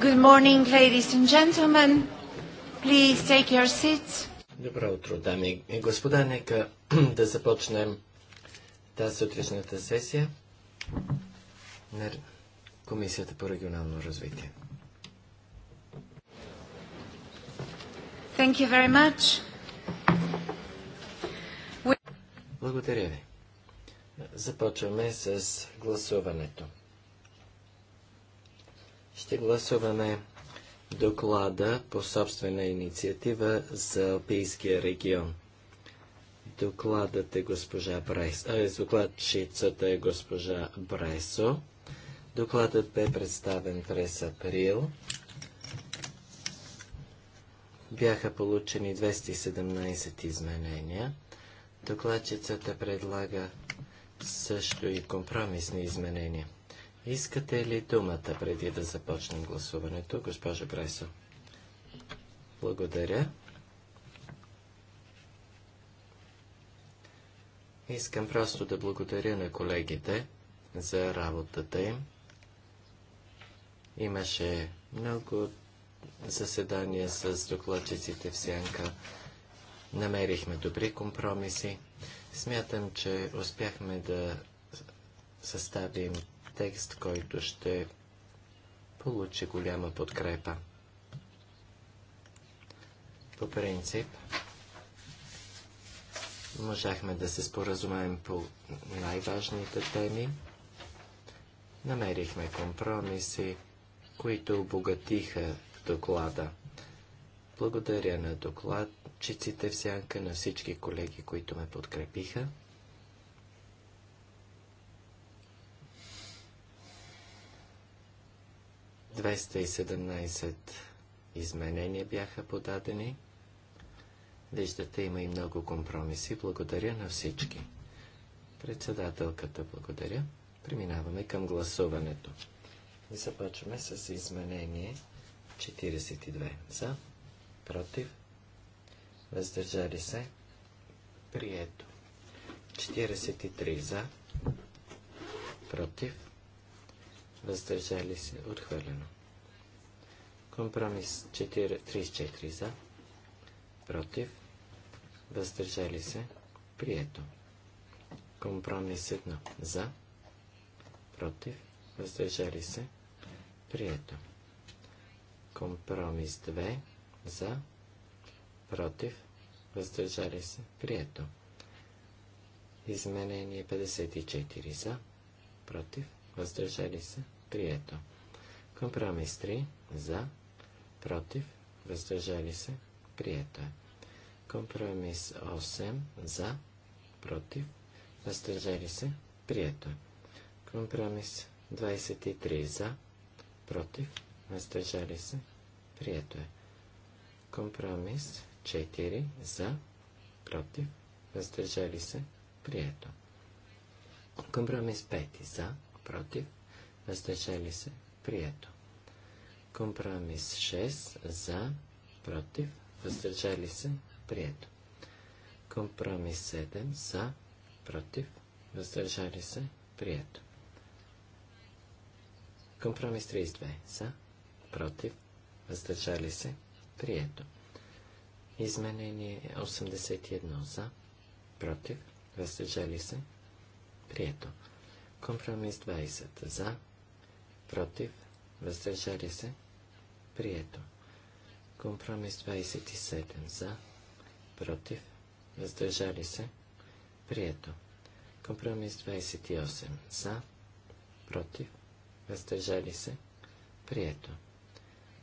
Good morning, ladies and gentlemen. Please take your seats. Добро утро, дами и господа. Нека да започнем тази сутрешната сесия на Комисията по регионално развитие. Thank you very much. Благодаря ви. Започваме с гласуването. Ще гласуваме доклада по собствена инициатива за Алпийския регион. Докладът е госпожа Брайсо. Е, докладчицата е госпожа Брайсо. Докладът бе представен през април. Бяха получени 217 изменения. Докладчицата предлага също и компромисни изменения. Искате ли думата преди да започнем гласуването, госпожа Брайсо? Благодаря. Искам просто да благодаря на колегите за работата им. Имаше много заседания с докладчиците в Сянка. Намерихме добри компромиси. Смятам, че успяхме да съставим текст, който ще получи голяма подкрепа. По принцип, можахме да се споразумеем по най-важните теми. Намерихме компромиси, които обогатиха доклада. Благодаря на докладчиците в сянка, на всички колеги, които ме подкрепиха. 217 изменения бяха подадени. Виждате, има и много компромиси. Благодаря на всички. Председателката благодаря. Преминаваме към гласуването. И започваме с изменение 42. За, против, въздържали се, прието. 43 за, против, въздържали се, отхвърлено. Компромис 34 за, против, въздържали се, прието. Компромис 1 за, против, въздържали се, прието. Компромис 2 за, против, въздържали се, прието. Изменение 54 за, против, въздържали се, прието. Компромис 3 за, против, въздържали се, прието е. Компромис 8 за, против, въздържали се, прието Компромис 23 за, против, въздържали се, прието е. Компромис 4 е. за, против, въздържали се, прието. Компромис 5 за, против, въздържали се, прието. Компромис 6 за, против, въздържали се, прието. Компромис 7 за, против, въздържали се, прието. Компромис 32 за, против, въздържали се, прието. Изменение 81 за, против, въздържали се, прието. Компромис 20. За. Против. Въздържали се. Прието. Компромис 27. За. Против. Въздържали се. Прието. Компромис 28. За. Против. Въздържали се. Прието.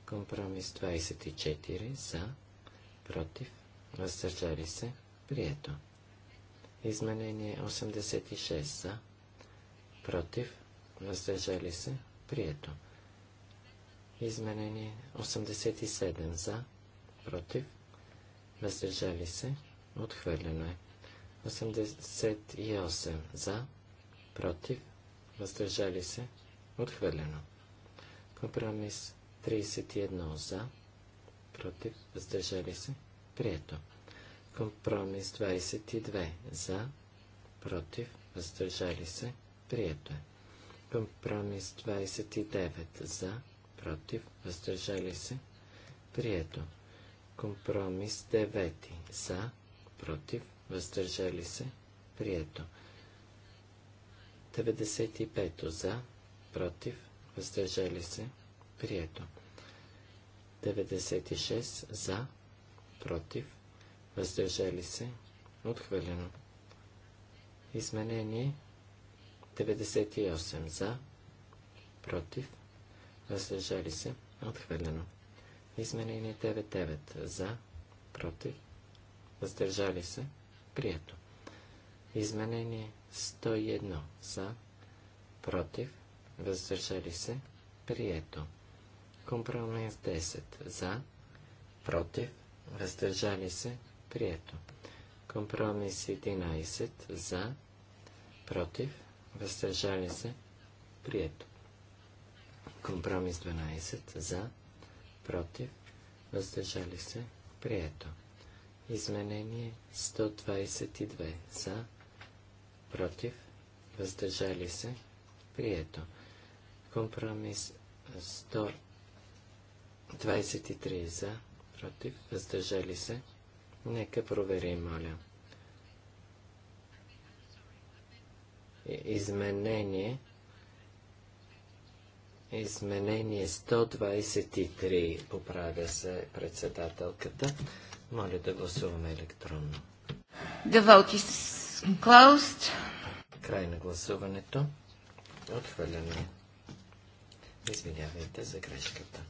Компромис 24. За. Против. Въздържали се. Прието. Изменение 86. За против, въздържали се, прието. Изменение 87 за, против, въздържали се, отхвърлено е. 88 за, против, въздържали се, отхвърлено. Компромис 31 за, против, въздържали се, прието. Компромис 22 за, против, въздържали се, Прието е. Компромис 29 за, против, въздържали се. Прието. Компромис 9 за, против, въздържали се. Прието. 95 за, против, въздържали се. Прието. 96 за, против, въздържали се. Отхвърлено. Изменение 1. 98 за, против, въздържали се, отхвърлено. Изменение 99 за, против, въздържали се, прието. Изменение 101 за, против, въздържали се, прието. Компромис 10 за, против, въздържали се, прието. Компромис 11 за, против, въздържали се, прието. Компромис 12 за, против, въздържали се, прието. Изменение 122 за, против, въздържали се, прието. Компромис 123 за, против, въздържали се. Нека проверим, моля. Е, изменение, изменение 123 поправя се председателката. Моля да гласуваме електронно. The vote is closed. Край на гласуването. Отхвърляне. Извинявайте за грешката.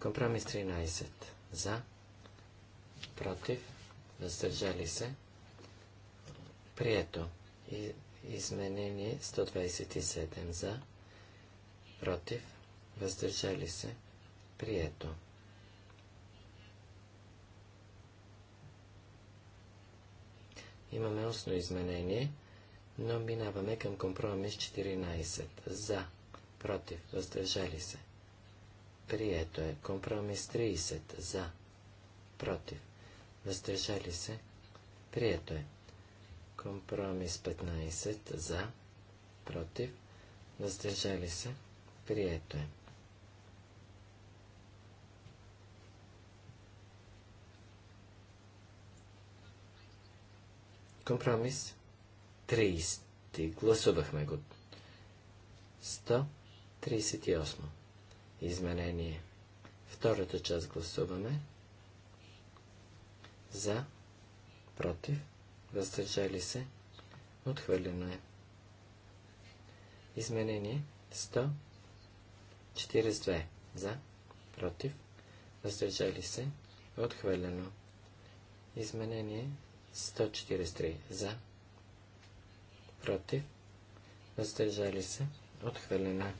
Компромис 13. За. Против. Въздържали се. Прието. Изменение 127 за, против, въздържали се, прието. Имаме осно изменение, но минаваме към компромис 14. За, против, въздържали се. Прието е. Компромис 30. За, против, въздържали се. Прието е. Компромис 15 за, против, въздържали се, прието е. Компромис 30. Гласувахме го. 138. Изменение. Втората част гласуваме. За. Против въздържали се, отхвърлено е. Изменение 142 за, против, въздържали се, отхвърлено. Изменение 143 за, против, въздържали се, отхвърлено.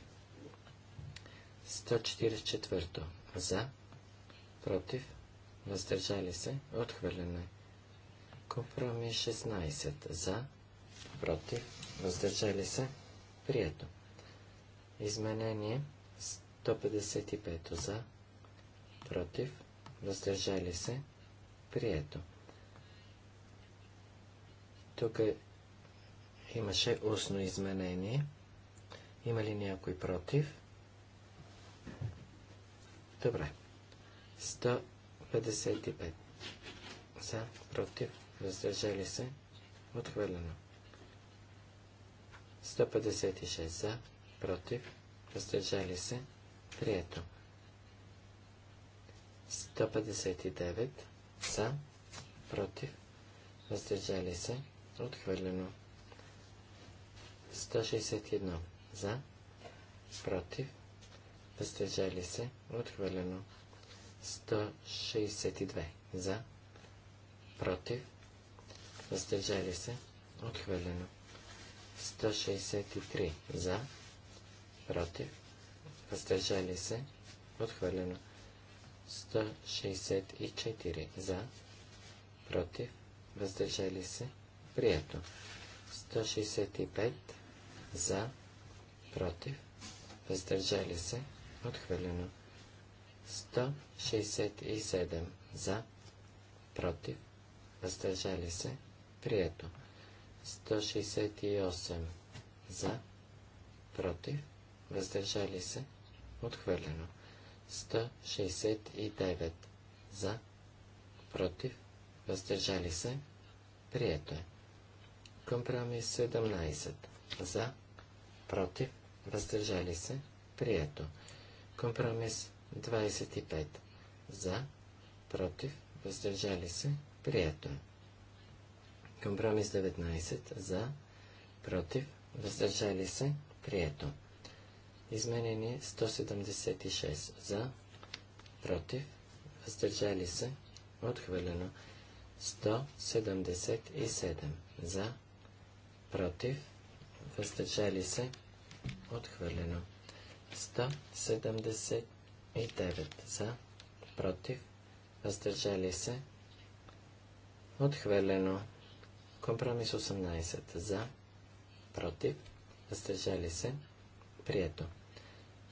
144 за, против, въздържали се, отхвърлено. Компромис 16. За, против, въздържали се, прието. Изменение 155 за, против, въздържали се, прието. Тук е- имаше устно изменение. Има ли някой против? Добре. 155 за, против, въздържали се, отхвърлено. 156 за, против, въздържали се, прието. 159 за, против, въздържали се, отхвърлено. 161 за, против, въздържали се, отхвърлено. 162 за, против, въздържали се, отхвърлено. 163 за, против, въздържали се, отхвърлено. 164 за, против, въздържали се, прието. 165 за, против, въздържали се, отхвърлено. 167 за, против, въздържали се, Прието. 168 за, против, въздържали се, отхвърлено. 169 за, против, въздържали се, прието е. Компромис 17 за, против, въздържали се, прието. Компромис 25 за, против, въздържали се, прието е. Компромис 19 за, против, въздържали се, прието. Изменение 176 за, против, въздържали се, отхвърлено. 177 за, против, въздържали се, отхвърлено. 179 за, против, въздържали се, отхвърлено. Компромис 18 за, против, въздържали се, прието.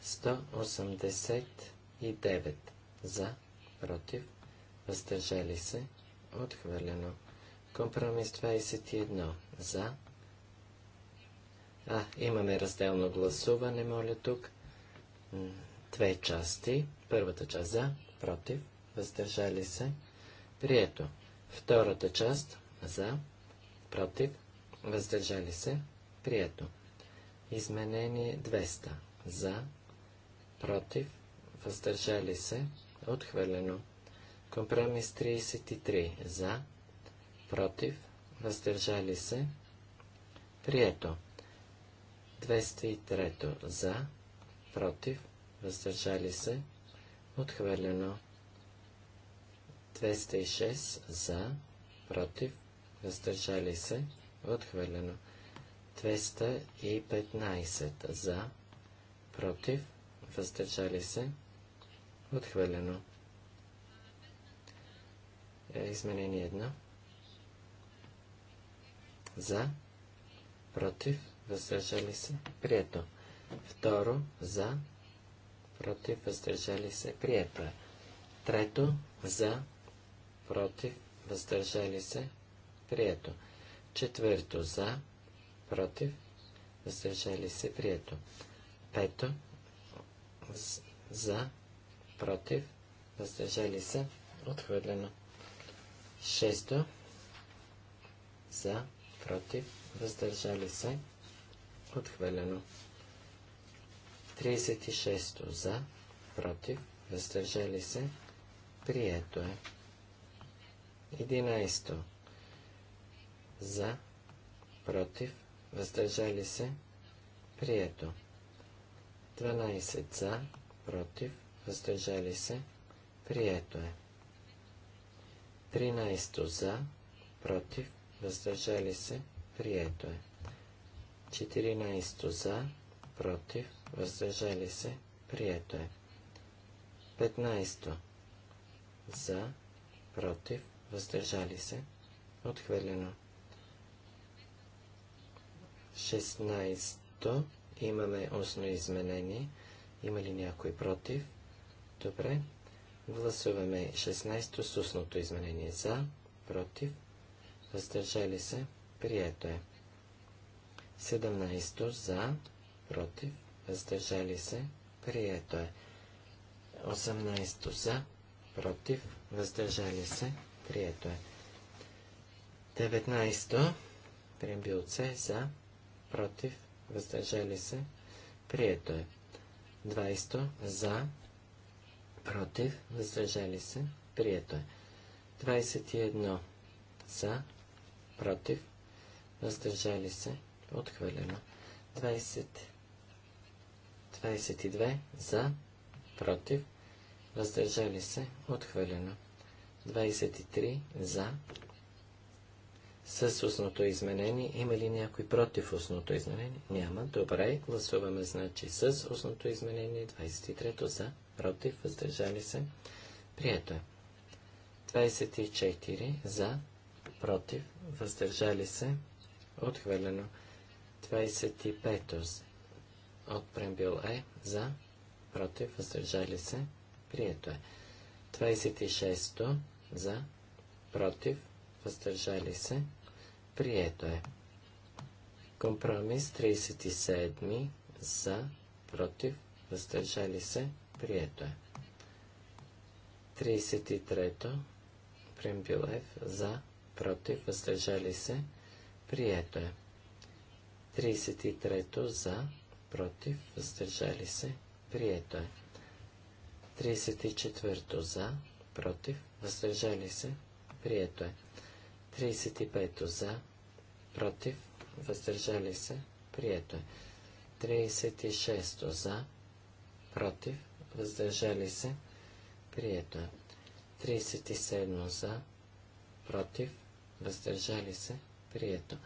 189 за, против, въздържали се, отхвърлено. Компромис 21 за. А, имаме разделно гласуване, моля тук. Две части. Първата част за, против, въздържали се, прието. Втората част за, против, въздържали се, прието. Изменение 200 за, против, въздържали се, отхвърлено. Компромис 33 за, против, въздържали се, прието. 203 за, против, въздържали се, отхвърлено. 206 за, против, въздържали се, отхвърлено. 215 за, против, въздържали се, отхвърлено. Е, изменение едно. За, против, въздържали се, прието. Второ, за, против, въздържали се, прието. Трето, за, против, въздържали се, прието. Четвърто за, против, въздържали се, прието. Пето за, против, въздържали се, отхвърлено. Шесто за, против, въздържали се, отхвърлено. 36 за, против, въздържали се, прието е. 11 за, против, въздържали се, прието. 12 за, против, въздържали се, прието е. 13 за, против, въздържали се, прието е. 14 за, против, въздържали се, прието е. 15 за, против, въздържали се, отхвърлено. 16-то имаме устно изменение. Има ли някой против? Добре. Гласуваме 16-то с устното изменение. За, против, въздържали се, прието е. 17-то за, против, въздържали се, прието е. 18-то за, против, въздържали се, прието е. 19-то, приембилце за, против, въздържали се, прието е. 20 за, против, въздържали се, прието е. 21 за, против, въздържали се, отхвърлено. 20 22 за, против, въздържали се, отхвърлено. 23 за, с устното изменение. Има ли някой против устното изменение? Няма. Добре. Гласуваме, значи, с устното изменение. 23-то за, против, въздържали се. Прието е. 24 за, против, въздържали се. Отхвърлено. 25-то от прембил е за, против, въздържали се. Прието е. 26-то за, против, въздържали се. Прието е. Компромис 37 за, против, въздържали се, прието е. 33. то Прембилев за, против, въздържали се, прието е. 33. За, против, въздържали се, прието е. 34. За, против, въздържали се, прието е. 35 за, против, въздържали се, прието е. 36 за, против, въздържали се, прието е. 37 за, против, въздържали се, прието.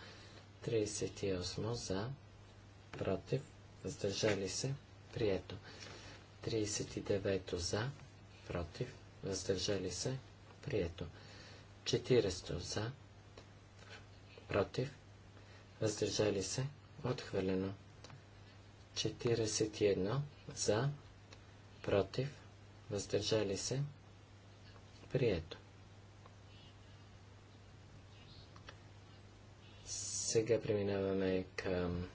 38 за, против, въздържали се, прието. 39 за, против, въздържали се, прието. 40 за, против, въздържали се, отхвърлено. 41 за, против, въздържали се, прието. Сега преминаваме към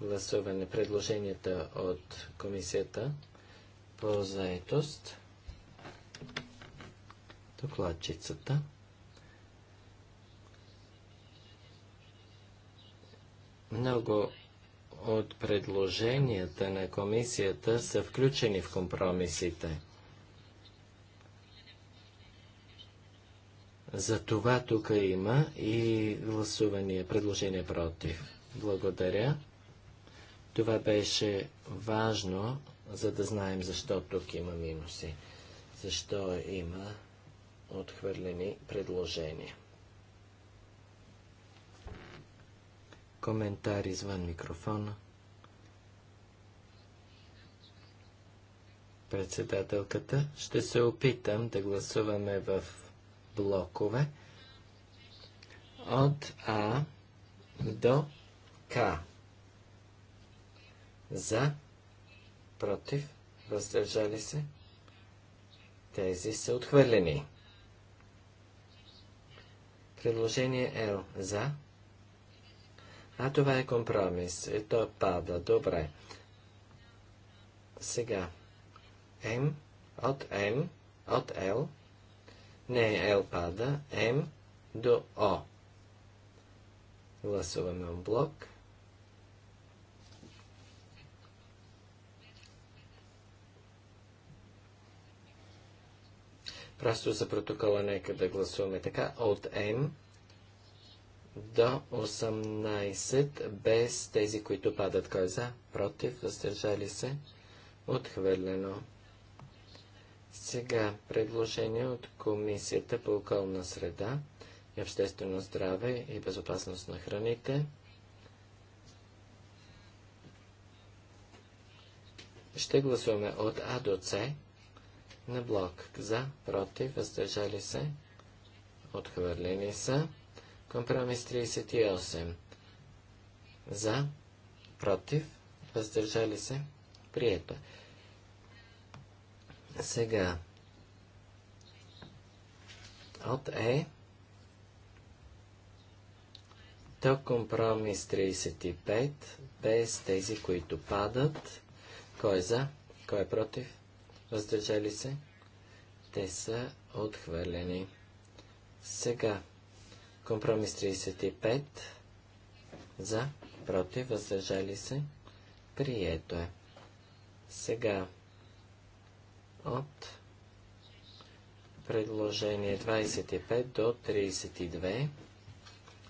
гласуване предложенията от комисията по заетост. Докладчицата. Много от предложенията на комисията са включени в компромисите. За това тук има и гласувания, предложение против. Благодаря. Това беше важно, за да знаем защо тук има минуси, защо има отхвърлени предложения. Коментар извън микрофона. Председателката, ще се опитам да гласуваме в блокове от А до К. За, против, въздържали се. Тези са отхвърлени. Предложение Л. За, а това е компромис. И е, то пада. Добре. Сега. М от М от Л. Не, Л пада. М до О. Гласуваме в блок. Просто за протокола нека да гласуваме така. От М до 18 без тези, които падат. Кой е за? Против? Въздържали се? Отхвърлено. Сега предложение от Комисията по околна среда и обществено здраве и безопасност на храните. Ще гласуваме от А до С на блок за, против, въздържали се, отхвърлени са. Компромис 38. За, против, въздържали се, прието. Сега, от Е до компромис 35, без тези, които падат. Кой е за, кой е против, въздържали се, те са отхвърлени. Сега, Компромис 35 за, против, въздържали се, прието е. Сега от предложение 25 до 32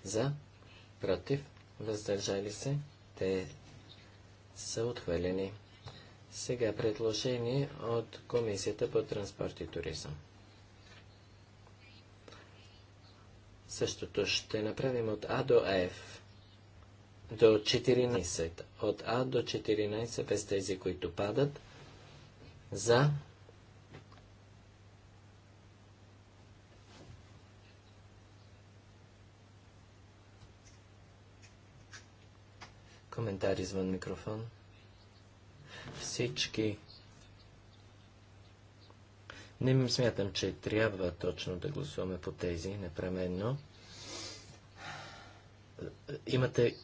за, против, въздържали се, те са отхвърлени. Сега предложение от Комисията по транспорт и туризъм. Същото ще направим от А до Ф до 14. От А до 14 без тези, които падат. За. Коментар извън микрофон. Всички не смятам, че трябва точно да гласуваме по тези непременно. Имате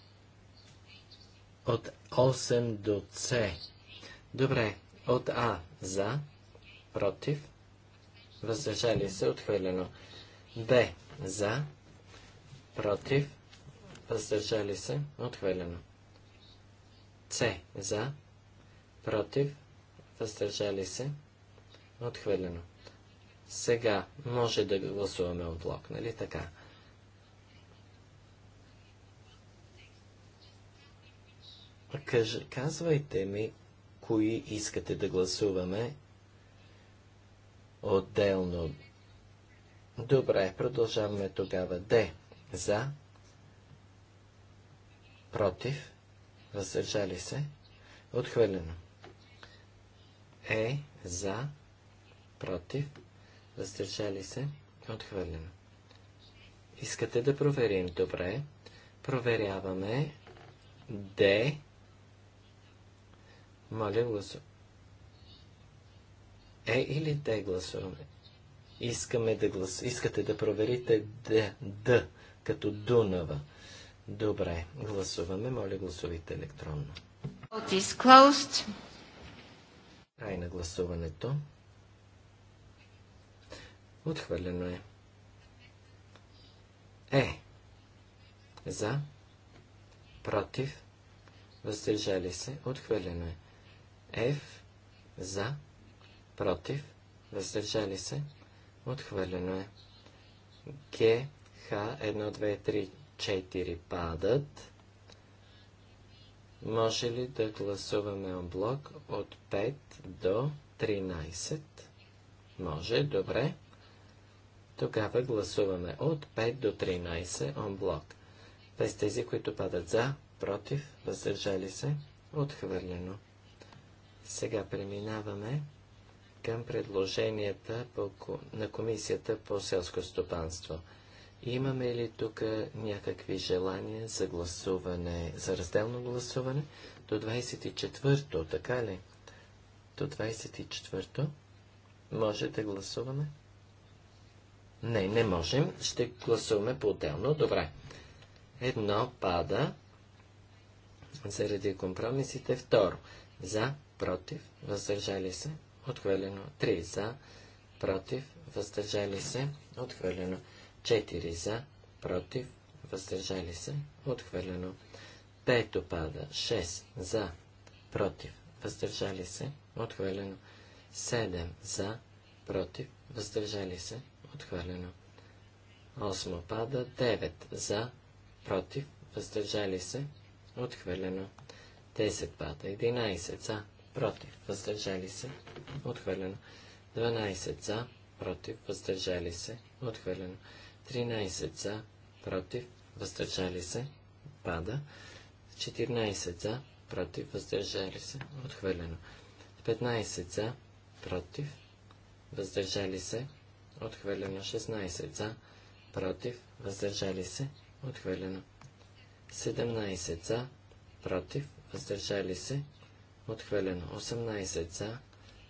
от 8 до С. Добре, от А за, против, въздържали се, отхвърлено. Б за, против, въздържали се, отхвърлено. С за, против, въздържали се, Отхвърлено. Сега може да гласуваме от блок, нали така? Каж, казвайте ми, кои искате да гласуваме отделно. Добре, продължаваме тогава. Д. За. Против. Въздържали се. Отхвърлено. Е. За против, въздържали се, отхвърлено. Искате да проверим? Добре. Проверяваме Д. Моля, гласу. Е или Д гласуваме? Искаме да глас... Искате да проверите Д, Д, като Дунава. Добре, гласуваме. Моля, гласувайте електронно. Край на гласуването. Отхвърлено е. Е. За. Против. Въздържали се. Отхвърлено е. Ф. За. Против. Въздържали се. Отхвърлено е. Г. Х. 1, 2, 3, 4 4 падат. Може ли да гласуваме блок от 5 до 13? Може, добре. Тогава гласуваме от 5 до 13 онблок. Без тези, които падат за, против, въздържали се, отхвърлено. Сега преминаваме към предложенията по, на Комисията по селско стопанство. Имаме ли тук някакви желания за гласуване, за разделно гласуване? До 24-то, така ли? До 24-то може да гласуваме? Не, не можем. Ще гласуваме по-отделно. Добре. Едно пада заради компромисите. Второ. За, против, въздържали се, отхвърлено. Три. За, против, въздържали се, отхвърлено. Четири. За, против, въздържали се, отхвърлено. Пето пада. Шест. За, против, въздържали се, отхвърлено. Седем. За, против, въздържали се, Отхвърлено. 8 пада. 9 за. Против. Въздържали се. Отхвърлено. 10 пада. 11 за. Против. Въздържали се. Отхвърлено. 12 за. Против. Въздържали се. Отхвърлено. 13 за. Против. Въздържали се. Пада. 14 за. Против. Въздържали се. Отхвърлено. 15 за. Против. Въздържали се отхвърлено 16 за, против, въздържали се, отхвърлено 17 за, против, въздържали се, отхвърлено 18 за,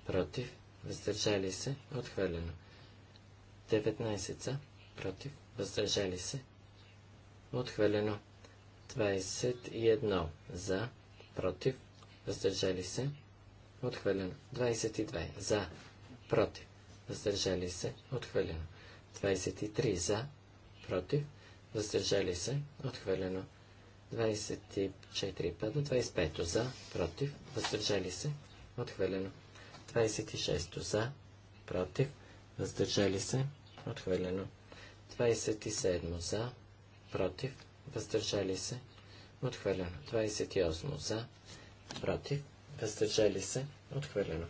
против, въздържали се, отхвърлено 19 за, против, въздържали се, отхвърлено 21 за, против, въздържали се, отхвърлено 22 за, против, въздържали се, отхвърлено. 23 за, против, въздържали се, отхвърлено. 24 път, 25 за, против, въздържали се, отхвърлено. 26 за, против, въздържали се, отхвърлено. 27 за, против, въздържали се, отхвърлено. 28 за, против, въздържали се, отхвърлено.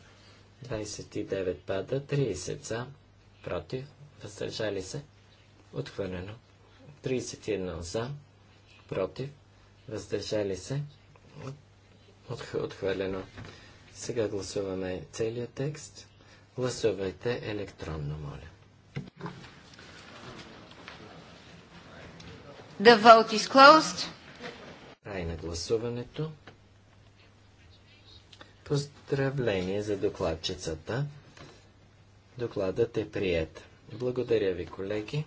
29 пада, 30 за, против, въздържали се, отхвърлено. 31 за, против, въздържали се, отхвърлено. Сега гласуваме целият текст. Гласувайте електронно, моля. The vote is closed. Край на гласуването. Поздравление за докладчицата. Докладът е прият. Благодаря ви, колеги.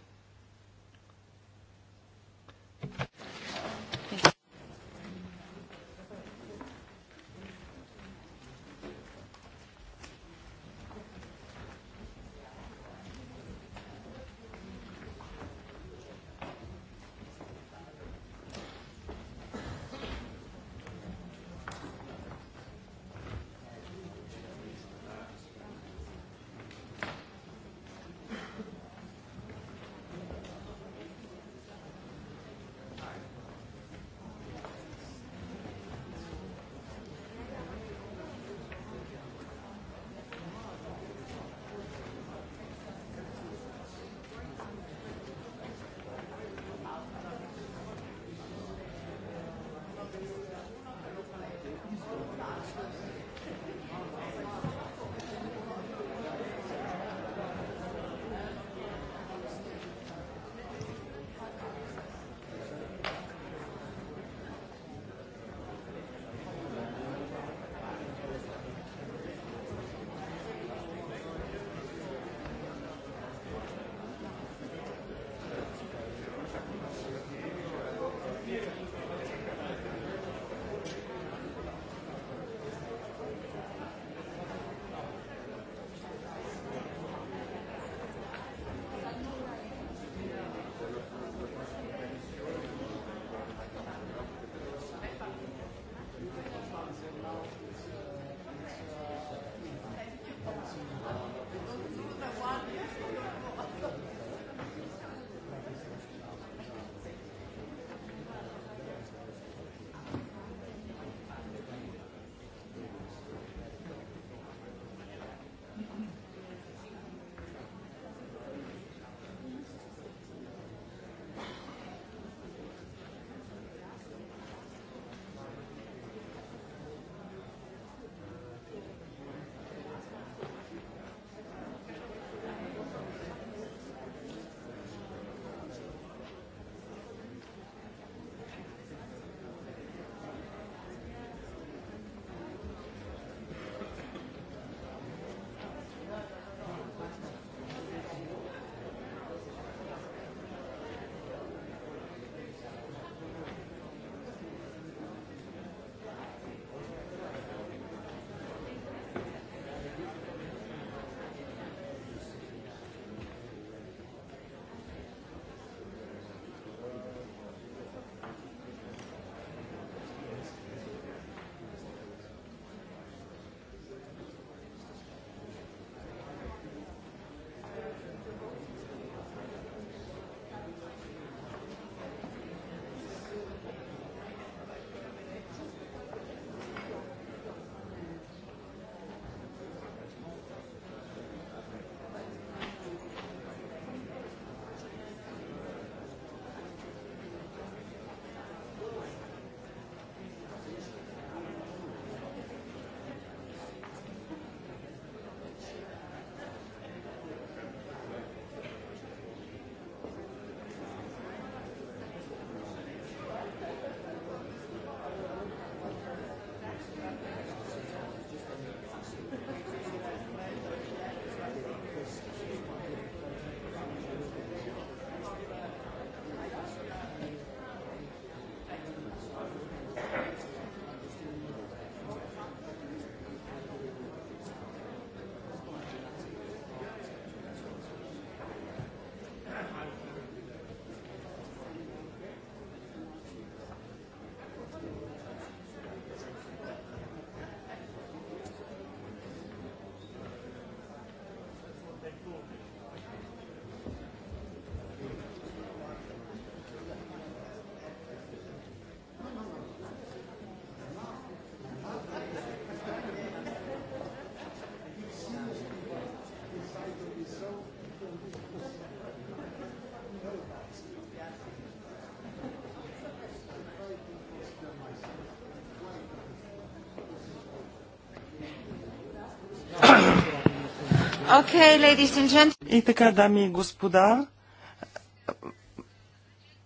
Okay, ladies and gentlemen. И така, дами и господа,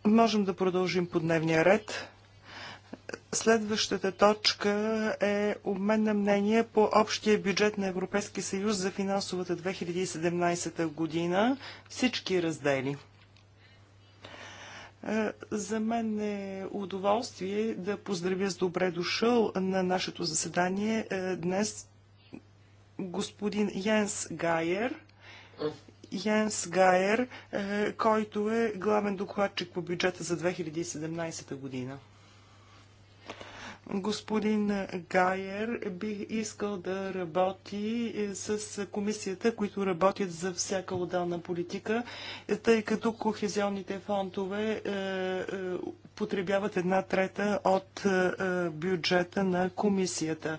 можем да продължим по дневния ред. Следващата точка е обмен на мнение по общия бюджет на Европейския съюз за финансовата 2017 година. Всички раздели. Е, за мен е удоволствие да поздравя с добре дошъл на нашето заседание е, днес господин Йенс Гайер. Йенс Гайер, е, който е главен докладчик по бюджета за 2017 година. Господин Гайер бих искал да работи е, с комисията, които работят за всяка отделна политика, е, тъй като кохезионните фондове потребяват една трета от бюджета на комисията.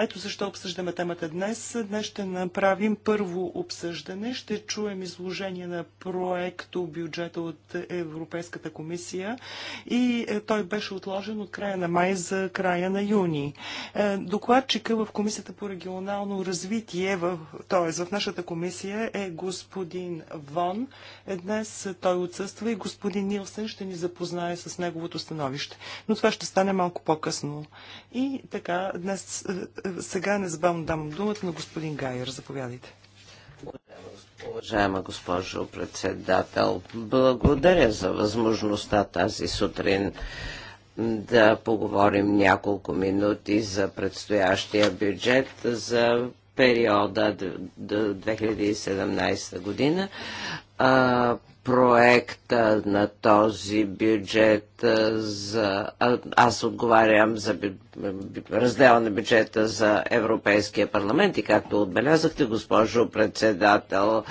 Ето защо обсъждаме темата днес. Днес ще направим първо обсъждане. Ще чуем изложение на проекто бюджета от Европейската комисия и е, той беше отложен от края на май за края на юни. Е, докладчика в Комисията по регионално развитие, т.е. в нашата комисия е господин Вон. Е, днес той отсъства и господин Нилсен ще ни запознае с неговото становище. Но това ще стане малко по-късно. И така, днес сега незабавно дам думата на господин Гайер. Заповядайте. Уважаема госпожо председател, благодаря за възможността тази сутрин да поговорим няколко минути за предстоящия бюджет за периода до 2017 година проекта на този бюджет за... Аз отговарям за раздел раздела на бюджета за Европейския парламент и както отбелязахте, госпожо председател,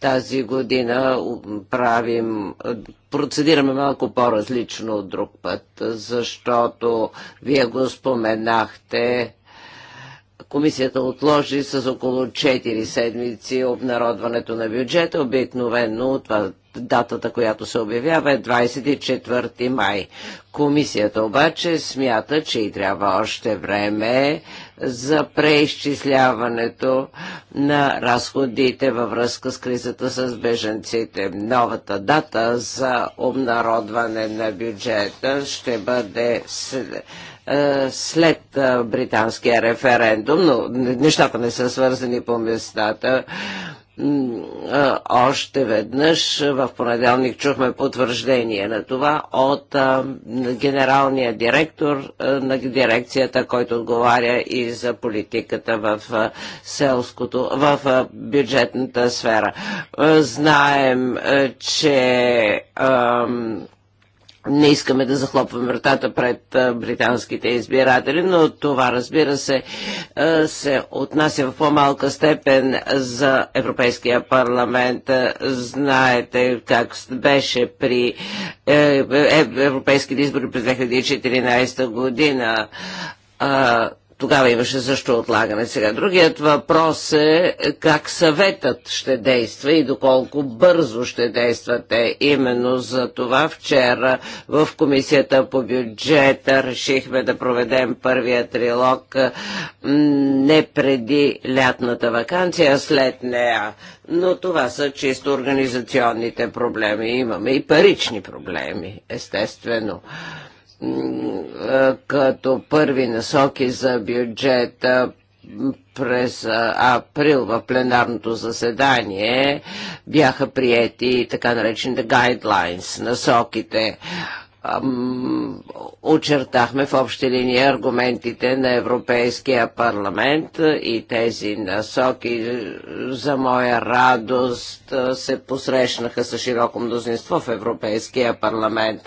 тази година правим, процедираме малко по-различно от друг път, защото вие го споменахте, Комисията отложи с около 4 седмици обнародването на бюджета. Обикновено това датата, която се обявява е 24 май. Комисията обаче смята, че и трябва още време за преизчисляването на разходите във връзка с кризата с беженците. Новата дата за обнародване на бюджета ще бъде е, след е, британския референдум, но нещата не са свързани по местата още веднъж в понеделник чухме потвърждение на това от генералния директор на дирекцията, който отговаря и за политиката в селското, в бюджетната сфера. Знаем, че не искаме да захлопваме вратата пред британските избиратели, но това разбира се се отнася в по-малка степен за Европейския парламент. Знаете как беше при е, е, европейските избори през 2014 година тогава имаше също отлагане. Сега другият въпрос е как съветът ще действа и доколко бързо ще действате. Именно за това вчера в Комисията по бюджета решихме да проведем първия трилог не преди лятната вакансия, а след нея. Но това са чисто организационните проблеми. Имаме и парични проблеми, естествено като първи насоки за бюджета през април в пленарното заседание бяха приети така наречените гайдлайнс, насоките очертахме в общи линии аргументите на Европейския парламент и тези насоки е, за моя радост е, се посрещнаха с широко мнозинство в Европейския парламент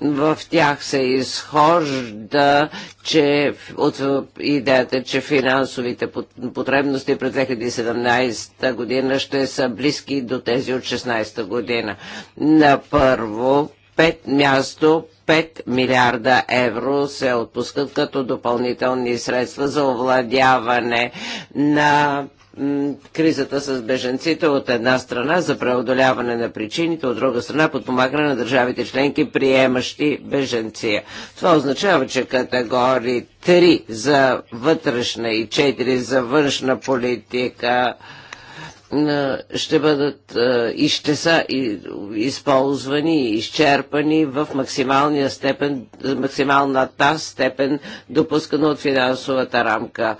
в тях се изхожда, че от идеята, че финансовите потребности през 2017 година ще са близки до тези от 16 година. На първо пет място 5 милиарда евро се отпускат като допълнителни средства за овладяване на кризата с беженците от една страна за преодоляване на причините, от друга страна подпомагане на държавите членки, приемащи беженци. Това означава, че категории 3 за вътрешна и 4 за външна политика ще бъдат и ще са използвани и изчерпани в максималния степен, максималната степен допускана от финансовата рамка.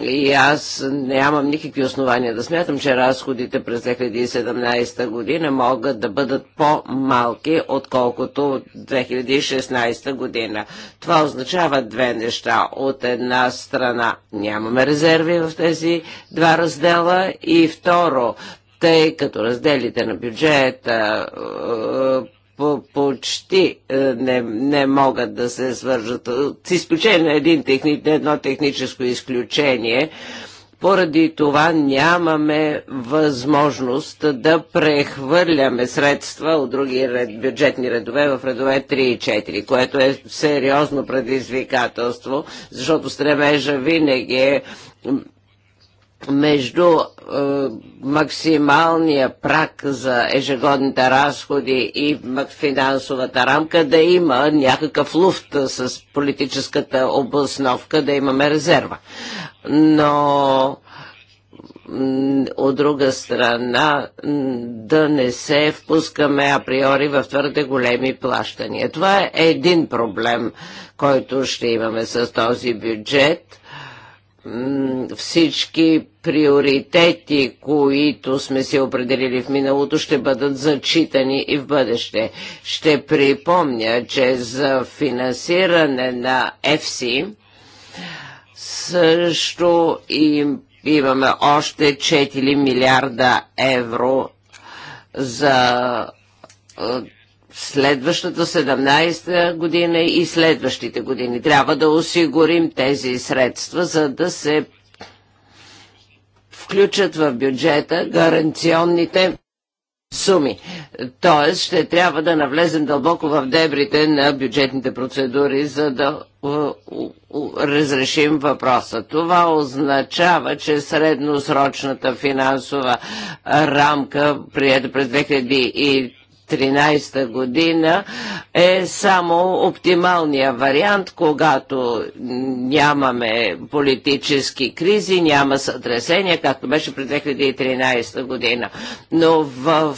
И аз нямам никакви основания да смятам, че разходите през 2017 година могат да бъдат по-малки, отколкото от 2016 година. Това означава две неща. От една страна нямаме резерви в тези два раздела и второ, тъй като разделите на бюджета е, по почти е, не, не могат да се свържат, е, с изключение на един техни, едно техническо изключение. Поради това нямаме възможност да прехвърляме средства от други ред, бюджетни редове в редове 3 и 4, което е сериозно предизвикателство, защото стремежа винаги е между е, максималния прак за ежегодните разходи и финансовата рамка да има някакъв луфт с политическата обосновка, да имаме резерва. Но от друга страна да не се впускаме априори в твърде големи плащания. Това е един проблем, който ще имаме с този бюджет – всички приоритети, които сме си определили в миналото, ще бъдат зачитани и в бъдеще. Ще припомня, че за финансиране на ЕФСИ също им имаме още 4 милиарда евро за е, следващата 17 година и следващите години. Трябва да осигурим тези средства, за да се включат в бюджета гаранционните суми. Тоест ще трябва да навлезем дълбоко в дебрите на бюджетните процедури, за да е, разрешим въпроса. Това означава, че средносрочната финансова рамка, прията през 2013 година е само оптималния вариант, когато нямаме политически кризи, няма сътресения, както беше през 2013 година. Но в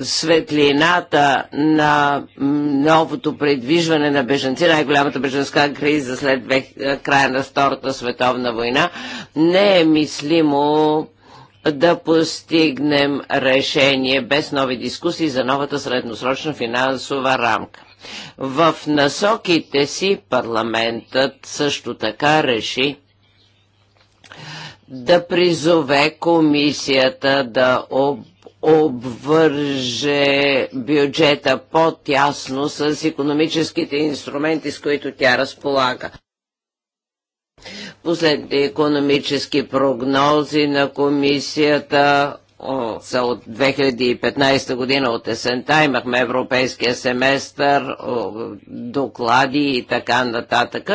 светлината на новото предвижване на беженци, най-голямата беженска криза след края на Втората световна война, не е мислимо да постигнем решение без нови дискусии за новата средносрочна финансова рамка. В насоките си парламентът също така реши да призове комисията да об обвърже бюджета по-тясно с економическите инструменти, с които тя разполага. Последните економически прогнози на комисията са от 2015 година от есента. Имахме европейския семестър, доклади и така нататък.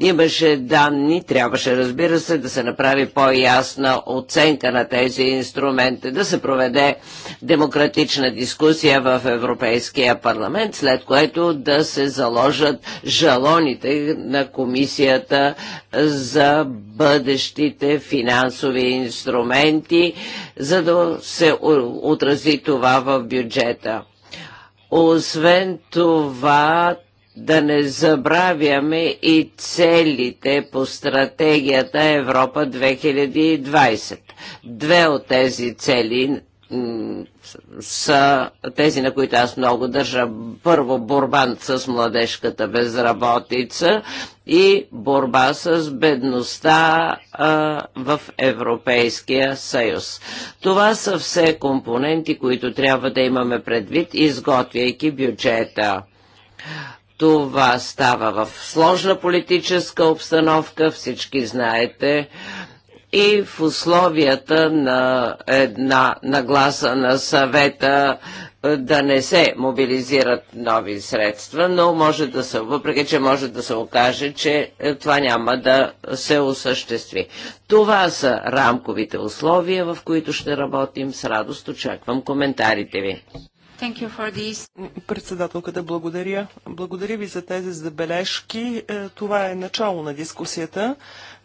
Имаше данни, трябваше разбира се да се направи по-ясна оценка на тези инструменти, да се проведе демократична дискусия в Европейския парламент, след което да се заложат жалоните на комисията за бъдещите финансови инструменти, за да се отрази това в бюджета. Освен това, да не забравяме и целите по стратегията Европа 2020. Две от тези цели са тези, на които аз много държа. Първо борба с младежката безработица и борба с бедността а, в Европейския съюз. Това са все компоненти, които трябва да имаме предвид, изготвяйки бюджета. Това става в сложна политическа обстановка, всички знаете. А, и в условията на една нагласа на съвета е, да не се мобилизират нови средства, но може да се, въпреки че може да се окаже, че е, това няма да се осъществи. Това са рамковите условия, в които ще работим. С радост очаквам коментарите ви. Thank you for this. Председателката, благодаря. Благодаря ви за тези забележки. Е, това е начало на дискусията.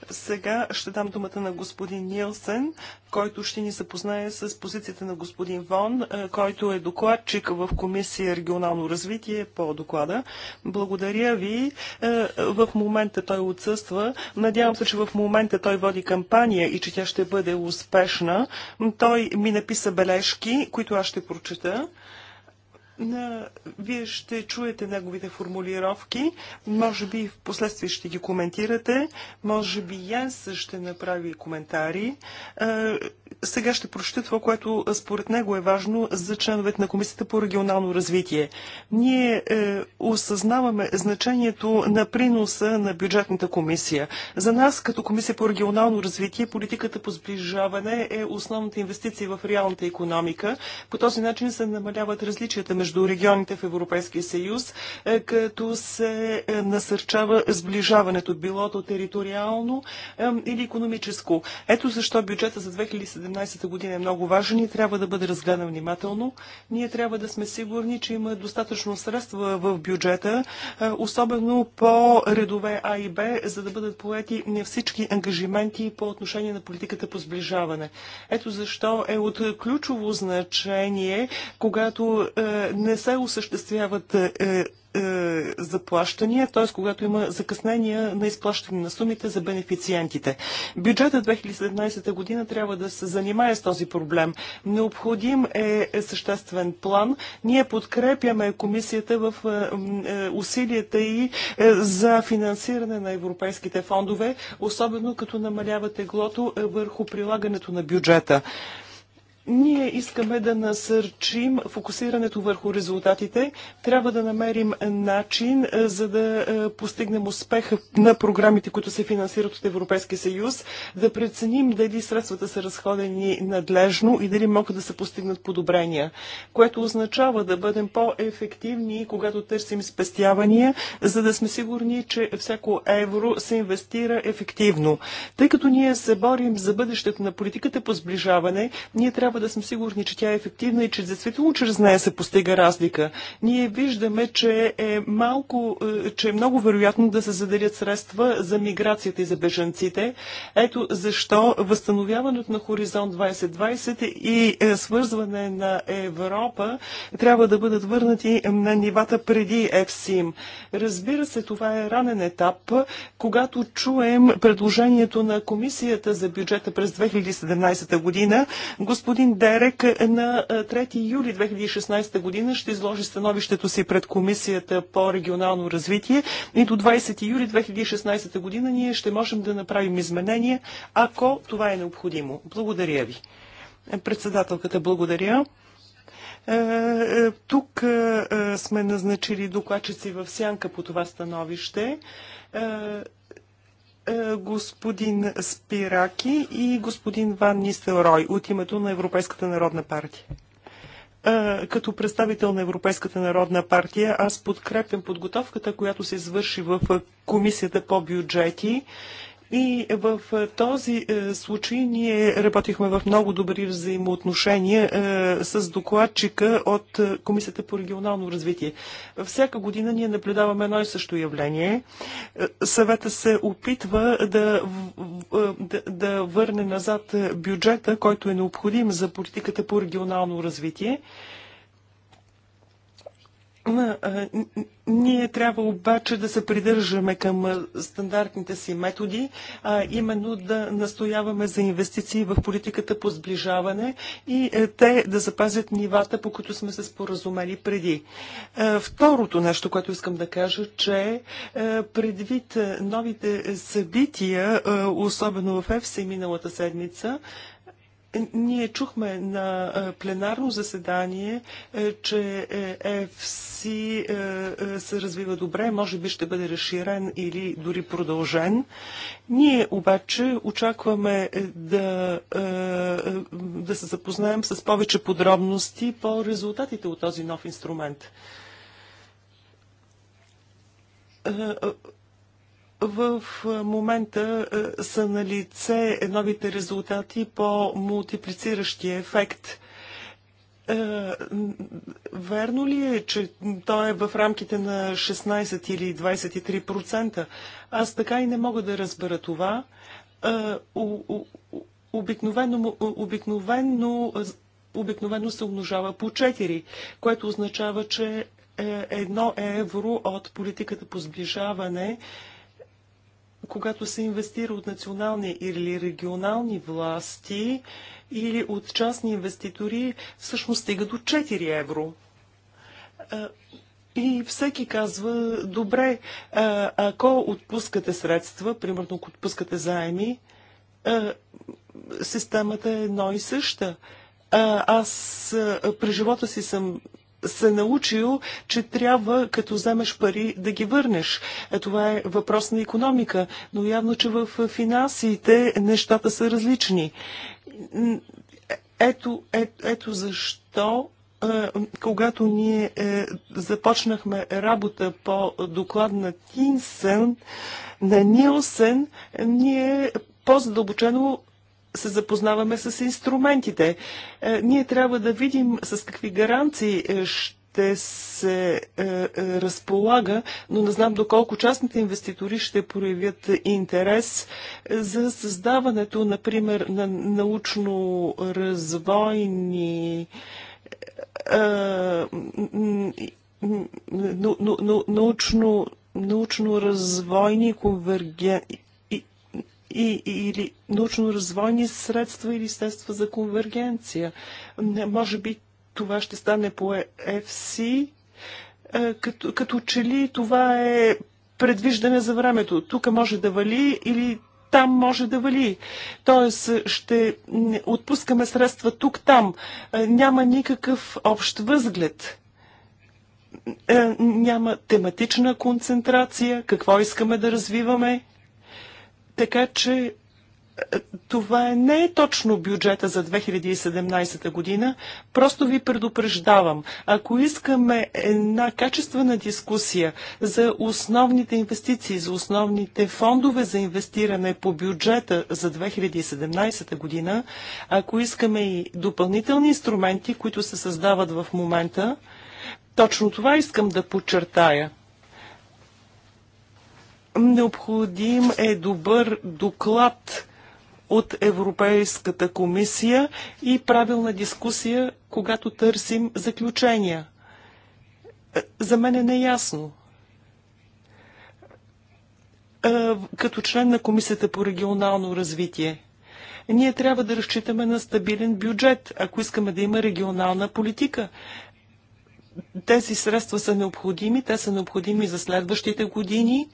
Сега ще дам думата на господин Нилсен, който ще ни запознае с позицията на господин Вон, е, който е докладчик в Комисия регионално развитие по доклада. Благодаря ви. Е, в момента той отсъства. Надявам се, че в момента той води кампания и че тя ще бъде успешна. Той ми написа бележки, които аз ще прочета. На, Вие ще чуете неговите формулировки, може би в последствие ще ги коментирате, може би и аз ще направя коментари. Сега ще прочета това, което според него е важно за членовете на Комисията по регионално развитие. Ние е, осъзнаваме значението на приноса на бюджетната комисия. За нас, като Комисия по регионално развитие, политиката по сближаване е основната инвестиция в реалната економика. По този начин се намаляват различията между между регионите в Европейския съюз, е, като се е, насърчава сближаването, било то териториално е, или економическо. Ето защо бюджета за 2017 година е много важен и трябва да бъде разгледан внимателно. Ние трябва да сме сигурни, че има достатъчно средства в бюджета, особено по редове А и Б, за да бъдат поети не всички ангажименти по отношение на политиката по сближаване. Ето защо е от ключово значение, когато не се осъществяват е, е, заплащания, т.е. когато има закъснения на изплащане на сумите за бенефициентите. Бюджета 2017 година трябва да се занимае с този проблем. Необходим е, е съществен план. Ние подкрепяме комисията в усилията и за финансиране на европейските фондове, особено като намалява теглото върху прилагането на бюджета. Ние искаме да насърчим фокусирането върху резултатите. Трябва да намерим начин, е, за да е, постигнем успех на програмите, които се финансират от Европейския съюз, да преценим дали средствата са разходени надлежно и дали могат да се постигнат подобрения, което означава да бъдем по-ефективни, когато търсим спестявания, за да сме сигурни, че всяко евро се инвестира ефективно. Тъй като ние се борим за бъдещето на политиката по сближаване, ние трябва трябва да сме сигурни, че тя е ефективна и че действително чрез нея се постига разлика. Ние виждаме, че е малко, е, че е много вероятно да се заделят средства за миграцията и за бежанците. Ето защо възстановяването на Хоризонт 2020 и е, свързване на Европа трябва да бъдат върнати на нивата преди ФСИМ. Разбира се, това е ранен етап. Когато чуем предложението на Комисията за бюджета през 2017 година, господин Господин Дерек на 3 юли 2016 година ще изложи становището си пред Комисията по регионално развитие и до 20 юли 2016 година ние ще можем да направим изменения, ако това е необходимо. Благодаря ви. Председателката, благодаря. Е, е, тук е, сме назначили докладчици в сянка по това становище. Е, господин Спираки и господин Ван Нистелрой от името на Европейската народна партия. Е, като представител на Европейската народна партия, аз подкрепям подготовката, която се извърши в Комисията по бюджети и в е, този е, случай ние работихме в много добри взаимоотношения е, с докладчика от Комисията по регионално развитие. Всяка година ние наблюдаваме едно и също явление. Съвета се опитва да, да, да върне назад бюджета, който е необходим за политиката по регионално развитие. Ние трябва обаче да се придържаме към стандартните си методи, а именно да настояваме за инвестиции в политиката по сближаване и е, те да запазят нивата, по които сме се споразумели преди. Второто нещо, което искам да кажа, че е, предвид е, новите събития, особено в ЕФСИ миналата седмица, ние чухме на е, пленарно заседание, е, че е, ЕФСИ се развива добре, може би ще бъде разширен или дори продължен. Ние обаче очакваме да, да се запознаем с повече подробности по резултатите от този нов инструмент в момента са на лице новите резултати по мултиплициращия ефект. Верно ли е, че то е в рамките на 16 или 23%? Аз така и не мога да разбера това. Обикновено, обикновено, обикновено се умножава по 4, което означава, че е, едно евро от политиката по сближаване е когато се инвестира от национални или регионални власти или от частни инвеститори, всъщност стига до 4 евро. И всеки казва, добре, ако отпускате средства, примерно ако отпускате заеми, системата е едно и съща. Аз при живота си съм се научил, че трябва, като вземеш пари, да ги върнеш. Е, това е въпрос на економика, но явно, че в финансите нещата са различни. Ето, е, ето защо е, когато ние е, започнахме работа по доклад на Тинсън, на Нилсен, ние по-задълбочено се запознаваме с инструментите. Е, ние трябва да видим с какви гаранции е, ще се е, разполага, но не знам доколко частните инвеститори ще проявят интерес за създаването, например, на научно-развойни научно развойни научно развойни конверген и, или научно-развойни средства или средства за конвергенция. Може би това ще стане по FC, е е, като, като че ли това е предвиждане за времето. Тук може да вали или там може да вали. Тоест ще отпускаме средства тук-там. Е, няма никакъв общ възглед. Няма тематична концентрация, какво искаме да развиваме, така че е, това е, не е точно бюджета за 2017 година. Просто ви предупреждавам. Ако искаме една качествена дискусия за основните инвестиции, за основните фондове за инвестиране по бюджета за 2017 година, ако искаме и допълнителни инструменти, които се създават в момента, точно това искам да подчертая – Необходим е добър доклад от Европейската комисия и правилна дискусия, когато търсим заключения. За мен е неясно. Като член на Комисията по регионално развитие, ние трябва да разчитаме на стабилен бюджет, ако искаме да има регионална политика. Тези средства са необходими, те са необходими за следващите години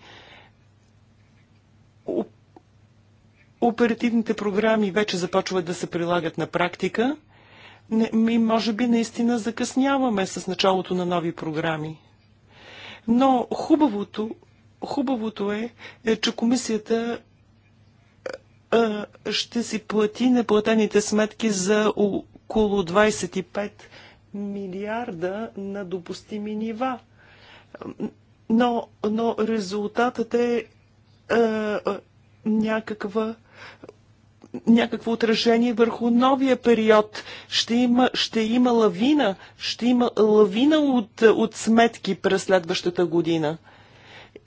оперативните програми вече започват да се прилагат на практика. Не, ми, може би наистина закъсняваме с началото на нови програми. Но хубавото, хубавото е, е, че комисията а, е, е, ще си плати неплатените сметки за около 25 милиарда на допустими нива. Но, но резултатът е е, някаква някакво отражение върху новия период. Ще има, ще има лавина, ще има лавина от, от сметки през следващата година.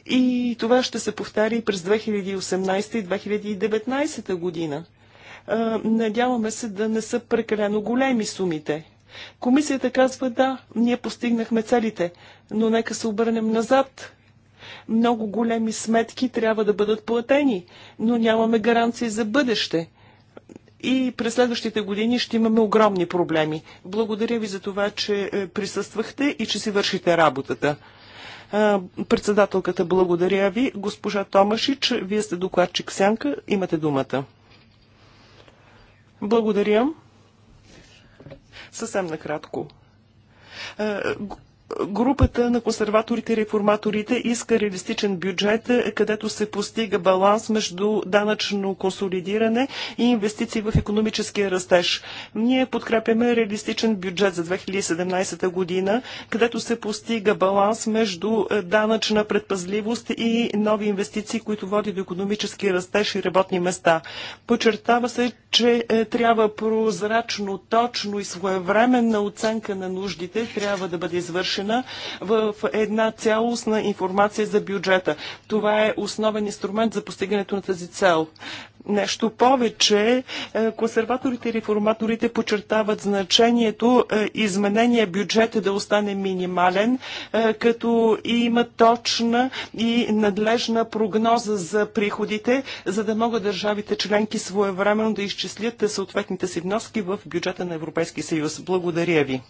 И това ще се повтари и през 2018 и 2019 година. Е, надяваме се да не са прекалено големи сумите. Комисията казва да, ние постигнахме целите, но нека се обърнем назад много големи сметки трябва да бъдат платени, но нямаме гаранции за бъдеще. И през следващите години ще имаме огромни проблеми. Благодаря ви за това, че е, присъствахте и че си вършите работата. Председателката, благодаря ви. Госпожа Томашич, вие сте докладчик Сянка, имате думата. Благодаря. Съвсем накратко. Е, Групата на консерваторите и реформаторите иска реалистичен бюджет, където се постига баланс между данъчно консолидиране и инвестиции в економическия растеж. Ние подкрепяме реалистичен бюджет за 2017 година, където се постига баланс между е, данъчна предпазливост и нови инвестиции, които води до економически растеж и работни места. Подчертава се, че е, трябва прозрачно, точно и своевременна оценка на нуждите трябва да бъде извършена включена в една цялостна информация за бюджета. Това е основен инструмент за постигането на тази цел. Нещо повече, е, консерваторите и реформаторите подчертават значението е, изменение бюджет да остане минимален, е, като има точна и надлежна прогноза за приходите, за да могат държавите членки своевременно да изчислят съответните си вноски в бюджета на Европейския съюз. Благодаря ви.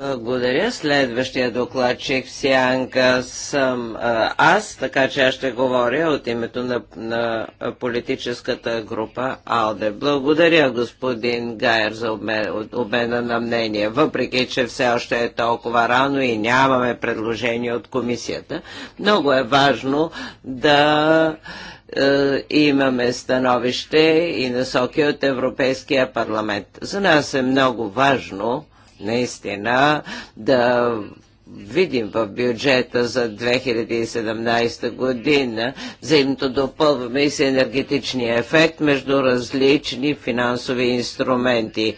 Благодаря. Следващия докладчик в Сянка съм аз, така че аз ще говоря от името на, на политическата група АЛДЕ. Благодаря господин Гайер за обмен, обмена на мнение, въпреки че все още е толкова рано и нямаме предложение от комисията. Много е важно да е, имаме становище и насоки от Европейския парламент. За нас е много важно наистина да видим в бюджета за 2017 година, взаимното допълваме и с енергетичния ефект между различни финансови инструменти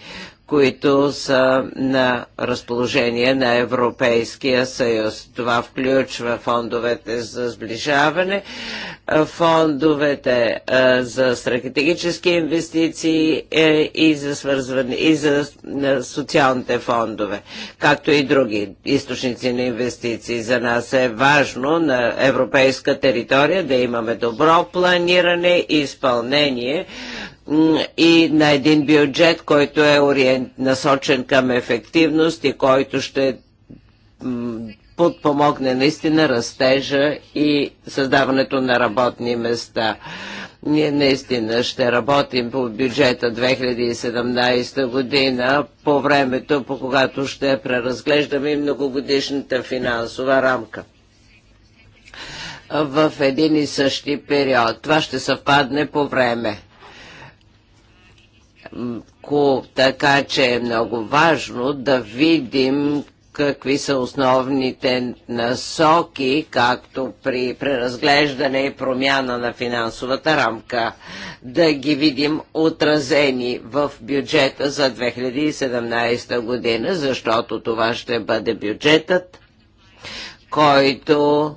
които са на разположение на Европейския съюз. Това включва фондовете за сближаване, фондовете за стратегически инвестиции е, и за, свързване, и за социалните фондове, както и други източници на инвестиции. За нас е важно на европейска територия да имаме добро планиране и изпълнение и на един бюджет, който е ориент, насочен към ефективност и който ще подпомогне наистина растежа и създаването на работни места. Ние наистина ще работим по бюджета 2017 година по времето, по когато ще преразглеждаме многогодишната финансова рамка в един и същи период. Това ще съвпадне по време така че е много важно да видим какви са основните насоки, както при преразглеждане и промяна на финансовата рамка, да ги видим отразени в бюджета за 2017 година, защото това ще бъде бюджетът, който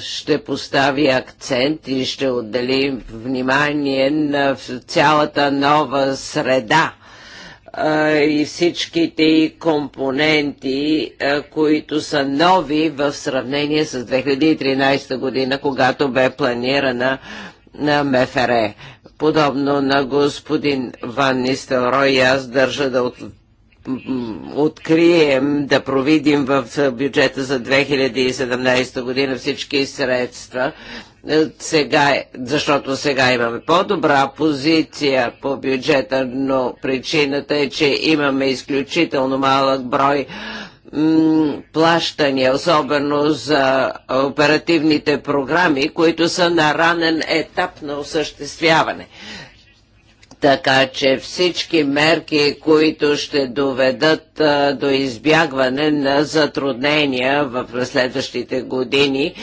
ще постави акцент и ще отдели внимание на цялата нова среда и всичките компоненти, които са нови в сравнение с 2013 година, когато бе планирана на МФР. Подобно на господин Ван Нистелрой, аз държа да открием, да провидим в бюджета за 2017 година всички средства, е, сега, е, защото сега имаме по-добра позиция по бюджета, но причината е, че имаме изключително малък брой плащания, особено за оперативните програми, които са на ранен етап на осъществяване. Така че всички мерки, които ще доведат а, до избягване на затруднения в следващите години,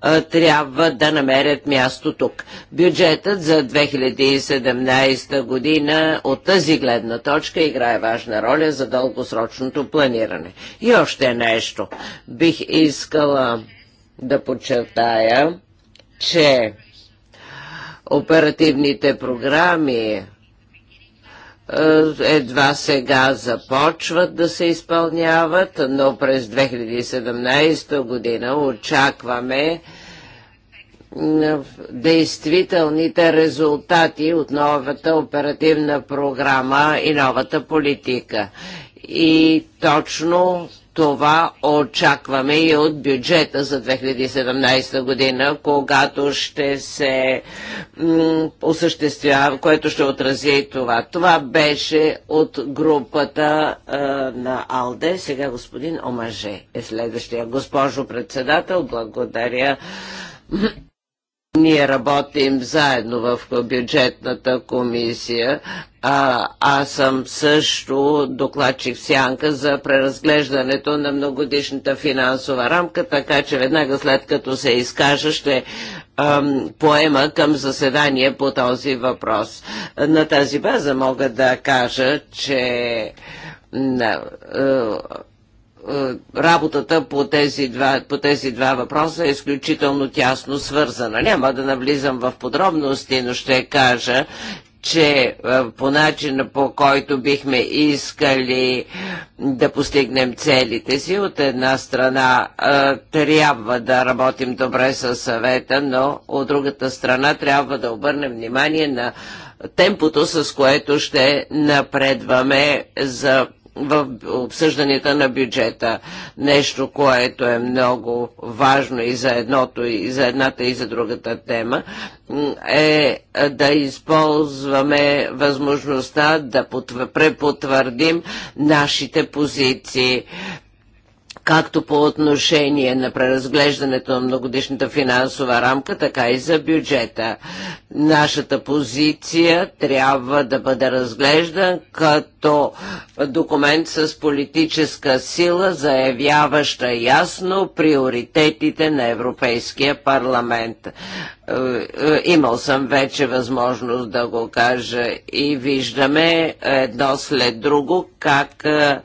а, трябва да намерят място тук. Бюджетът за 2017 година от тази гледна точка играе важна роля за дългосрочното планиране. И още нещо. Бих искала да подчертая, че оперативните програми е, едва сега започват да се изпълняват, но през 2017 година очакваме действителните резултати от новата оперативна програма и новата политика. И точно това очакваме и от бюджета за 2017 година, когато ще се осъществява, което ще отрази това. Това беше от групата а, на АЛДЕ. Сега господин Омаже е следващия. Госпожо председател, благодаря. Ние работим заедно в бюджетната комисия. А, аз съм също докладчик сянка за преразглеждането на многодишната финансова рамка, така че веднага след като се изкажа ще ам, поема към заседание по този въпрос. На тази база мога да кажа, че на, е, е, работата по тези, два, по тези два въпроса е изключително тясно свързана. Няма да навлизам в подробности, но ще кажа, че е, по начина по който бихме искали да постигнем целите си, от една страна е, трябва да работим добре с съвета, но от другата страна трябва да обърнем внимание на темпото, с което ще напредваме за в обсъжданията на бюджета. Нещо, което е много важно и за едното, и за едната, и за другата тема, е да използваме възможността да препотвърдим нашите позиции както по отношение на преразглеждането на многодишната финансова рамка, така и за бюджета. Нашата позиция трябва да бъде разглеждан като документ с политическа сила, заявяваща ясно приоритетите на Европейския парламент. Е, е, имал съм вече възможност да го кажа и виждаме едно след друго как е,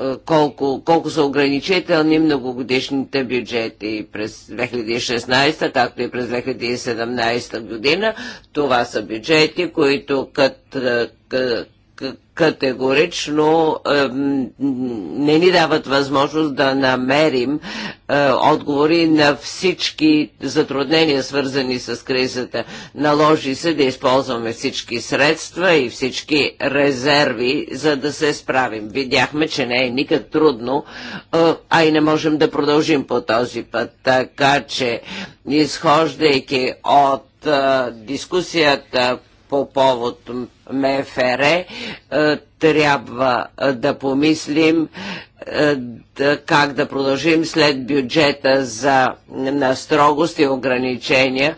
е, колко, колко са ограничителни многогодишните бюджети през 2016, както и през 2017 година. Това са бюджети, които като... Е, категорично не ни дават възможност да намерим е, отговори на всички затруднения, свързани с кризата. Наложи се да използваме всички средства и всички резерви, за да се справим. Видяхме, че не е никак трудно, е, а и не можем да продължим по този път. Така че, изхождайки от е, дискусията по повод МФР, е, трябва да помислим как да продължим след бюджета за на строгост и ограничения.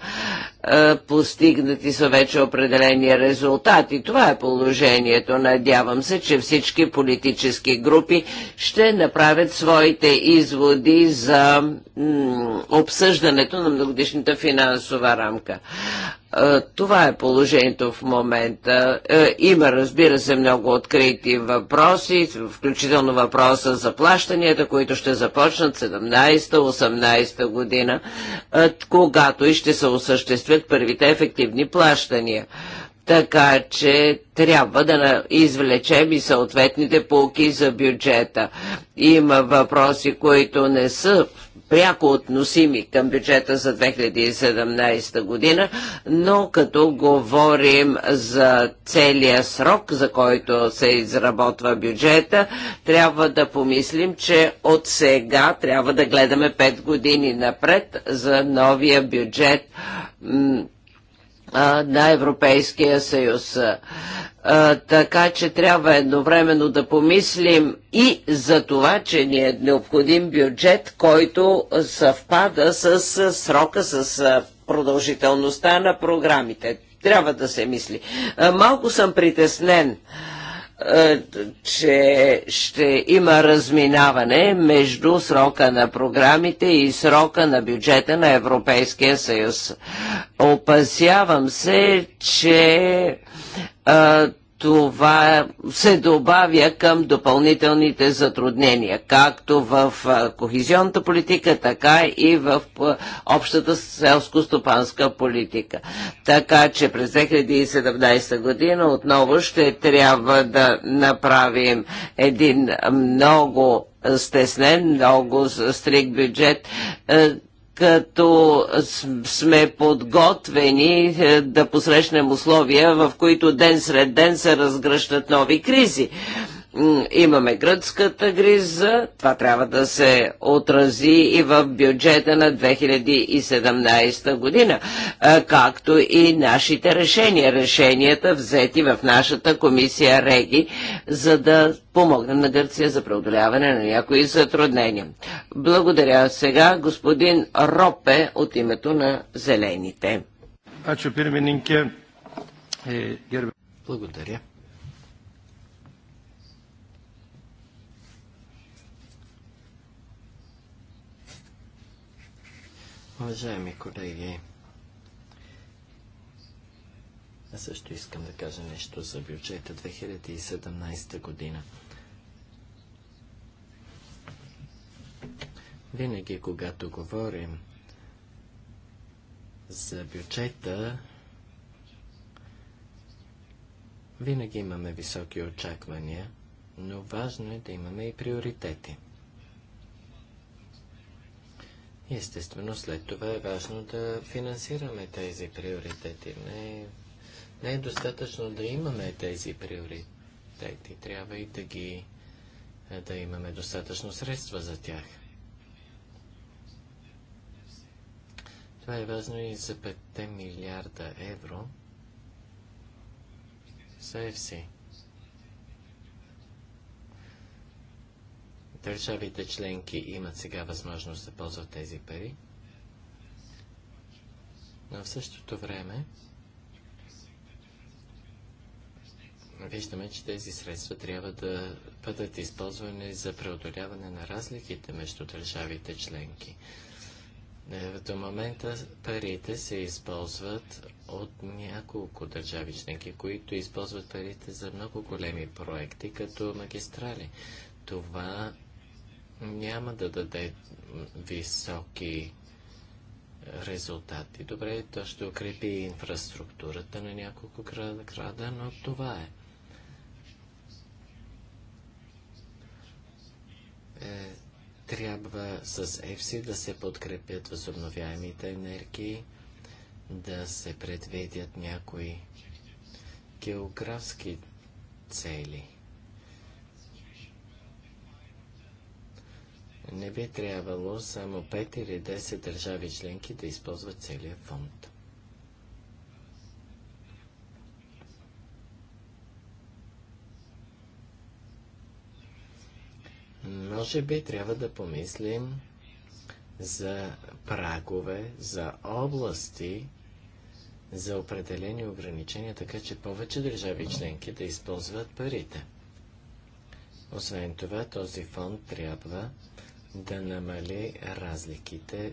Постигнати са вече определени резултати. Това е положението. Надявам се, че всички политически групи ще направят своите изводи за обсъждането на многодишната финансова рамка. Това е положението в момента. Има, разбира се, много от открити въпроси, включително въпроса за плащанията, които ще започнат 17-18 година, когато и ще се осъществят първите ефективни плащания. Така че трябва да извлечем и съответните полки за бюджета. Има въпроси, които не са пряко относими към бюджета за 2017 година, но като говорим за целия срок, за който се изработва бюджета, трябва да помислим, че от сега трябва да гледаме 5 години напред за новия бюджет на Европейския съюз. Така че трябва едновременно да помислим и за това, че ни е необходим бюджет, който съвпада с срока, с продължителността на програмите. Трябва да се мисли. Малко съм притеснен. Е, че ще има разминаване между срока на програмите и срока на бюджета на Европейския съюз. Опасявам се, че а, е, това се добавя към допълнителните затруднения, както в кохезионната политика, така и в общата селско-стопанска политика. Така че през 2017 година отново ще трябва да направим един много стеснен, много стрик бюджет, като сме подготвени е, да посрещнем условия, в които ден сред ден се разгръщат нови кризи. Имаме гръцката гриза, това трябва да се отрази и в бюджета на 2017 година, както и нашите решения, решенията взети в нашата комисия Реги, за да помогнем на Гърция за преодоляване на някои затруднения. Благодаря сега господин Ропе от името на Зелените. Е, Благодаря. Уважаеми колеги, аз също искам да кажа нещо за бюджета 2017 година. Винаги, когато говорим за бюджета, винаги имаме високи очаквания, но важно е да имаме и приоритети – Естествено, след това е важно да финансираме тези приоритети. Не, не е достатъчно да имаме тези приоритети. Трябва и да ги е, да имаме достатъчно средства за тях. Това е важно и за 5 милиарда евро за Държавите членки имат сега възможност да ползват тези пари, но в същото време виждаме, че тези средства трябва да бъдат използвани за преодоляване на разликите между държавите членки. Е, до момента парите се използват от няколко държави членки, които използват парите за много големи проекти, като магистрали. Това няма да даде високи резултати. Добре, то ще укрепи инфраструктурата на няколко града, града но това е. е трябва с EFSI да се подкрепят възобновяемите енергии, да се предвидят някои географски цели – Не би трябвало само 5 или 10 държави членки да използват целият фонд. Може би трябва да помислим за прагове, за области, за определени ограничения, така че повече държави членки да използват парите. Освен това, този фонд трябва да намали разликите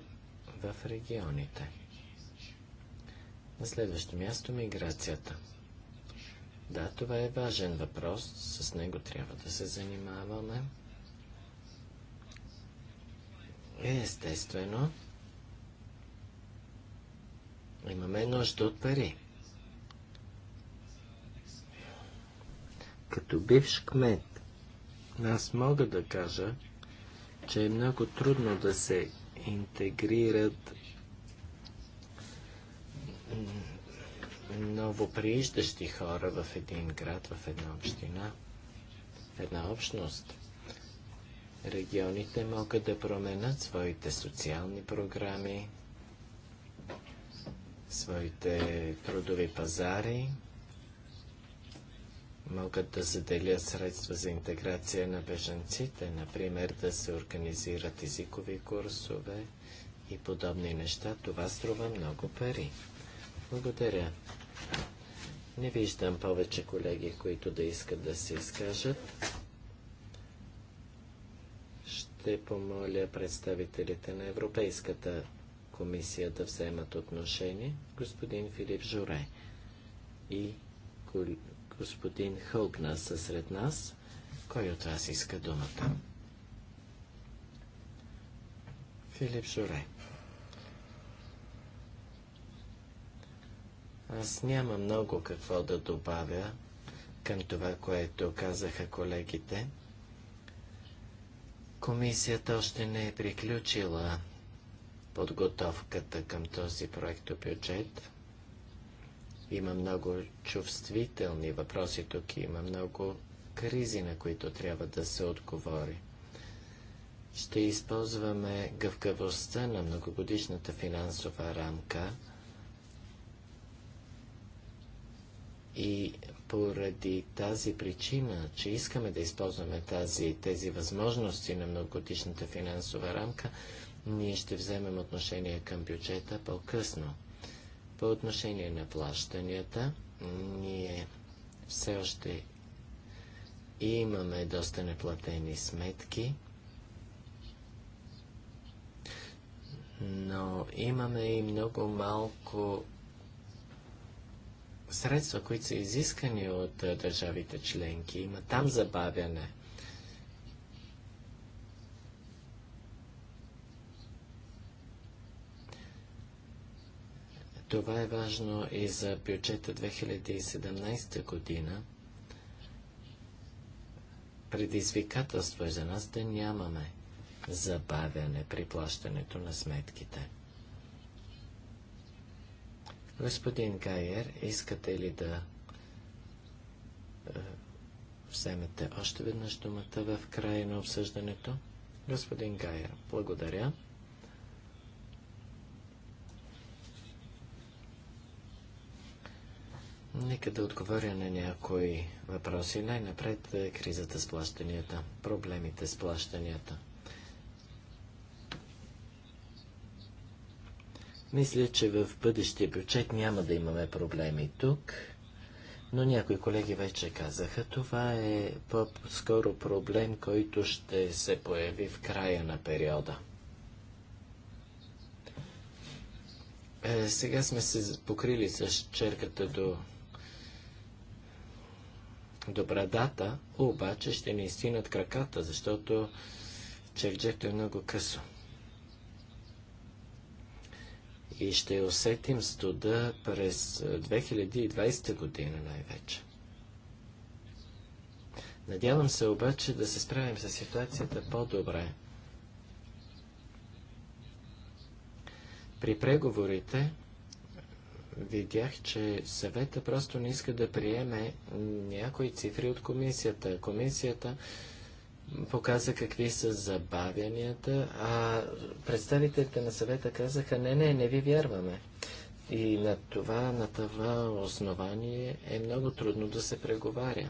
в регионите. На следващо място миграцията. Да, това е важен въпрос, с него трябва да се занимаваме. Естествено, имаме нужда от пари. Като бивш кмет, аз мога да кажа, че е много трудно да се интегрират новоприиждащи хора в един град, в една община, в една общност. Регионите могат да променят своите социални програми, своите трудови пазари, могат да заделят средства за интеграция на бежанците, например да се организират езикови курсове и подобни неща. Това струва много пари. Благодаря. Не виждам повече колеги, които да искат да се изкажат. Ще помоля представителите на Европейската комисия да вземат отношение господин Филип Журе и Господин Хълбна са сред нас. Кой от вас иска думата? Филип Жоре. Аз няма много какво да добавя към това, което казаха колегите. Комисията още не е приключила подготовката към този проект бюджет. Има много чувствителни въпроси тук, има много кризи, на които трябва да се отговори. Ще използваме гъвкавостта на многогодишната финансова рамка и поради тази причина, че искаме да използваме тази, тези възможности на многогодишната финансова рамка, ние ще вземем отношение към бюджета по-късно. По отношение на плащанията, ние все още имаме доста неплатени сметки, но имаме и много малко средства, които са изискани от държавите членки. Има там забавяне. Това е важно и за бюджета 2017 година. Предизвикателство е за нас да нямаме забавяне при плащането на сметките. Господин Гайер, искате ли да е, вземете още веднъж думата в края на обсъждането? Господин Гайер, благодаря. Нека да отговоря на някои въпроси. Най-напред е кризата с плащанията, проблемите с плащанията. Мисля, че в бъдещия бюджет няма да имаме проблеми тук, но някои колеги вече казаха, това е по-скоро проблем, който ще се появи в края на периода. Е, сега сме се покрили с черката до Добрадата обаче ще ни изтинат краката, защото черджето е много късо. И ще усетим студа през 2020 е, година най-вече. Надявам се обаче да се справим с ситуацията по-добре. При преговорите видях, че съвета просто не иска да приеме някои цифри от комисията. Комисията показа какви са забавянията, а представителите на съвета казаха, не, не, не ви вярваме. И на това, на това основание е много трудно да се преговаря.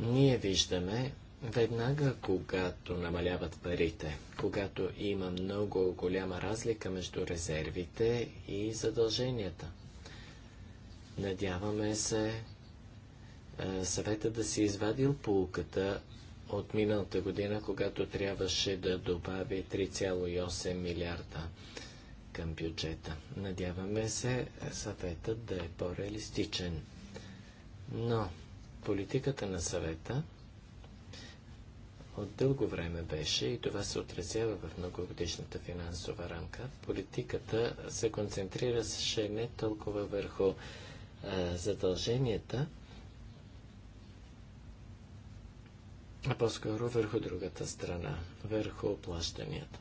Ние виждаме, веднага, когато намаляват парите, когато има много голяма разлика между резервите и задълженията. Надяваме се е, съвета да си извадил полуката от миналата година, когато трябваше да добави 3,8 милиарда към бюджета. Надяваме се е, съветът да е по-реалистичен. Но политиката на съвета от дълго време беше и това се отразява в многогодишната финансова рамка. Политиката се концентрираше не толкова върху а, задълженията, а по-скоро върху другата страна, върху плащанията.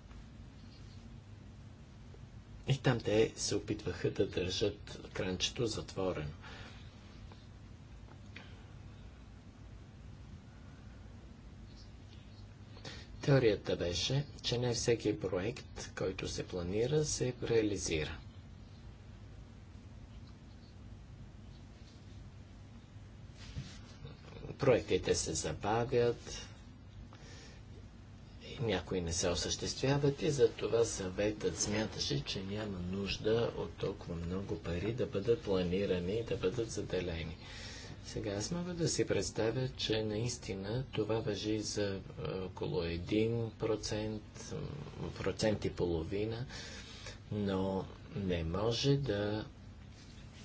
И там те се опитваха да държат кранчето затворено. Теорията беше, че не всеки проект, който се планира, се реализира. Проектите се забавят, някои не се осъществяват и за това съветът смяташе, че няма нужда от толкова много пари да бъдат планирани и да бъдат заделени. Сега аз мога да си представя, че наистина това въжи за е, около 1%, процент и половина, но не може да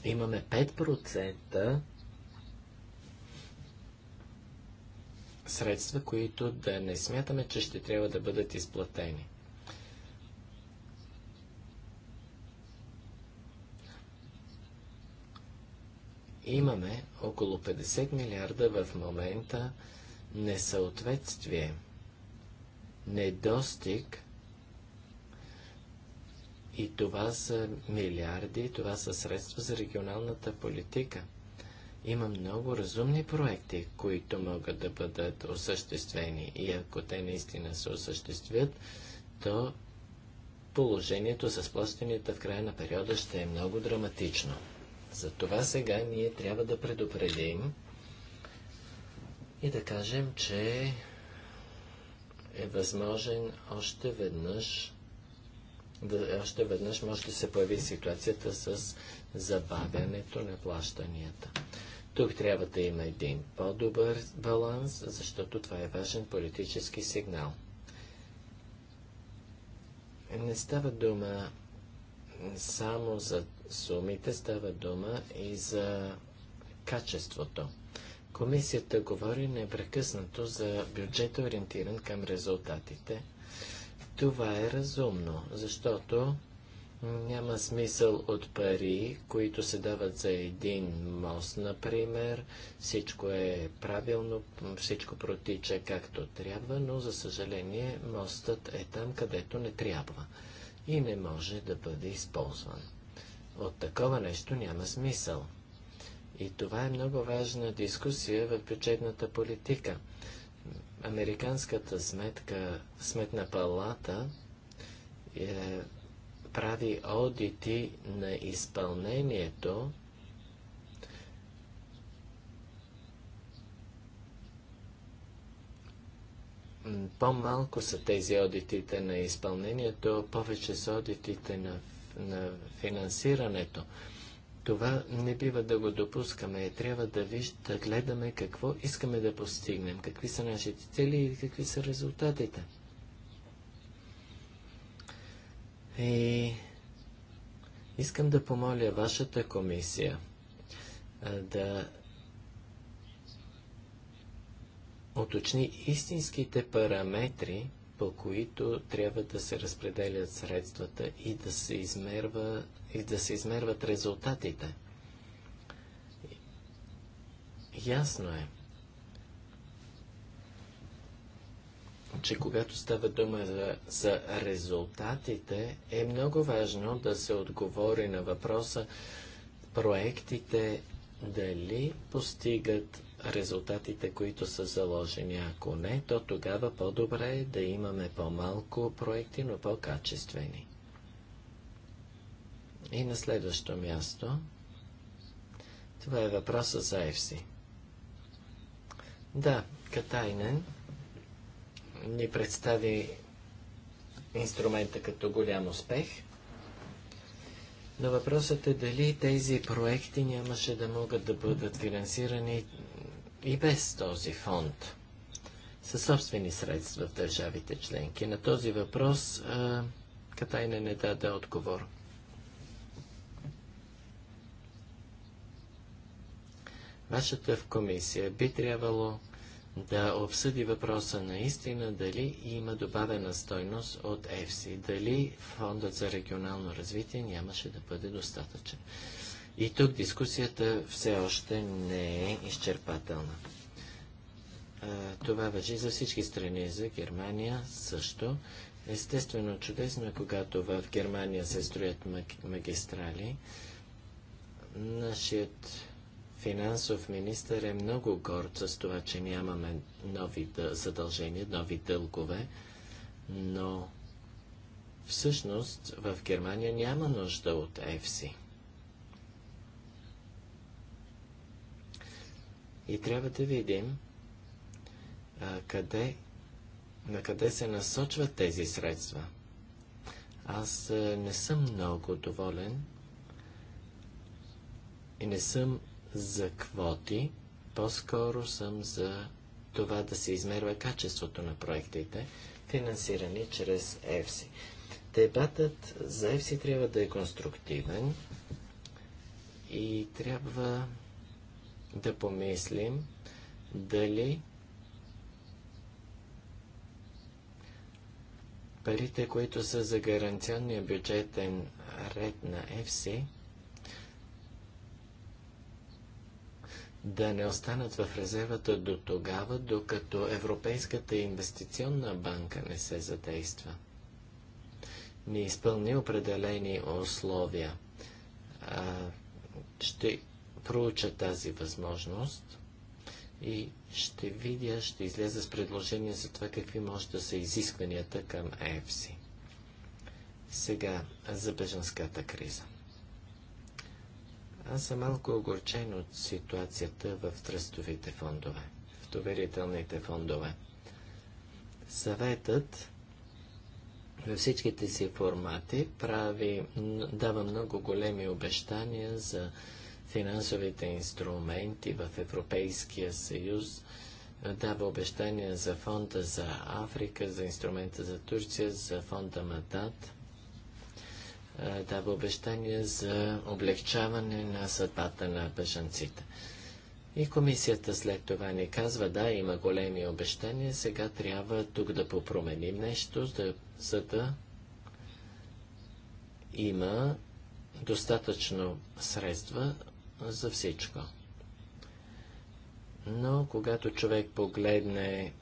имаме 5% средства, които да не смятаме, че ще трябва да бъдат изплатени. Имаме около 50 милиарда в момента несъответствие, недостиг и това са милиарди, това са средства за регионалната политика. Има много разумни проекти, които могат да бъдат осъществени и ако те наистина се осъществят, то положението с плащанията в края на периода ще е много драматично. Затова сега ние трябва да предупредим и да кажем, че е възможен още веднъж да, още веднъж може да се появи ситуацията с забавянето на плащанията. Тук трябва да има един по-добър баланс, защото това е важен политически сигнал. Не става дума само за сумите, става дума и за качеството. Комисията говори непрекъснато за бюджет ориентиран към резултатите. Това е разумно, защото няма смисъл от пари, които се дават за един мост, например. Всичко е правилно, всичко протича както трябва, но за съжаление мостът е там, където не трябва и не може да бъде използван. От такова нещо няма смисъл. И това е много важна дискусия в бюджетната политика. Американската сметка, сметна палата е, прави одити на изпълнението По-малко са тези одитите на изпълнението, повече са одитите на на финансирането. Това не бива да го допускаме. Трябва да, виж, да гледаме какво искаме да постигнем, какви са нашите цели и какви са резултатите. И искам да помоля вашата комисия да уточни истинските параметри по които трябва да се разпределят средствата и да се, измерва, и да се измерват резултатите. Ясно е, че когато става дума за, за резултатите, е много важно да се отговори на въпроса проектите дали постигат резултатите, които са заложени. Ако не, то тогава по-добре е да имаме по-малко проекти, но по-качествени. И на следващо място, това е въпроса за FC. Да, Катайнен ни представи инструмента като голям успех, но въпросът е дали тези проекти нямаше да могат да бъдат финансирани и без този фонд със собствени средства в държавите членки. На този въпрос а, Катайна не даде отговор. Вашата в комисия би трябвало да обсъди въпроса наистина дали има добавена стойност от ЕФСИ, дали фондът за регионално развитие нямаше да бъде достатъчен. И тук дискусията все още не е изчерпателна. Това въжи за всички страни, за Германия също. Естествено, чудесно е, когато в Германия се строят магистрали. Нашият финансов министр е много горд с това, че нямаме нови задължения, нови дългове, но всъщност в Германия няма нужда от ЕФСИ. И трябва да видим а, къде, на къде се насочват тези средства. Аз а, не съм много доволен и не съм за квоти, по-скоро съм за това да се измерва качеството на проектите, финансирани чрез ЕФСИ. Дебатът за ЕФСИ трябва да е конструктивен и трябва да помислим дали парите, които са за гаранционния бюджетен ред на ЕФСИ, да не останат в резервата до тогава, докато Европейската инвестиционна банка не се задейства. Не изпълни определени условия. А, ще проуча тази възможност и ще видя, ще излезе с предложение за това какви може да са изискванията към ЕФСИ. Сега за беженската криза. Аз съм малко огорчен от ситуацията в тръстовите фондове, в доверителните фондове. Съветът във всичките си формати прави, дава много големи обещания за финансовите инструменти в Европейския съюз дава обещания за фонда за Африка, за инструмента за Турция, за фонда Мадат. Дава обещания за облегчаване на съдбата на бежанците. И комисията след това ни казва, да, има големи обещания, сега трябва тук да попроменим нещо, да, за да има достатъчно средства за всичко. Но когато човек погледне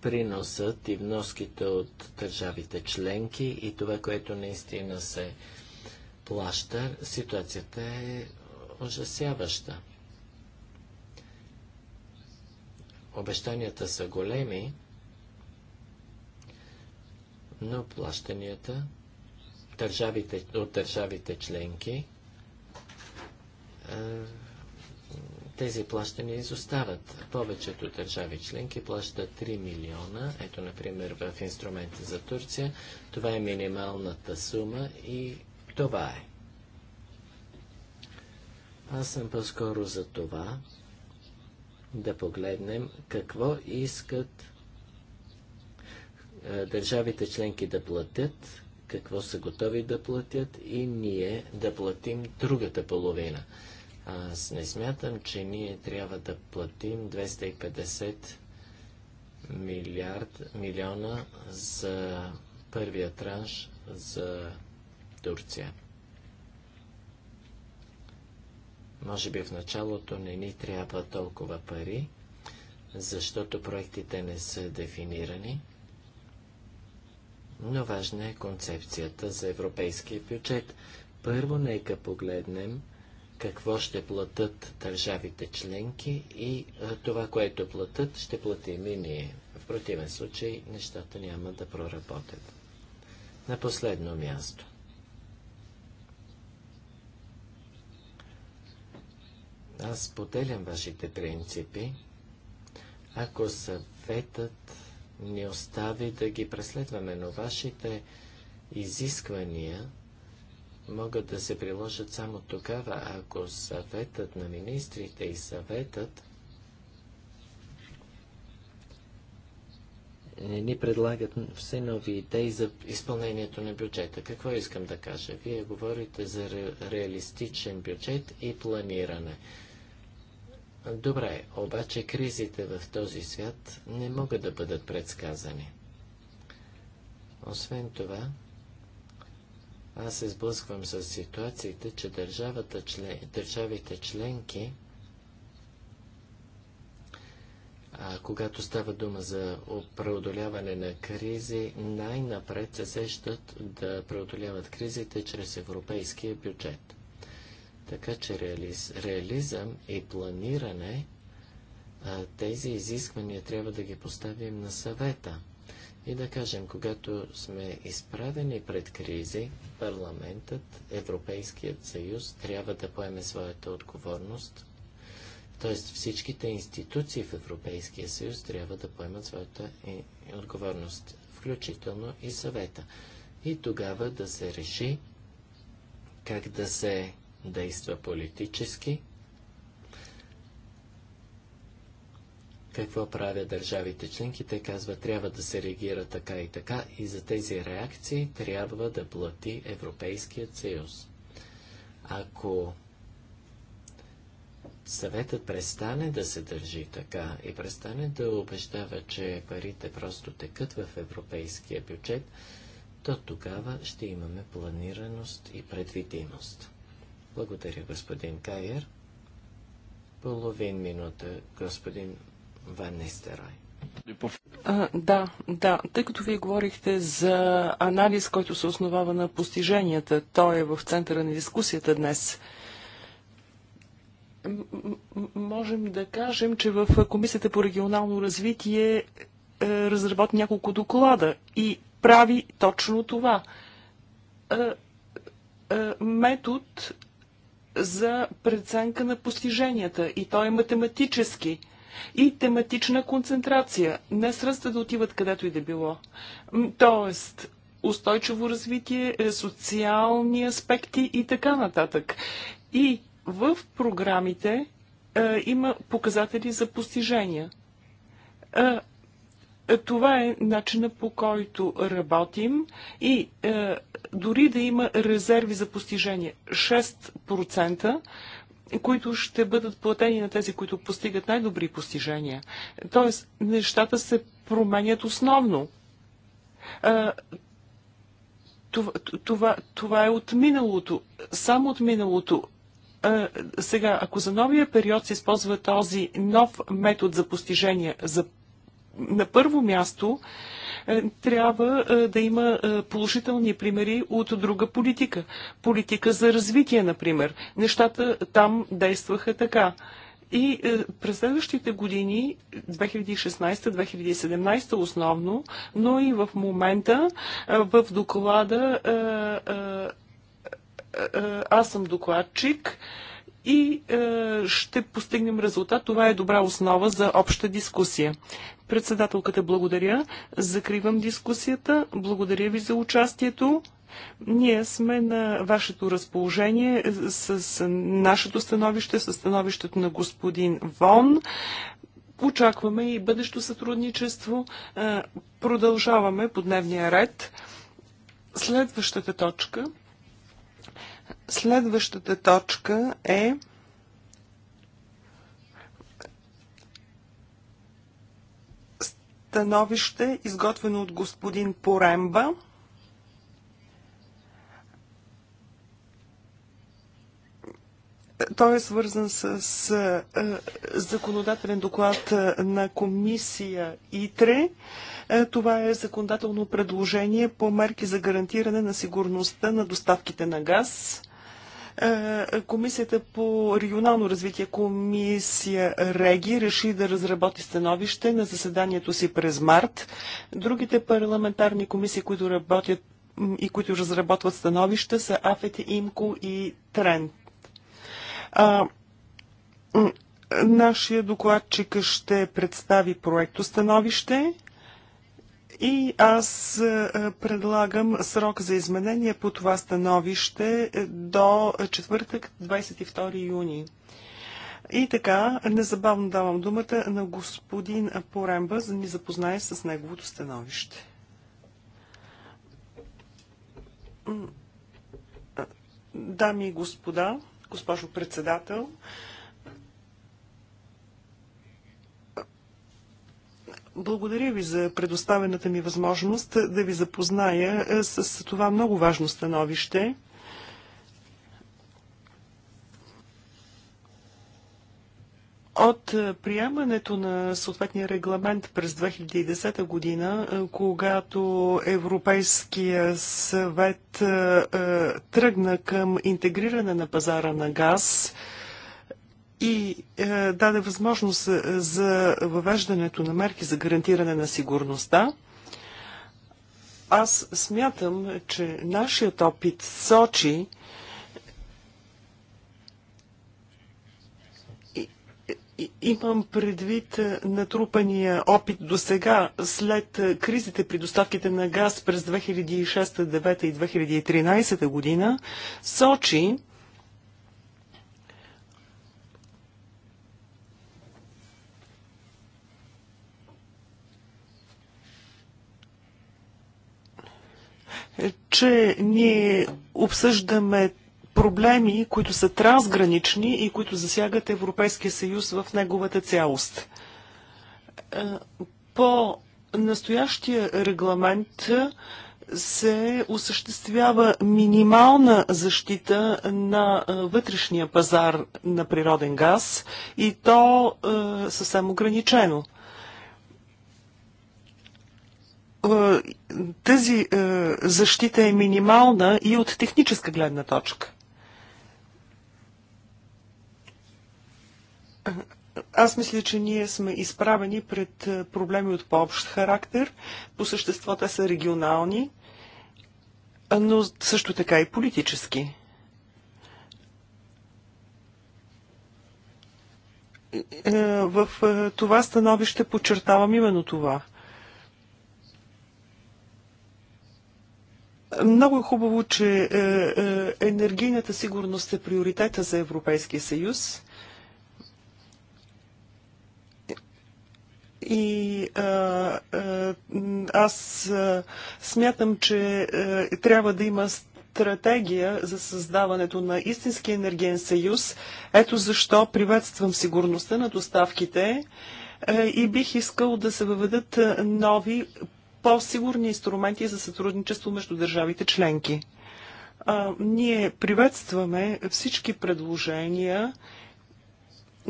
приносът и вноските от държавите членки и това, което наистина се плаща, ситуацията е ужасяваща. Обещанията са големи, но плащанията държавите, от държавите членки тези плащания изостават. Повечето държави членки плащат 3 милиона. Ето, например, в инструмента за Турция. Това е минималната сума и това е. Аз съм по-скоро за това да погледнем какво искат държавите членки да платят, какво са готови да платят и ние да платим другата половина. Аз не смятам, че ние трябва да платим 250 милиард, милиона за първия транш за Турция. Може би в началото не ни трябва толкова пари, защото проектите не са дефинирани, но важна е концепцията за европейския бюджет. Първо нека погледнем какво ще платят държавите членки и това, което платят, ще платим и ние. В противен случай нещата няма да проработят. На последно място. Аз поделям вашите принципи, ако съветът ни остави да ги преследваме, но вашите изисквания могат да се приложат само тогава, ако съветът на министрите и съветът не ни предлагат все нови идеи за изпълнението на бюджета. Какво искам да кажа? Вие говорите за ре, реалистичен бюджет и планиране. Добре, обаче кризите в този свят не могат да бъдат предсказани. Освен това, аз се сблъсквам с ситуациите, че държавата член, държавите членки, а, когато става дума за преодоляване на кризи, най-напред се сещат да преодоляват кризите чрез европейския бюджет. Така че реализ, реализъм и планиране, а, тези изисквания трябва да ги поставим на съвета – и да кажем, когато сме изправени пред кризи, парламентът, Европейският съюз трябва да поеме своята отговорност, т.е. всичките институции в Европейския съюз трябва да поемат своята отговорност, включително и съвета. И тогава да се реши как да се действа политически, какво правят държавите членки. Те казват, трябва да се реагира така и така и за тези реакции трябва да плати Европейският съюз. Ако съветът престане да се държи така и престане да обещава, че парите просто текат в европейския бюджет, то тогава ще имаме планираност и предвидимост. Благодаря, господин Кайер. Половин минута, господин Ван Нестерой. Да, да. Тъй като вие говорихте за анализ, който се основава на постиженията, той е в центъра на дискусията днес можем да кажем, че в Комисията по регионално развитие е, разработи няколко доклада и прави точно това. Е, е, метод за преценка на постиженията и той е математически – и тематична концентрация. Не средства да отиват където и да било. Тоест, устойчиво развитие, е, социални аспекти и така нататък. И в програмите е, има показатели за постижения. Е, е, това е начина по който работим и е, дори да има резерви за постижения 6%, които ще бъдат платени на тези, които постигат най-добри постижения. Тоест, нещата се променят основно. Това, това, това е от миналото, само от миналото. Сега, ако за новия период се използва този нов метод за постижение, за на първо място е, трябва е, да има е, положителни примери от друга политика. Политика за развитие, например. Нещата там действаха така. И през следващите години, 2016-2017 основно, но и в момента в доклада аз съм докладчик и е, ще постигнем резултат. Това е добра основа за обща дискусия. Председателката благодаря. Закривам дискусията. Благодаря ви за участието. Ние сме на вашето разположение е, с нашето становище, с становището на господин Вон. Очакваме и бъдещо сътрудничество. Е, продължаваме по дневния ред. Следващата точка Следващата точка е становище, изготвено от господин Поремба. Той е свързан с, с е, законодателен доклад е, на комисия ИТРЕ. Е, това е законодателно предложение по мерки за гарантиране на сигурността на доставките на газ. Е, Комисията по регионално развитие, комисия Реги, реши да разработи становище на заседанието си през март. Другите парламентарни комисии, които работят и които разработват становища, са АФЕТ, ИМКО и ТРЕНД. Нашия докладчик ще представи проекто становище. И аз е, е, предлагам срок за изменение по това становище е, до четвъртък, 22 юни. И така, незабавно давам думата на господин Поремба, за да ни запознае с неговото становище. Дами и господа, госпожо председател, Благодаря ви за предоставената ми възможност да ви запозная е, с това много важно становище. От е, приемането на съответния регламент през 2010 година, е, когато Европейския съвет тръгна към интегриране на пазара на газ, и е, даде възможност е, за въвеждането на мерки за гарантиране на сигурността. Аз смятам, че нашият опит сочи, Имам предвид е, натрупания опит до сега след е, кризите при доставките на газ през 2006, 2009 и 2013 година. Сочи, че ние обсъждаме проблеми, които са трансгранични и които засягат Европейския съюз в неговата цялост. Е, по настоящия регламент се осъществява минимална защита на е, вътрешния пазар на природен газ и то е, съвсем ограничено. Е, тази е, защита е минимална и от техническа гледна точка. Аз мисля, че ние сме изправени пред е, проблеми от по-общ характер. По същество те са регионални, но също така и политически. В това становище подчертавам именно това – Много е хубаво, че е, е, енергийната сигурност е приоритета за Европейския съюз. И а, а, аз а, смятам, че а, е, трябва да има стратегия за създаването на истински енергиен съюз. Ето защо приветствам сигурността на доставките и бих искал да се въведат нови по-сигурни инструменти за сътрудничество между държавите членки. А, ние приветстваме всички предложения,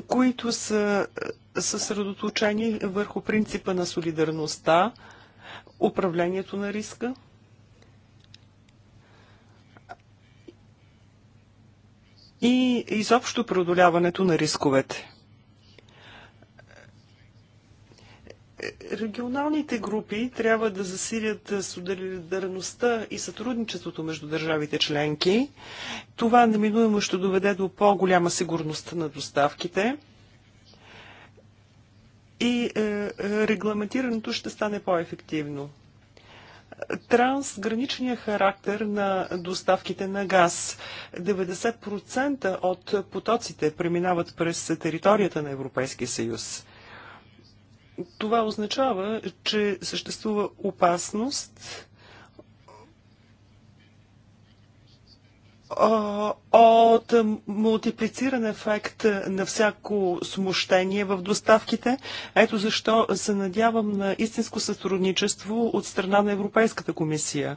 които са е, съсредоточени върху принципа на солидарността, управлението на риска. И изобщо преодоляването на рисковете. Регионалните групи трябва да засилят е, солидарността и сътрудничеството между държавите членки. Това неминуемо ще доведе до по-голяма сигурност на доставките и е, регламентирането ще стане по-ефективно. Трансграничният характер на доставките на газ. 90% от потоците преминават през територията на Европейския съюз това означава, че съществува опасност от мултиплициран ефект на всяко смущение в доставките. Ето защо се надявам на истинско сътрудничество от страна на Европейската комисия.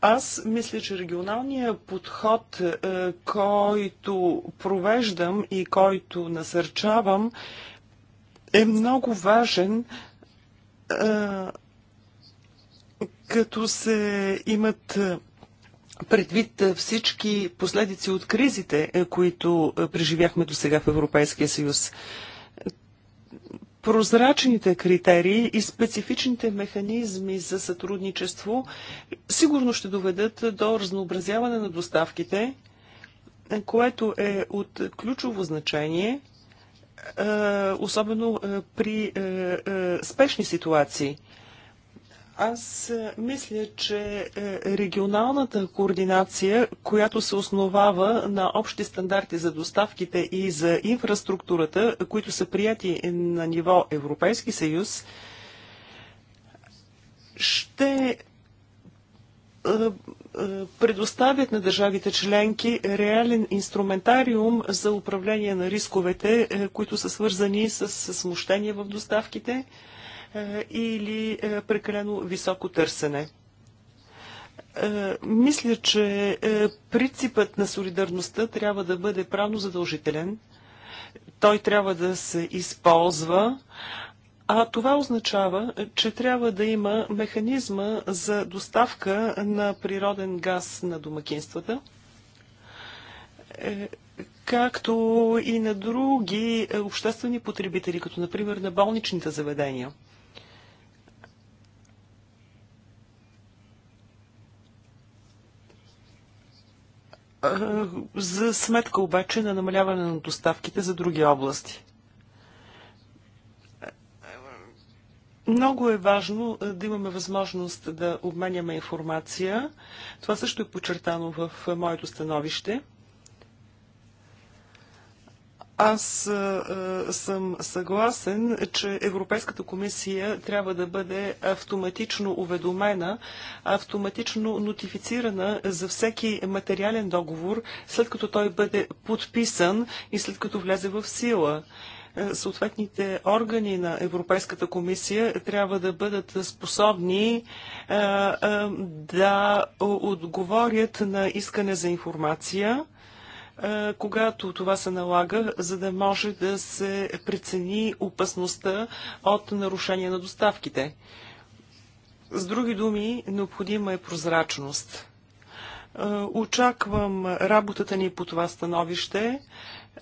Аз мисля, че регионалният подход, е, който провеждам и който насърчавам, е много важен като се имат предвид всички последици от кризите, които преживяхме до сега в Европейския съюз. Прозрачните критерии и специфичните механизми за сътрудничество сигурно ще доведат до разнообразяване на доставките, което е от ключово значение – е, особено е, при е, спешни ситуации. Аз мисля, че регионалната координация, която се основава на общи стандарти за доставките и за инфраструктурата, които са прияти на ниво Европейски съюз, ще предоставят на държавите членки реален инструментариум за управление на рисковете, е, които са свързани с смущение в доставките е, или е, прекалено високо търсене. Мисля, че принципът на солидарността трябва да бъде правно задължителен. Той трябва да се използва а това означава, че трябва да има механизма за доставка на природен газ на домакинствата, е, както и на други обществени потребители, като например на болничните заведения. Е, за сметка обаче на намаляване на доставките за други области. Много е важно е, да имаме възможност да обменяме информация. Това също е подчертано в е, моето становище. Аз е, е, съм съгласен, че Европейската комисия трябва да бъде автоматично уведомена, автоматично нотифицирана за всеки материален договор, след като той бъде подписан и след като влезе в сила съответните органи на Европейската комисия трябва да бъдат способни е, е, да отговорят на искане за информация е, когато това се налага, за да може да се прецени опасността от нарушение на доставките. С други думи, необходима е прозрачност. Очаквам работата ни по това становище.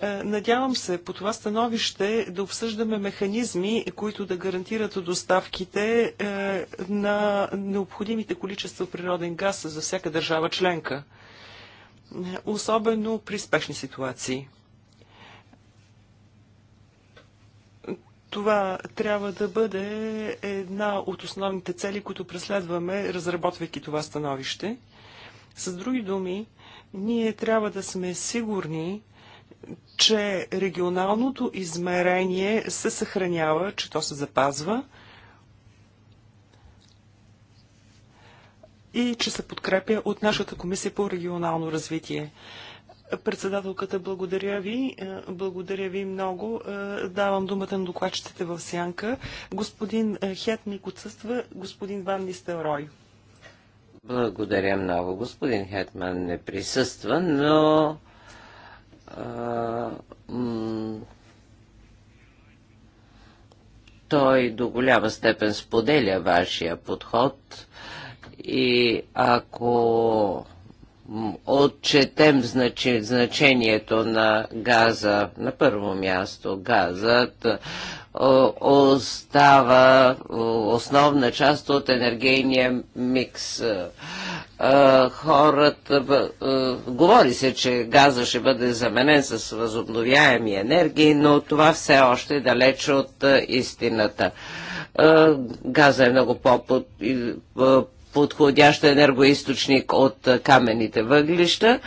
Е, надявам се по това становище да обсъждаме механизми, които да гарантират доставките е, на необходимите количества природен газ за всяка държава членка, особено при спешни ситуации. Това трябва да бъде една от основните цели, които преследваме, разработвайки това становище. С други думи, ние трябва да сме сигурни, че регионалното измерение се съхранява, че то се запазва и че се подкрепя от нашата комисия по регионално развитие. Председателката, благодаря ви. Е, благодаря ви много. Е, давам думата на докладчетите в сянка. Господин е, Хетник отсъства, господин Ван Нистелрой. Благодаря много. Господин Хетман не присъства, но той до голяма степен споделя вашия подход и ако отчетем значи, значението на газа, на първо място газът остава основна част от енергийния микс хората... Говори се, че газа ще бъде заменен с възобновяеми енергии, но това все още е далече от истината. Газа е много по-подходящ енергоисточник от каменните въглища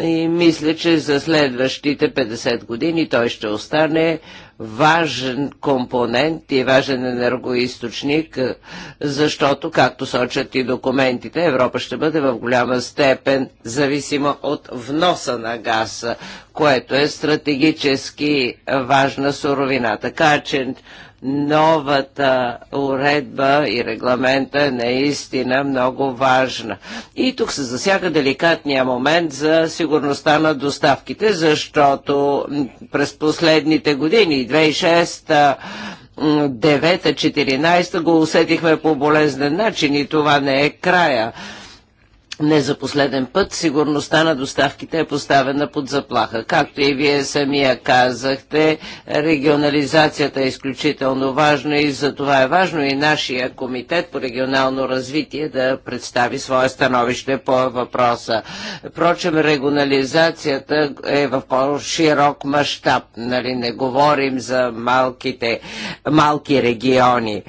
и мисля, че за следващите 50 години той ще остане важен компонент и важен енергоисточник, е, защото, както сочат и документите, Европа ще бъде в голяма степен зависима от вноса на газа, което е стратегически важна суровина. Така че новата уредба и регламента е наистина много важна. И тук се засяга деликатния момент за сигурността на доставките, защото през последните години, 2006 9-14 го усетихме по болезнен начин и това не е края. Не за последен път сигурността на доставките е поставена под заплаха. Както и вие самия казахте, регионализацията е изключително важна и за това е важно и нашия комитет по регионално развитие да представи свое становище по въпроса. Впрочем, регионализацията е в по-широк мащаб. Нали? Не говорим за малките, малки региони.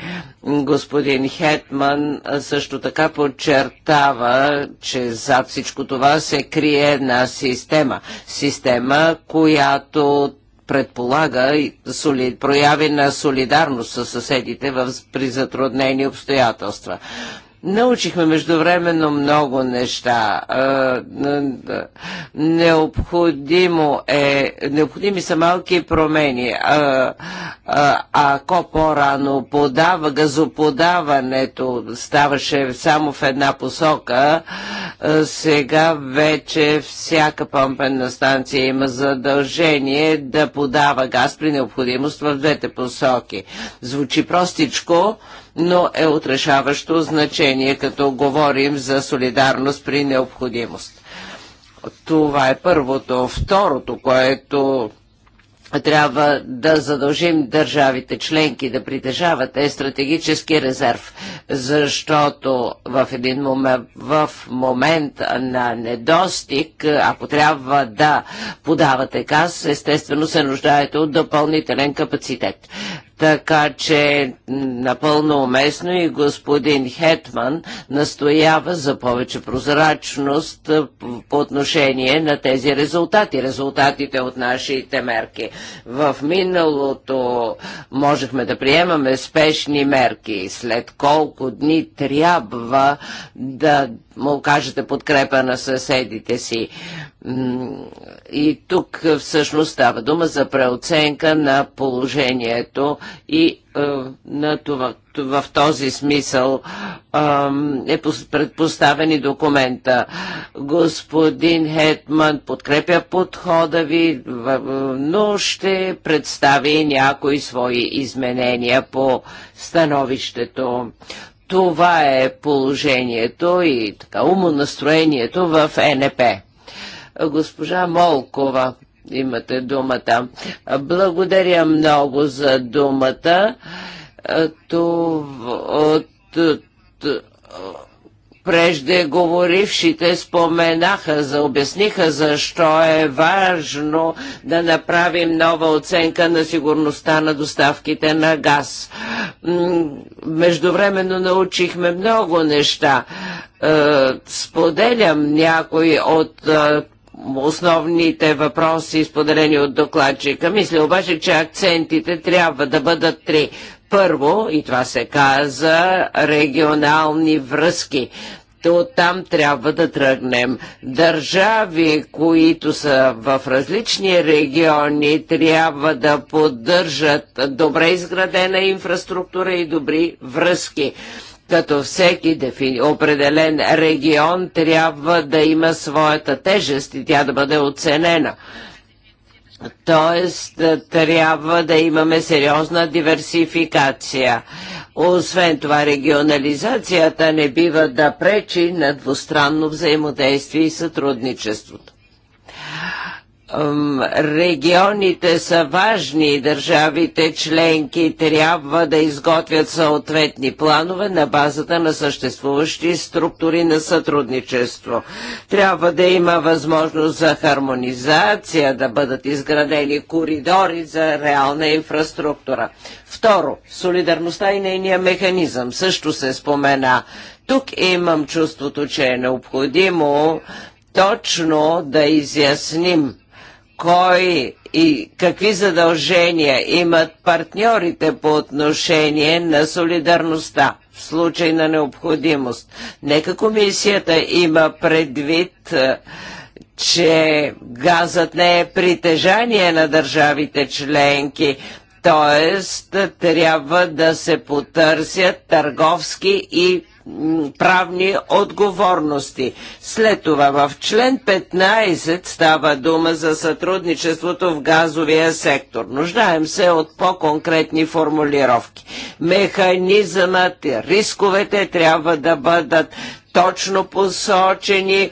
Господин Хетман също така подчертава, че зад всичко това се крие една система. Система, която предполага прояви на солидарност с съседите в, при затруднени обстоятелства. Научихме междувременно много неща. Необходимо е, необходими са малки промени. ако по-рано подава газоподаването ставаше само в една посока, сега вече всяка помпенна станция има задължение да подава газ при необходимост в двете посоки. Звучи простичко, но е отрешаващо значение, като говорим за солидарност при необходимост. Това е първото. Второто, което трябва да задължим държавите членки да притежават е стратегически резерв, защото в един момент, в момент на недостиг, ако трябва да подавате газ, естествено се нуждаете от допълнителен капацитет. Така че напълно уместно и господин Хетман настоява за повече прозрачност по отношение на тези резултати, резултатите от нашите мерки. В миналото можехме да приемаме спешни мерки, след колко дни трябва да му окажете подкрепа на съседите си. И тук всъщност става дума за преоценка на положението и е, на това, в този смисъл е, е предпоставени документа. Господин Хетман подкрепя подхода ви, но ще представи някои свои изменения по становището. Това е положението и така умонастроението в НП. Госпожа Молкова, имате думата. Благодаря много за думата. Е, това, от, от, Преждеговорившите споменаха, за, обясниха защо е важно да направим нова оценка на сигурността на доставките на газ. Междувременно научихме много неща. Е, споделям някои от е, основните въпроси, споделени от докладчика. Мисля обаче, че акцентите трябва да бъдат три. Първо, и това се каза, регионални връзки то там трябва да тръгнем. Държави, които са в различни региони, трябва да поддържат добре изградена инфраструктура и добри връзки като всеки определен регион трябва да има своята тежест и тя да бъде оценена. Тоест, трябва да имаме сериозна диверсификация. Освен това, регионализацията не бива да пречи на двустранно взаимодействие и сътрудничеството регионите са важни и държавите членки трябва да изготвят съответни планове на базата на съществуващи структури на сътрудничество. Трябва да има възможност за хармонизация, да бъдат изградени коридори за реална инфраструктура. Второ, солидарността и нейния механизъм също се спомена. Тук имам чувството, че е необходимо точно да изясним кой и какви задължения имат партньорите по отношение на солидарността в случай на необходимост. Нека комисията има предвид, е, че газът не е притежание на държавите членки, т.е. трябва да се потърсят търговски и правни отговорности. След това в член 15 става дума за сътрудничеството в газовия сектор. Нуждаем се от по-конкретни формулировки. Механизъмът, рисковете трябва да бъдат точно посочени, е,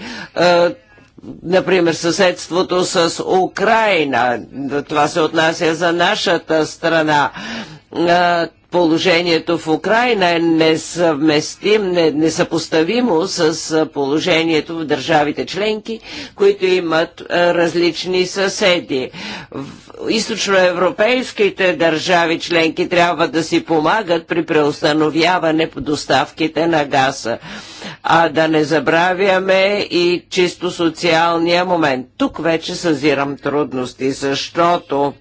например, съседството с Украина. Това се отнася за нашата страна положението в Украина е несъвместим, несъпоставимо с положението в държавите членки, които имат различни съседи. В източноевропейските държави членки трябва да си помагат при преустановяване по доставките на газа. А да не забравяме и чисто социалния момент. Тук вече съзирам трудности, защото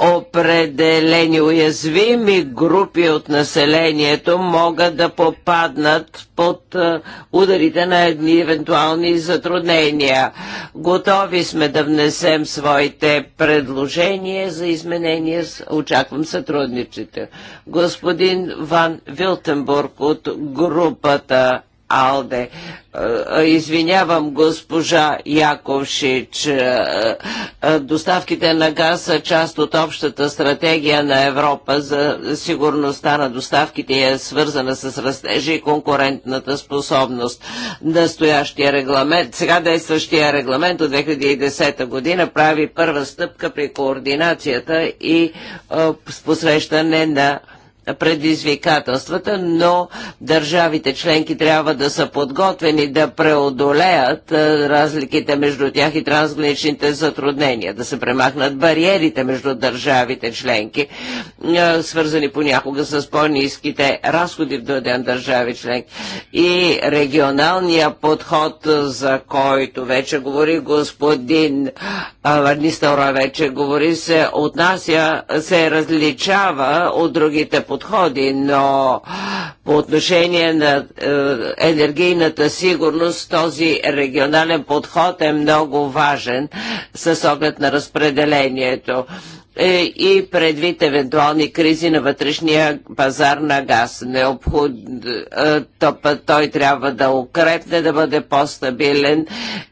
определени уязвими групи от населението могат да попаднат под ударите на едни евентуални затруднения. Готови сме да внесем своите предложения за изменения. Очаквам сътрудничите. Господин Ван Вилтенбург от групата Алде. Е, е, извинявам госпожа Яковшич, е, доставките на газ са част от общата стратегия на Европа за сигурността на доставките и е свързана с растежа и конкурентната способност. Настоящия регламент, сега действащия регламент от 2010 година прави първа стъпка при координацията и посрещане на предизвикателствата, но държавите членки трябва да са подготвени да преодолеят разликите между тях и трансграничните затруднения, да се премахнат бариерите между държавите членки, свързани понякога с по-низките разходи в даден държави членки. И регионалния подход, за който вече говори господин Нистора, вече говори, се отнася, се различава от другите подходи подходи, но по отношение на е, енергийната сигурност този регионален подход е много важен с оглед на разпределението е, и предвид евентуални кризи на вътрешния пазар на газ. Необход... Е, той трябва да укрепне, да бъде по-стабилен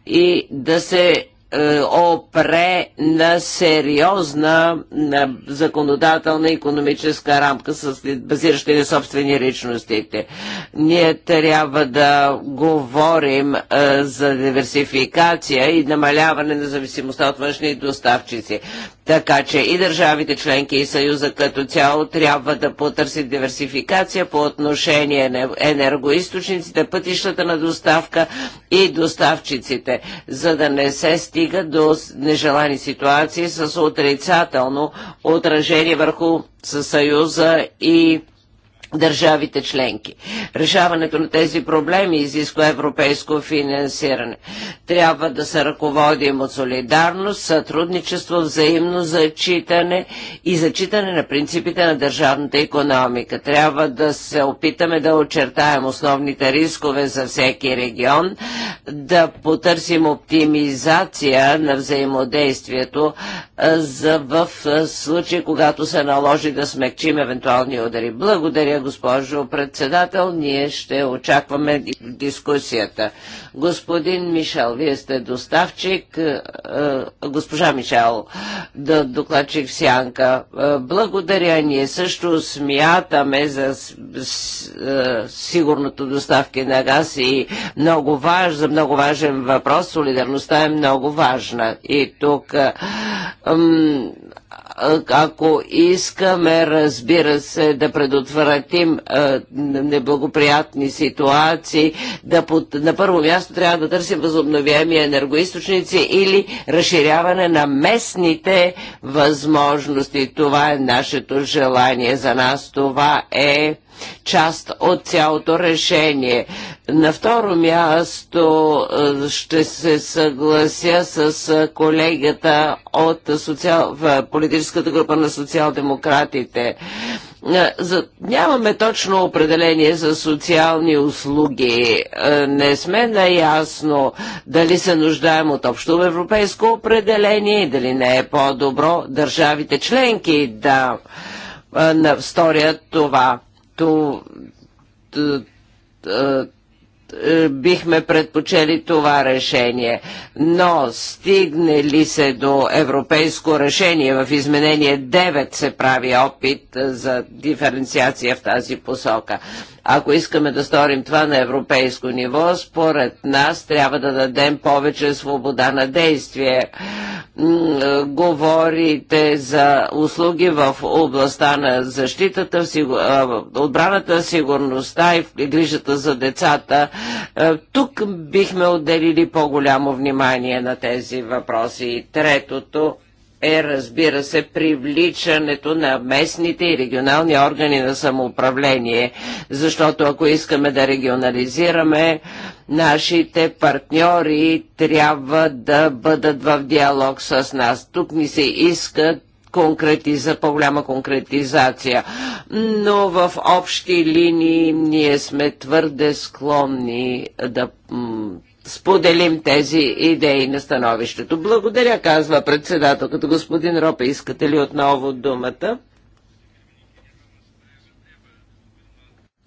и да се е, опре на сериозна на законодателна економическа рамка, с, базираща на собствени личностите. Ние трябва да говорим е, за диверсификация и намаляване на зависимостта от външни доставчици. Така че и държавите членки и Съюза като цяло трябва да потърси диверсификация по отношение на енергоисточниците, пътищата на доставка и доставчиците, за да не се стига стига до нежелани ситуации с отрицателно отражение върху съюза и държавите членки. Решаването на тези проблеми изисква европейско финансиране. Трябва да се ръководим от солидарност, сътрудничество, взаимно зачитане и зачитане на принципите на държавната економика. Трябва да се опитаме да очертаем основните рискове за всеки регион, да потърсим оптимизация на взаимодействието за в случай, когато се наложи да смекчим евентуални удари. Благодаря благодаря, госпожо председател. Ние ще очакваме дискусията. Господин Мишел, вие сте доставчик. Е, е, госпожа Мишел, да докладчик Сянка. Е, благодаря. Ние също смятаме за сигурното доставки на газ и много важ, за много важен въпрос. Солидарността е много важна. И тук ако искаме, разбира се, да предотвратим неблагоприятни ситуации, да под, на първо място трябва да търсим възобновяеми енергоисточници или разширяване на местните възможности. Това е нашето желание за нас. Това е част от цялото решение. На второ място ще се съглася с колегата от социал... политическата група на социал-демократите. За... Нямаме точно определение за социални услуги. Не сме наясно дали се нуждаем от общо европейско определение и дали не е по-добро държавите членки да сторят това. това е, бихме предпочели това решение. Но стигне ли се до европейско решение, в изменение 9 се прави опит е, за диференциация в тази посока. Ако искаме да сторим това на европейско ниво, според нас трябва да дадем повече свобода на действие. Е, говорите за услуги в областта на защитата, е, отбраната, сигурността и грижата за децата. Е, тук бихме отделили по-голямо внимание на тези въпроси. третото е, разбира се, привличането на местните и регионални органи на самоуправление, защото ако искаме да регионализираме, нашите партньори трябва да бъдат в диалог с нас. Тук ни се искат конкретиза, по-голяма конкретизация. Но в общи линии ние сме твърде склонни да споделим тези идеи на становището. Благодаря, казва председателката. Господин Ропе, искате ли отново думата?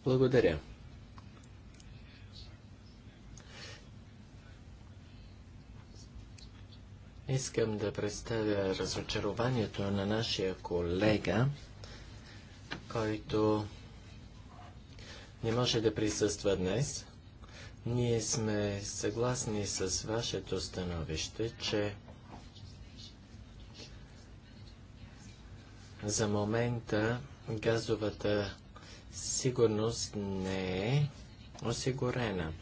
Благодаря. Искам да представя разочарованието на нашия колега, който не може да присъства днес. Ние сме съгласни с вашето становище, че за момента газовата сигурност не е осигурена.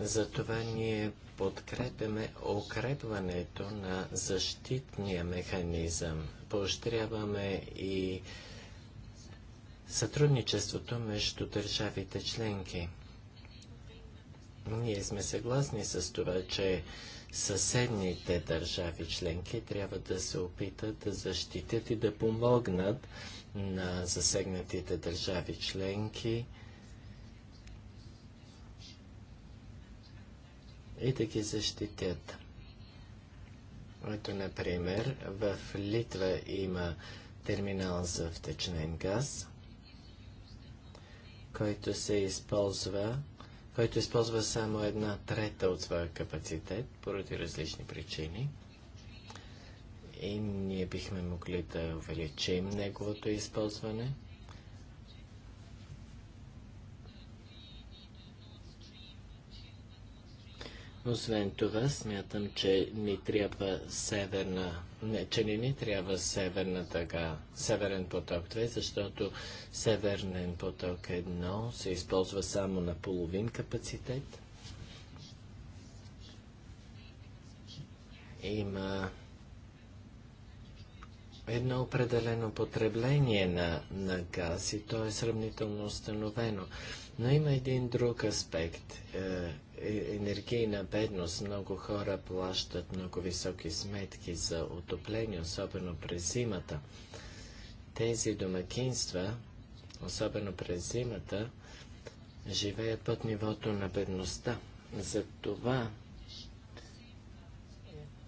Затова ние подкрепяме укрепването на защитния механизъм. Поощряваме и сътрудничеството между държавите членки. Ние сме съгласни с това, че съседните държави членки трябва да се опитат да защитят и да помогнат на засегнатите държави членки и да ги защитят. Ето, например, в Литва има терминал за втечнен газ, който се използва който използва само една трета от своя капацитет поради различни причини. И ние бихме могли да увеличим неговото използване. Освен това, смятам, че ни трябва северна не, че не ни трябва северна тъга, Северен поток 2, защото Северен поток 1 се използва само на половин капацитет. Има едно определено потребление на, на газ и то е сравнително установено. Но има един друг аспект. Е, е, енергийна бедност. Много хора плащат много високи сметки за отопление, особено през зимата. Тези домакинства, особено през зимата, живеят под нивото на бедността. Затова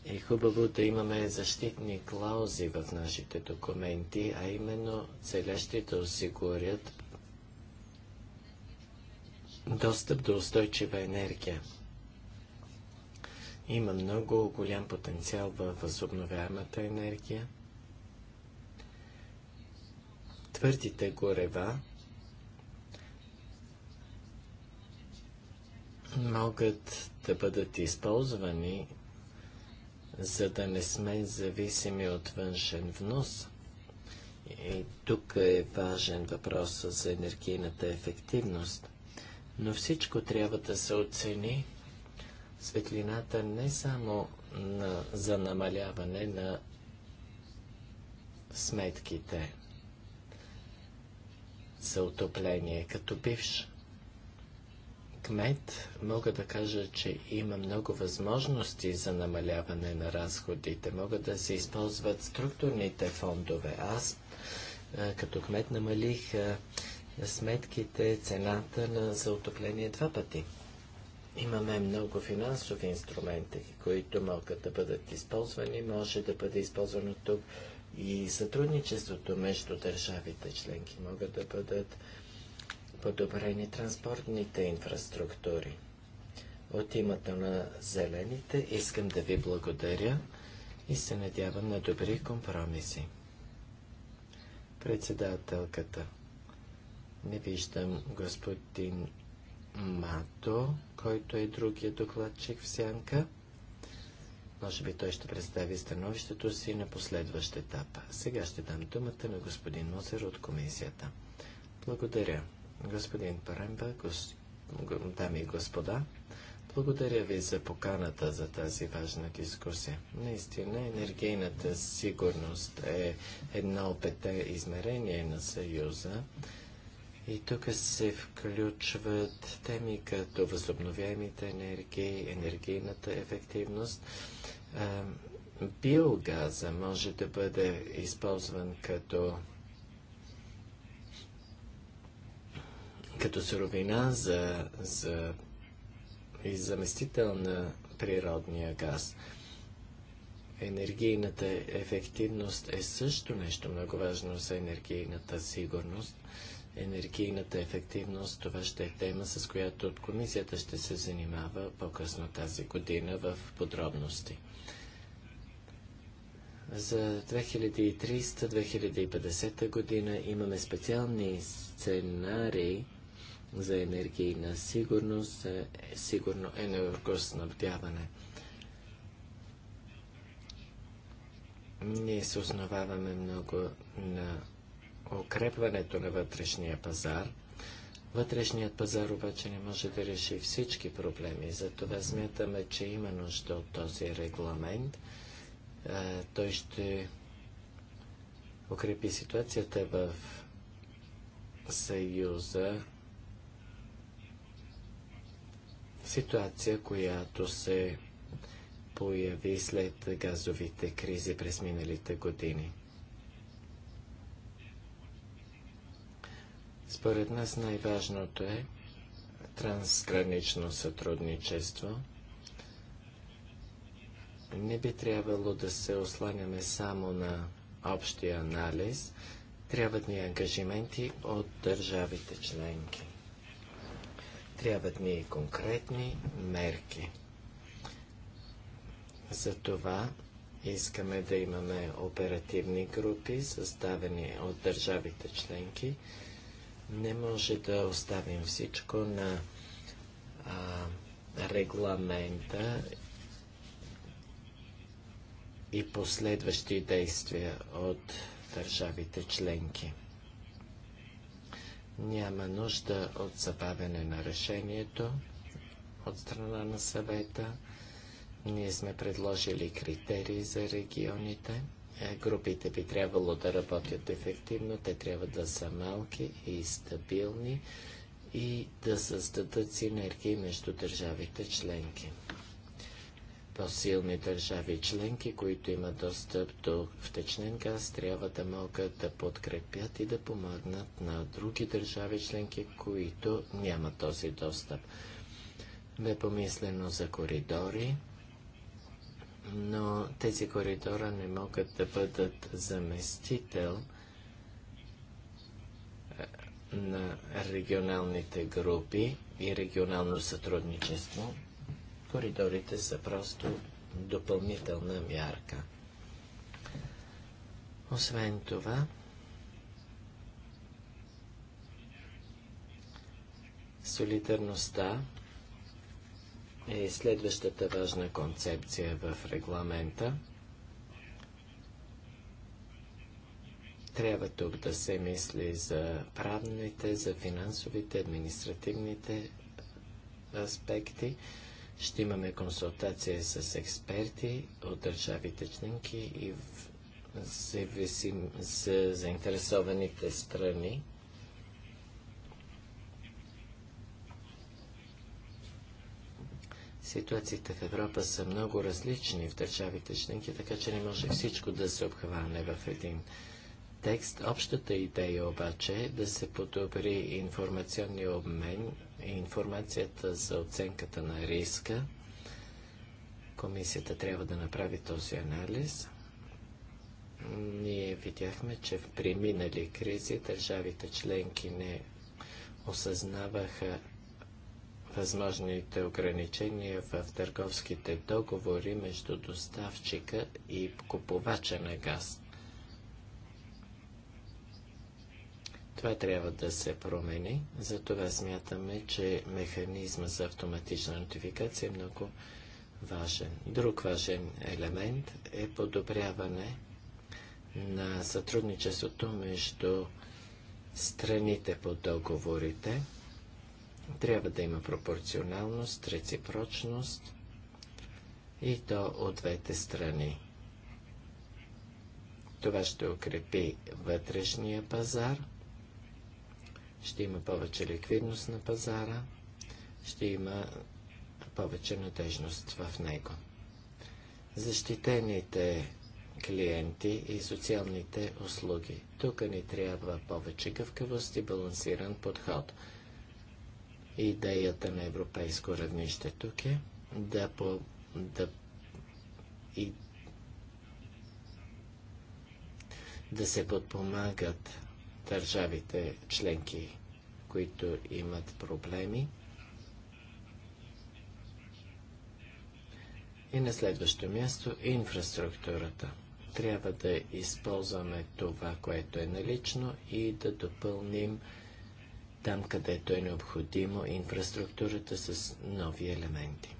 е хубаво да имаме защитни клаузи в нашите документи, а именно целящи да осигурят достъп до устойчива енергия. Има много голям потенциал във възобновяемата енергия. Твърдите горева могат да бъдат използвани, за да не сме зависими от външен внос. И тук е важен въпрос за енергийната ефективност. Но всичко трябва да се оцени светлината не само на, за намаляване на сметките за отопление. Като бивш кмет мога да кажа, че има много възможности за намаляване на разходите. Могат да се използват структурните фондове. Аз като кмет намалих сметките, цената на, за отопление два пъти. Имаме много финансови инструменти, които могат да бъдат използвани. Може да бъде използвано тук и сътрудничеството между държавите членки. Могат да бъдат подобрени транспортните инфраструктури. От името на зелените искам да ви благодаря и се надявам на добри компромиси. Председателката не виждам господин Мато, който е другия докладчик в сянка. Може би той ще представи становището си на последващ етап. Сега ще дам думата на господин Мозер от комисията. Благодаря. Господин Паремба, гос... дами и господа, благодаря ви за поканата за тази важна дискусия. Наистина, енергийната сигурност е едно от пете измерение на Съюза. И тук се включват теми като възобновяемите енергии, енергийната ефективност. Биогаза може да бъде използван като като суровина за, за и заместител на природния газ. Енергийната ефективност е също нещо много важно за енергийната сигурност енергийната ефективност, това ще е тема, с която от комисията ще се занимава по-късно тази година в подробности. За 2300-2050 година имаме специални сценарии за енергийна сигурност, за сигурно енергоснабдяване. Ние се основаваме много на укрепването на вътрешния пазар. Вътрешният пазар обаче не може да реши всички проблеми, затова смятаме, че има нужда от този регламент. той ще укрепи ситуацията в Съюза, ситуация, която се появи след газовите кризи през миналите години. Според нас най-важното е трансгранично сътрудничество. Не би трябвало да се осланяме само на общия анализ, трябват ни ангажименти от държавите членки. Трябват ни и конкретни мерки. Затова искаме да имаме оперативни групи, съставени от държавите членки, не може да оставим всичко на а, регламента и последващи действия от държавите членки. Няма нужда от забавяне на решението от страна на съвета. Ние сме предложили критерии за регионите – е, групите би трябвало да работят ефективно, те трябва да са малки и стабилни и да създадат синергии между държавите членки. По-силни държави членки, които имат достъп до втечнен газ, трябва да могат да подкрепят и да помогнат на други държави членки, които нямат този достъп. Бе помислено за коридори, но тези коридора не могат да бъдат заместител е, на регионалните групи и регионално сътрудничество. Коридорите са просто допълнителна мярка. Освен това, солидарността е следващата важна концепция в регламента. Трябва тук да се мисли за правните, за финансовите, административните аспекти. Ще имаме консултация с експерти от държавите членки и в зависим за заинтересованите страни. Ситуациите в Европа са много различни в държавите членки, така че не може всичко да се обхване в един текст. Общата идея обаче е да се подобри информационния обмен и информацията за оценката на риска. Комисията трябва да направи този анализ. Ние видяхме, че в преминали кризи държавите членки не осъзнаваха възможните ограничения в търговските договори между доставчика и купувача на газ. Това трябва да се промени, затова смятаме, че механизма за автоматична нотификация е много важен. Друг важен елемент е подобряване на сътрудничеството между страните по договорите – трябва да има пропорционалност, реципрочност и то от двете страни. Това ще укрепи вътрешния пазар, ще има повече ликвидност на пазара, ще има повече надежност в него. Защитените клиенти и социалните услуги. Тук ни трябва повече гъвкавост и балансиран подход – Идеята на европейско равнище тук е да, по, да, и, да се подпомагат държавите членки, които имат проблеми. И на следващо място инфраструктурата. Трябва да използваме това, което е налично и да допълним там където е необходимо инфраструктурата с нови елементи.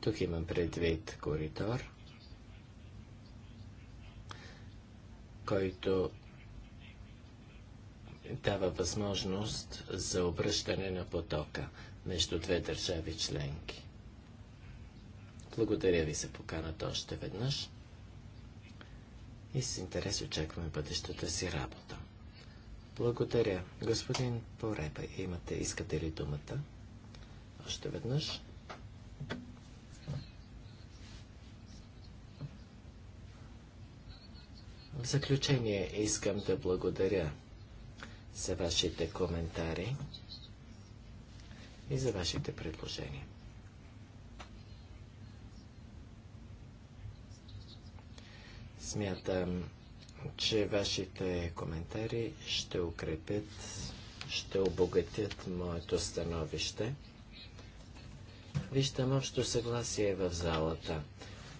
Тук имам предвид коридор, който дава възможност за обръщане на потока между две държави членки. Благодаря ви за поканата още веднъж и с интерес очакваме бъдещата си работа. Благодаря. Господин Пореба, имате, искате ли думата? Още веднъж. В заключение искам да благодаря за вашите коментари и за вашите предложения. Смятам, че вашите коментари ще укрепят, ще обогатят моето становище. Виждам общо съгласие в залата,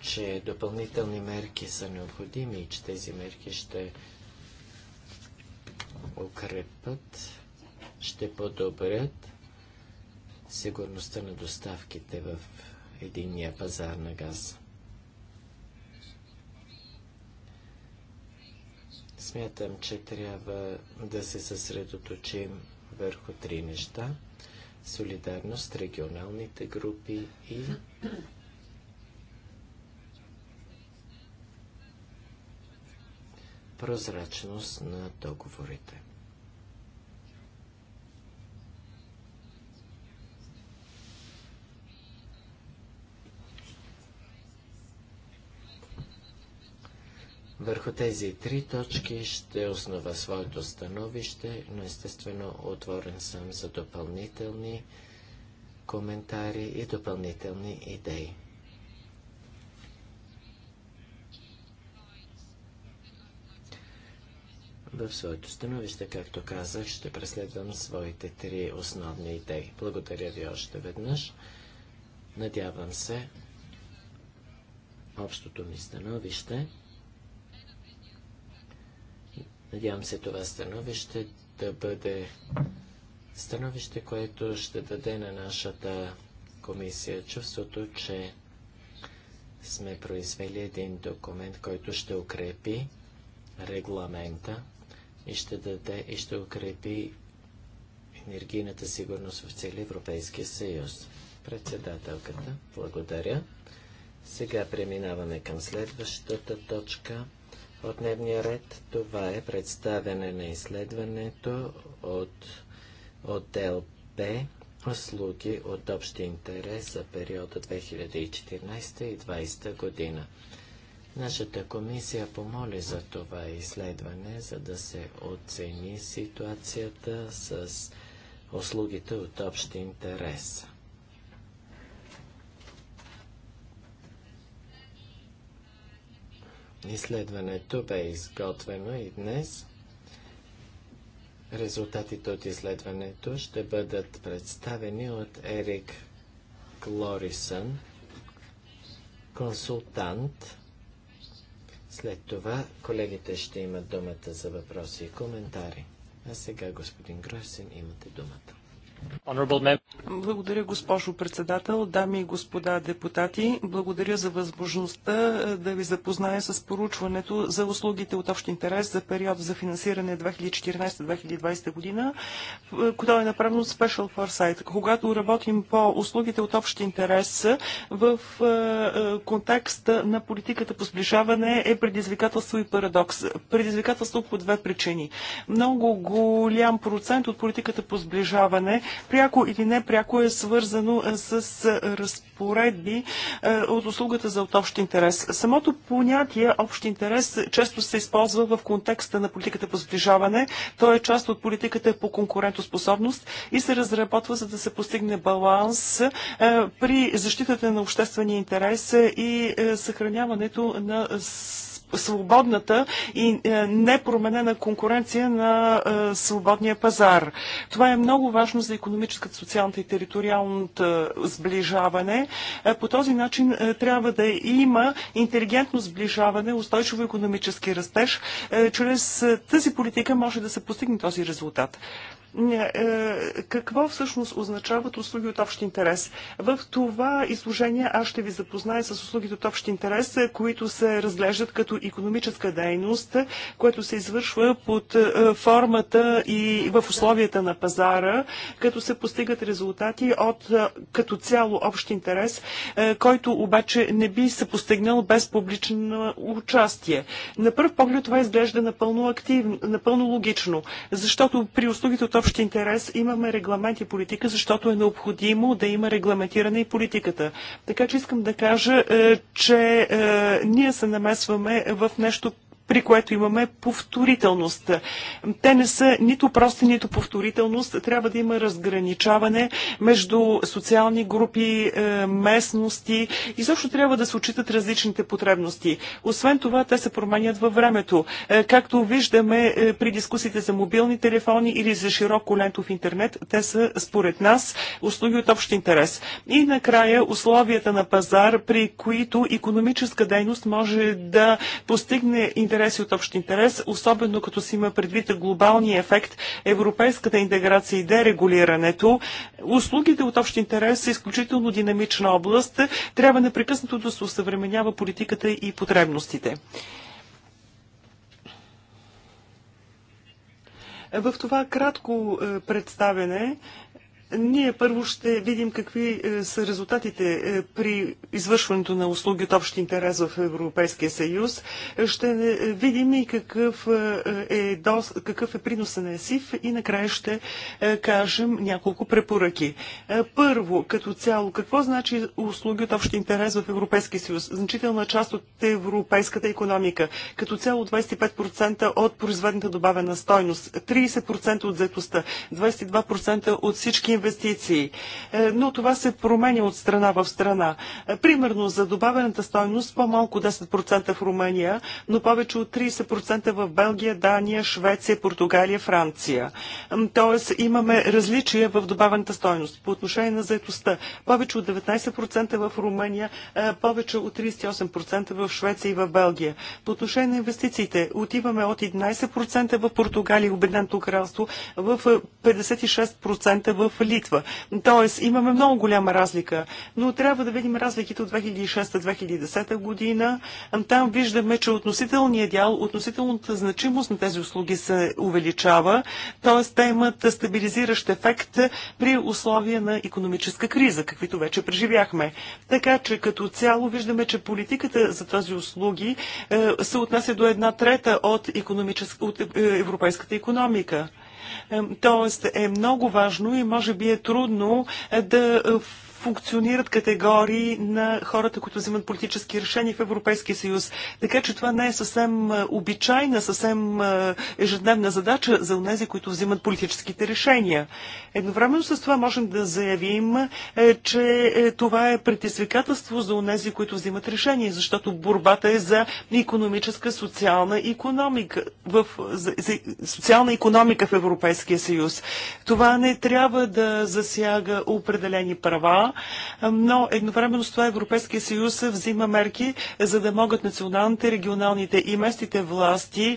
че допълнителни мерки са необходими и че тези мерки ще укрепят, ще подобрят сигурността на доставките в единния пазар на газ. Смятам, че трябва да се съсредоточим върху три неща – солидарност, регионалните групи и прозрачност на договорите. Върху тези три точки ще основа своето становище, но естествено отворен съм за допълнителни коментари и допълнителни идеи. В своето становище, както казах, ще преследвам своите три основни идеи. Благодаря ви още веднъж. Надявам се, общото ми становище Надявам се това становище да бъде становище, което ще даде на нашата комисия чувството, че сме произвели един документ, който ще укрепи регламента и ще даде и ще укрепи енергийната сигурност в целия Европейския съюз. Председателката, благодаря. Сега преминаваме към следващата точка от дневния ред. Това е представяне на изследването от отдел Б услуги от общ интерес за периода 2014 и 2020 година. Нашата комисия помоли за това изследване, за да се оцени ситуацията с услугите от общ интерес. Изследването бе изготвено и днес. Резултатите от изследването ще бъдат представени от Ерик Глорисън, консултант. След това колегите ще имат думата за въпроси и коментари. А сега, господин Гросин, имате думата. Благодаря, госпожо председател, дами и господа депутати. Благодаря за възможността е, да ви запозная с поручването за услугите от общ интерес за период за финансиране 2014-2020 година, е, което е направено от Special Foresight. Когато работим по услугите от общ интерес е, в контекста на политиката по сближаване е предизвикателство и парадокс. Предизвикателство по две причини. Много голям процент от политиката по сближаване пряко или непряко е свързано с разпоредби от услугата за от общ интерес. Самото понятие общ интерес често се използва в контекста на политиката по сближаване. то е част от политиката по конкурентоспособност и се разработва за да се постигне баланс при защитата на обществения интерес и съхраняването на свободната и е, непроменена конкуренция на е, свободния пазар. Това е много важно за економическата, социалната и териториалната сближаване. Е, по този начин трябва да има интелигентно сближаване, устойчиво економически растеж. Чрез тази политика може да се постигне този резултат. Е, какво всъщност означават услуги от общ интерес. В това изложение аз ще ви запозная с услугите от общ интерес, е, които се разглеждат като економическа дейност, което се извършва под е, формата и в условията на пазара, като се постигат резултати от като цяло общ интерес, който обаче не би се постигнал без публично участие. На първ поглед това изглежда напълно, активно, напълно логично, защото при услугите от общ интерес имаме регламент и политика, защото е необходимо да има регламентиране и политиката. Така че искам да кажа, е, че е, ние се намесваме в нещо, при което имаме повторителност. Те не са нито прости, нито повторителност. Трябва да има разграничаване между социални групи, е, местности и също трябва да се очитат различните потребности. Освен това, те се променят във времето. Е, както виждаме е, при дискусите за мобилни телефони или за широко лентов интернет, те са според нас услуги от общ интерес. И накрая условията на пазар, при които економическа дейност може да постигне интерес интерес и от общ интерес, особено като си има предвид глобалния ефект, европейската интеграция и дерегулирането. Услугите от общ интерес са изключително динамична област. Трябва непрекъснато да се усъвременява политиката и потребностите. В това кратко е, представяне. Ние първо ще видим какви е, са резултатите е, при извършването на услуги от общ интерес в Европейския съюз. Ще е, видим и какъв е, дос, какъв е приноса на ЕСИФ и накрая ще кажем няколко препоръки. Първо, като цяло, какво значи услуги от общ интерес в Европейския съюз? Значителна част от европейската економика. Като цяло 25% от произведената добавена стойност, 30% от заетостта, 22% от всички инвестиции. Е, но това се променя от страна в страна. Е, примерно за добавената стойност по-малко 10% в Румъния, но повече от 30% в Белгия, Дания, Швеция, Португалия, Франция. Е, тоест имаме различия в добавената стойност. По отношение на заетостта, повече от 19% в Румъния, повече от 38% в Швеция и в Белгия. По отношение на инвестициите, отиваме от 11% в Португалия и Обединеното кралство в 56% в Литва. Тоест, имаме много голяма разлика, но трябва да видим разликите от 2006-2010 година. Там виждаме, че относителният дял, относителната значимост на тези услуги се увеличава, т.е. те имат стабилизиращ ефект при условия на економическа криза, каквито вече преживяхме. Така че като цяло виждаме, че политиката за тези услуги е, се отнася до една трета от, от е, европейската економика. Тоест е много важно и може би е трудно е, да е, функционират категории на хората, които взимат политически решения в Европейския съюз. Така че това не е съвсем обичайна, съвсем ежедневна задача за тези, които взимат политическите решения. Едновременно с това можем да заявим, е, че е, това е предизвикателство за тези, които взимат решения, защото борбата е за економическа, социална економика в, за, за социална економика в Европейския съюз. Това не трябва да засяга определени права, но едновременно с това Европейския съюз взима мерки, за да могат националните, регионалните и местните власти е,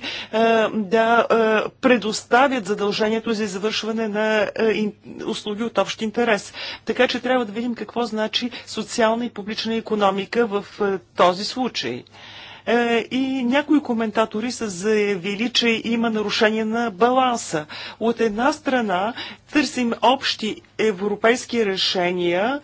да е, предоставят задължението за извършване на е, услуги от общ интерес. Така че трябва да видим какво значи социална и публична економика в този случай. Е, и някои коментатори са заявили, че има нарушение на баланса. От една страна търсим общи европейски решения,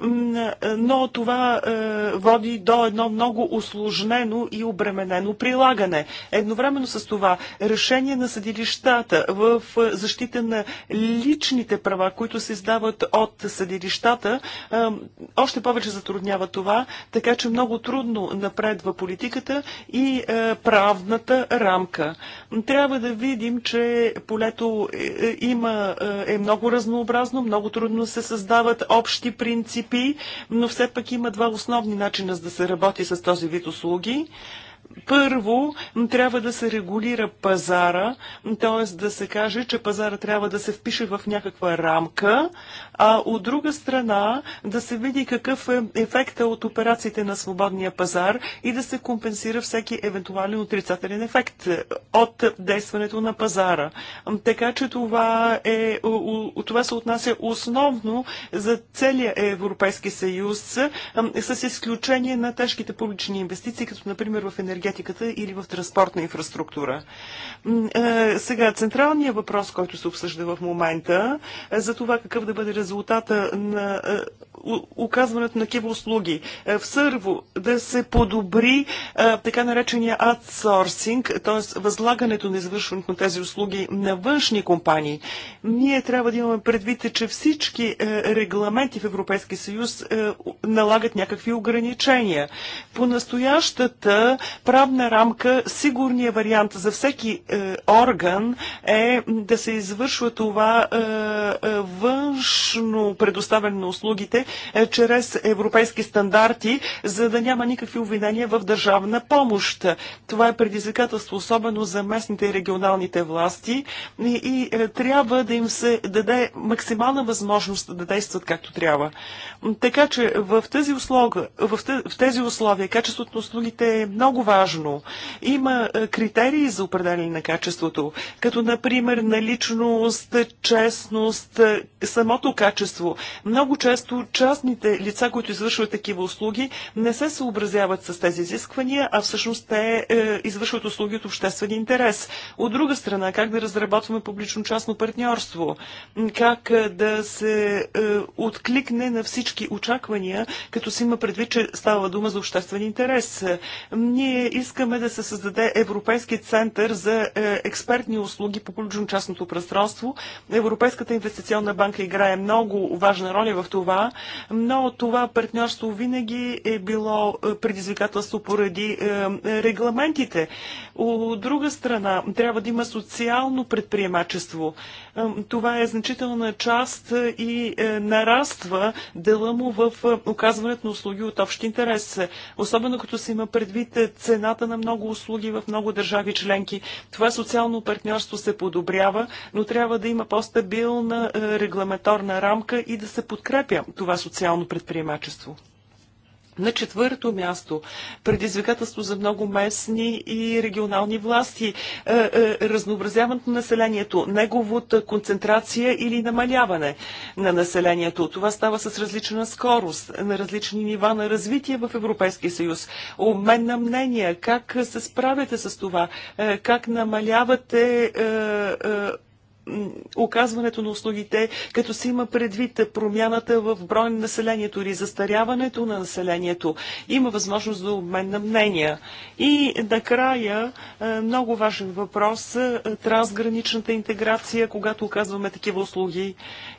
но това е, води до едно много осложнено и обременено прилагане. Едновременно с това решение на съдилищата в защита на личните права, които се издават от съдилищата, е, още повече затруднява това, така че много трудно напредва политиката и е, правната рамка. Трябва да видим, че полето е, е, има, е, е много разнообразно, много трудно се създават общи принципи, но все пак има два основни начина за да се работи с този вид услуги. Първо, трябва да се регулира пазара, т.е. да се каже, че пазара трябва да се впише в някаква рамка, а от друга страна да се види какъв е ефекта от операциите на свободния пазар и да се компенсира всеки евентуален отрицателен ефект е, от действането на пазара. Така че това, е, това се отнася основно за целия Европейски съюз, с изключение на тежките публични инвестиции, като например в енергетиката енергетиката или в транспортна инфраструктура. Сега, централният въпрос, който се обсъжда в момента, е за това какъв да бъде резултата на оказването на такива услуги. Е, в Сърво да се подобри е, така наречения адсорсинг, т.е. възлагането на извършването на тези услуги на външни компании. Ние трябва да имаме предвид, че всички е, регламенти в Европейски съюз налагат някакви ограничения. По настоящата правна рамка сигурният вариант за всеки орган е да се извършва това външно предоставяне на услугите, е, чрез европейски стандарти, за да няма никакви обвинения в държавна помощ. Това е предизвикателство, особено за местните и регионалните власти и, и е, трябва да им се даде максимална възможност да действат както трябва. Така че в тези, условия, в тези условия качеството на услугите е много важно. Има е, критерии за определение на качеството, като например наличност, честност, самото качество. Много често частните лица, които извършват такива услуги, не се съобразяват с тези изисквания, а всъщност те е, извършват услуги от обществен интерес. От друга страна, как да разработваме публично-частно партньорство, как е, да се е, откликне на всички очаквания, като си има предвид, че става дума за обществен интерес. Ние искаме да се създаде Европейски център за е, експертни услуги по публично-частното пространство. Европейската инвестиционна банка играе много важна роля в това но това партньорство винаги е било е, предизвикателство поради е, регламентите. От друга страна, трябва да има социално предприемачество. Е, това е значителна част и нараства дела му в оказването на услуги от общ интерес. Особено като се има предвид цената на много услуги в много държави членки. Това социално партньорство се подобрява, но трябва да има по-стабилна регламенторна рамка и да се подкрепя това социално предприемачество. На четвърто място предизвикателство за много местни и регионални власти, е, е, разнообразяването на населението, неговата концентрация или намаляване на населението. Това става с различна скорост, на различни нива на развитие в Европейския съюз. Обмен на мнения, как се справяте с това, е, как намалявате оказването на услугите, като се има предвид промяната в брой на населението или застаряването на населението. Има възможност за обмен на мнения. И накрая, е, много важен въпрос, е, трансграничната интеграция, когато оказваме такива услуги.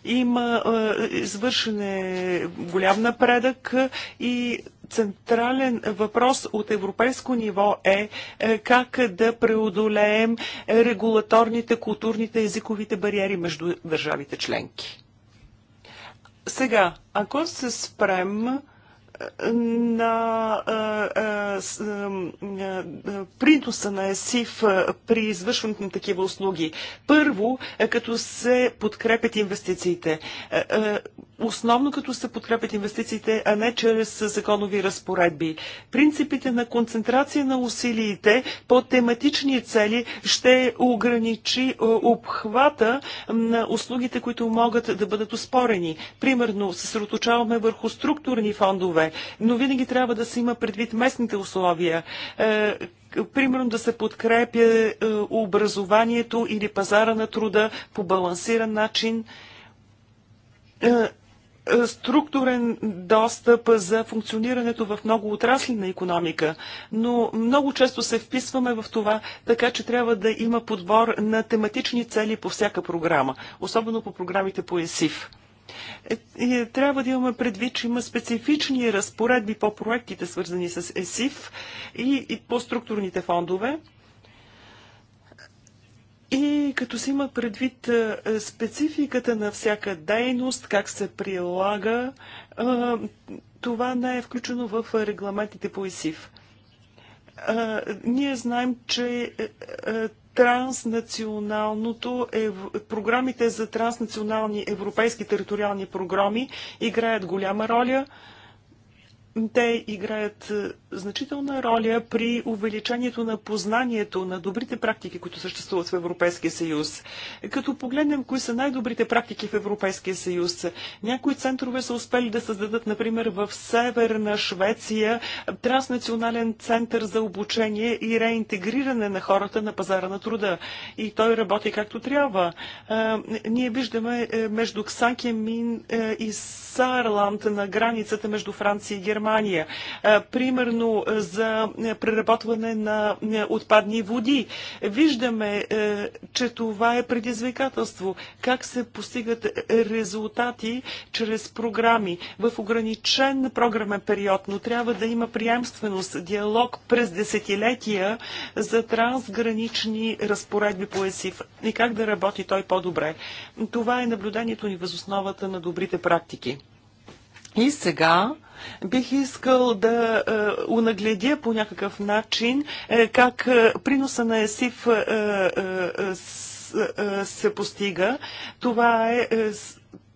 Има е, извършене голям напредък и централен въпрос от европейско ниво е, е как да преодолеем регулаторните, културните, езиковите бариери между държавите членки. Сега, ако се спрем на приноса на ЕСИФ при извършването на такива услуги. Първо, като се подкрепят инвестициите. Основно като се подкрепят инвестициите, а не чрез законови разпоредби. Принципите на концентрация на усилиите по тематични цели ще ограничи обхвата на услугите, които могат да бъдат успорени. Примерно, съсредоточаваме върху структурни фондове, но винаги трябва да се има предвид местните условия е, примерно да се подкрепя е, образованието или пазара на труда по балансиран начин, е, структурен достъп за функционирането в много отрасли на економика, но много често се вписваме в това, така че трябва да има подбор на тематични цели по всяка програма, особено по програмите по ЕСИФ. Е, е, трябва да имаме предвид, че има специфични разпоредби по проектите, свързани с ЕСИФ и, и по структурните фондове. И като се има предвид е, спецификата на всяка дейност, как се прилага, това не е включено в регламентите по ЕСИФ. Ние знаем, че транснационалното, ев... програмите за транснационални европейски териториални програми играят голяма роля. Те играят значителна роля при увеличението на познанието на добрите практики, които съществуват в Европейския съюз. Като погледнем кои са най-добрите практики в Европейския съюз, някои центрове са успели да създадат, например, в Северна Швеция транснационален център за обучение и реинтегриране на хората на пазара на труда. И той работи както трябва. Ние виждаме е, между Ксанкемин е, и Сарланд на границата между Франция и Германия. Примерно именно е, за е, преработване на е, отпадни води. Виждаме, че това е предизвикателство. Как се постигат резултати чрез програми в ограничен програмен период, но трябва да има приемственост, диалог през десетилетия за трансгранични разпоредби по ЕСИФ и как да работи той по-добре. Това е наблюдението ни възосновата на добрите практики. И сега Бих искал да е, унагледя по някакъв начин е, как е, приноса на ЕСИФ се постига. Това е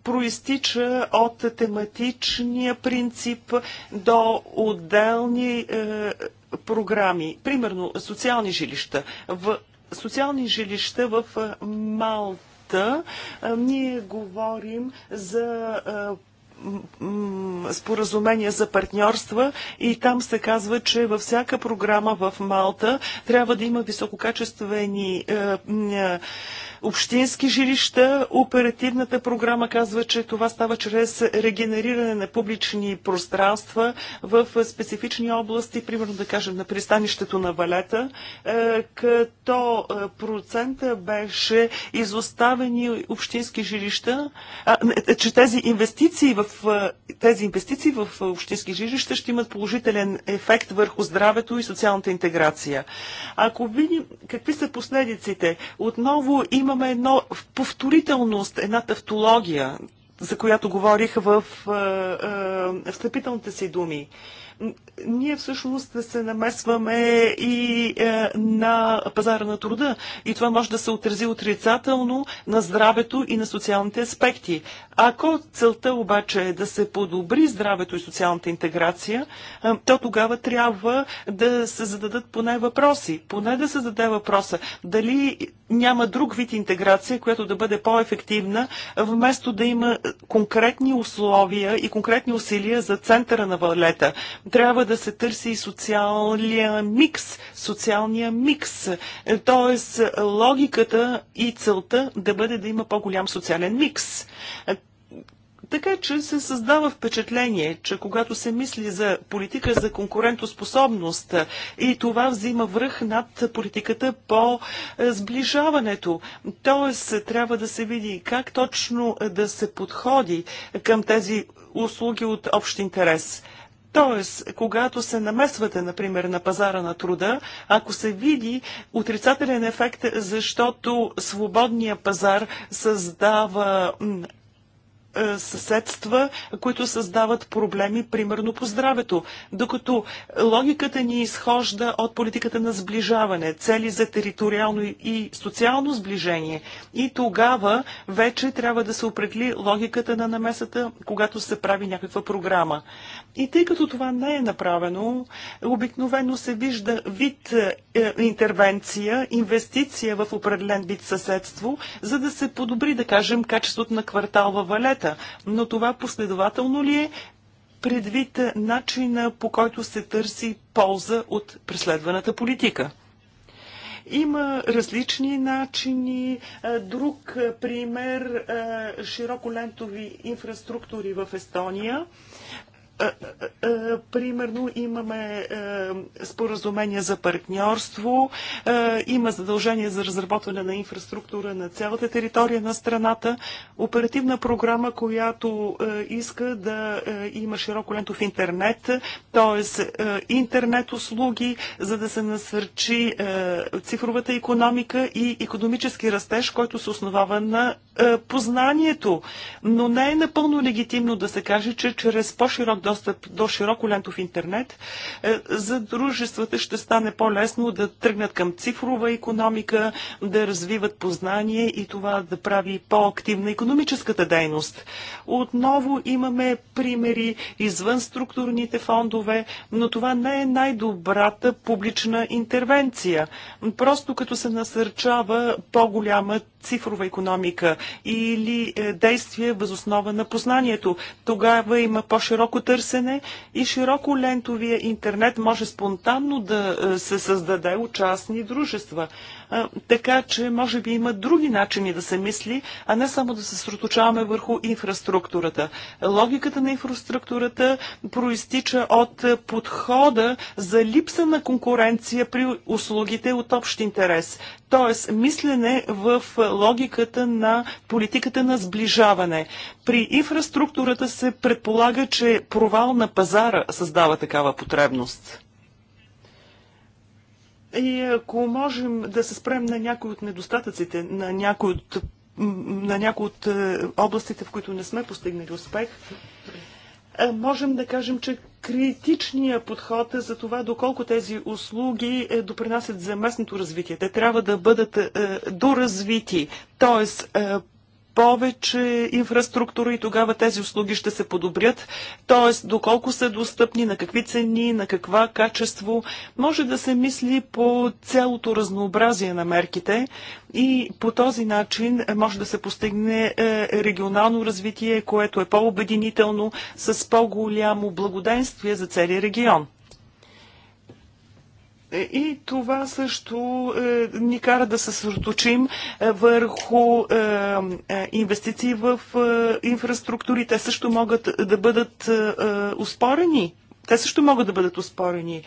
проистича от тематичния принцип до отделни програми. Примерно, социални жилища. В социални жилища в Малта ние говорим за споразумения за партньорства и там се казва, че във всяка програма в Малта трябва да има висококачествени е, е, общински жилища. Оперативната програма казва, че това става чрез регенериране на публични пространства в специфични области, примерно да кажем на пристанището на Валета, е, като е, процента беше изоставени общински жилища, е, че тези инвестиции в тези инвестиции в общински жилища ще имат положителен ефект върху здравето и социалната интеграция. Ако видим какви са последиците, отново има имаме едно повторителност, една тавтология, за която говорих в е, е, встъпителните си думи ние всъщност се намесваме и е, на пазара на труда. И това може да се отрази отрицателно на здравето и на социалните аспекти. Ако целта обаче е да се подобри здравето и социалната интеграция, е, то тогава трябва да се зададат поне въпроси. Поне да се зададе въпроса дали няма друг вид интеграция, която да бъде по-ефективна, вместо да има конкретни условия и конкретни усилия за центъра на валета трябва да се търси и социалния микс, социалния микс, т.е. логиката и целта да бъде да има по-голям социален микс. Така че се създава впечатление, че когато се мисли за политика за конкурентоспособност и това взима връх над политиката по сближаването, т.е. трябва да се види как точно да се подходи към тези услуги от общ интерес. Тоест, когато се намесвате, например, на пазара на труда, ако се види отрицателен ефект, защото свободния пазар създава е, съседства, които създават проблеми, примерно по здравето. Докато логиката ни изхожда от политиката на сближаване, цели за териториално и социално сближение. И тогава вече трябва да се определи логиката на намесата, когато се прави някаква програма. И тъй като това не е направено, обикновено се вижда вид е, интервенция, инвестиция в определен вид съседство, за да се подобри, да кажем, качеството на квартал във валета. Но това последователно ли е предвид начина по който се търси полза от преследваната политика? Има различни начини. Е, друг е, пример е, широколентови инфраструктури в Естония – е, е, е, примерно имаме споразумение за партньорство, има задължение за разработване на инфраструктура на цялата територия на страната, оперативна програма, която иска да има широко лентов интернет, т.е. интернет услуги, за да се насърчи цифровата економика и економически растеж, който се основава на познанието. Но не е напълно легитимно да се каже, че чрез по-широк достъп достъп до широко лентов интернет, е, за дружествата ще стане по-лесно да тръгнат към цифрова економика, да развиват познание и това да прави по-активна економическата дейност. Отново имаме примери извън структурните фондове, но това не е най-добрата публична интервенция. Просто като се насърчава по-голяма цифрова економика или е, действие възоснова на познанието, тогава има по-широко търсене и широко лентовия интернет може спонтанно да е, се създаде от частни дружества така че може би има други начини да се мисли, а не само да се сроточаваме върху инфраструктурата. Логиката на инфраструктурата проистича от подхода за липса на конкуренция при услугите от общ интерес. Тоест, мислене в логиката на политиката на сближаване. При инфраструктурата се предполага, че провал на пазара създава такава потребност. И ако можем да се спрем на някои от недостатъците, на някои от, на някои от е, областите, в които не сме постигнали успех, е, можем да кажем, че критичният подход е за това доколко тези услуги е, допринасят за местното развитие. Те трябва да бъдат доразвити, т.е повече инфраструктура и тогава тези услуги ще се подобрят. Тоест, доколко са достъпни, на какви цени, на каква качество, може да се мисли по цялото разнообразие на мерките и по този начин може да се постигне е, регионално развитие, което е по-обединително, с по-голямо благоденствие за целия регион. И това също е, ни кара да се съсредоточим е, върху е, е инвестиции в е, инфраструктури. Те също могат да бъдат е, успорени. Те също могат да бъдат успорени.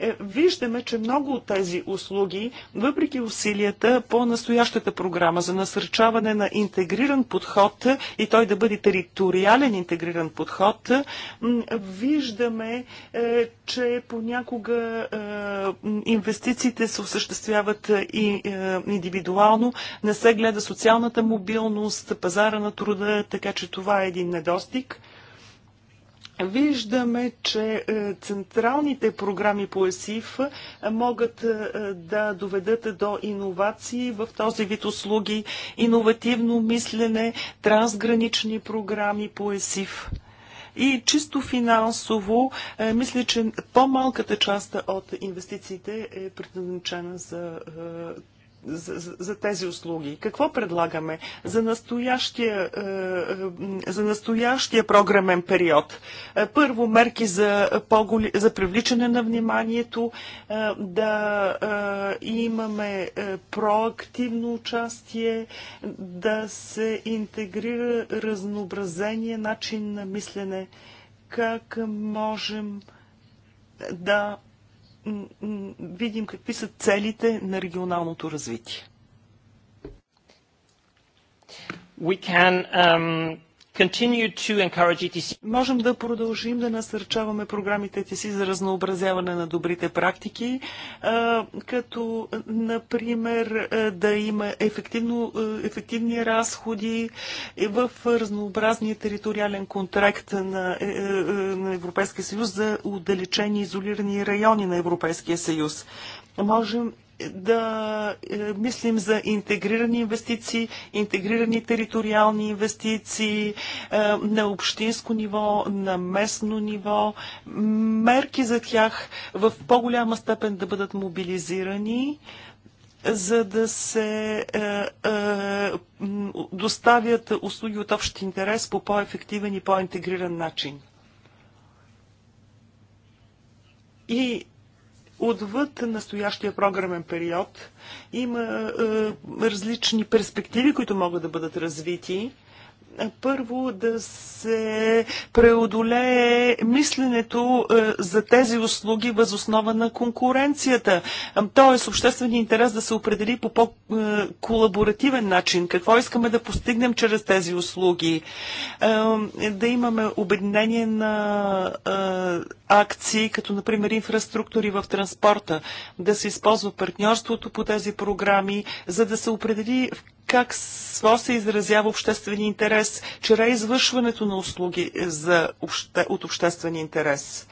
Е, виждаме, че много от тези услуги, въпреки усилията по настоящата програма за насърчаване на интегриран подход и той да бъде териториален интегриран подход, виждаме, е, че понякога е, инвестициите се осъществяват и индивидуално, не се гледа социалната мобилност, пазара на труда, така че това е един недостиг. Виждаме, че е, централните програми по ЕСИФ е, могат е, да доведат до иновации в този вид услуги, иновативно мислене, трансгранични програми по ЕСИФ. И чисто финансово, мисля, че по-малката част от инвестициите е предназначена за за, за тези услуги. Какво предлагаме за настоящия, е, е, за настоящия програмен период? Е, първо, мерки за, за привличане на вниманието, да имаме проактивно участие, да се интегрира разнообразение, начин на мислене, как можем да видим какви са целите на регионалното развитие. We can um, E Можем да продължим да насърчаваме програмите е си за разнообразяване на добрите практики, като, например, да има ефективно, ефективни разходи в разнообразния териториален контракт на, е, е, на Европейския съюз за отдалечени изолирани райони на Европейския съюз. Можем да е, мислим за интегрирани инвестиции, интегрирани териториални инвестиции е, на общинско ниво, на местно ниво, мерки за тях в по-голяма степен да бъдат мобилизирани за да се е, е, доставят услуги от общ интерес по по-ефективен и по-интегриран начин. И отвъд настоящия програмен период. Има е, различни перспективи, които могат да бъдат развити. Е, първо да се преодолее мисленето е, за тези услуги въз основа на конкуренцията. Е, тоест, обществения интерес да се определи по по-колаборативен начин. Какво искаме да постигнем чрез тези услуги? да имаме обединение на акции, като например инфраструктури в транспорта, да се използва партньорството по тези програми, за да се определи в как СВО се изразява обществен интерес чрез извършването на услуги за обще, от обществен интерес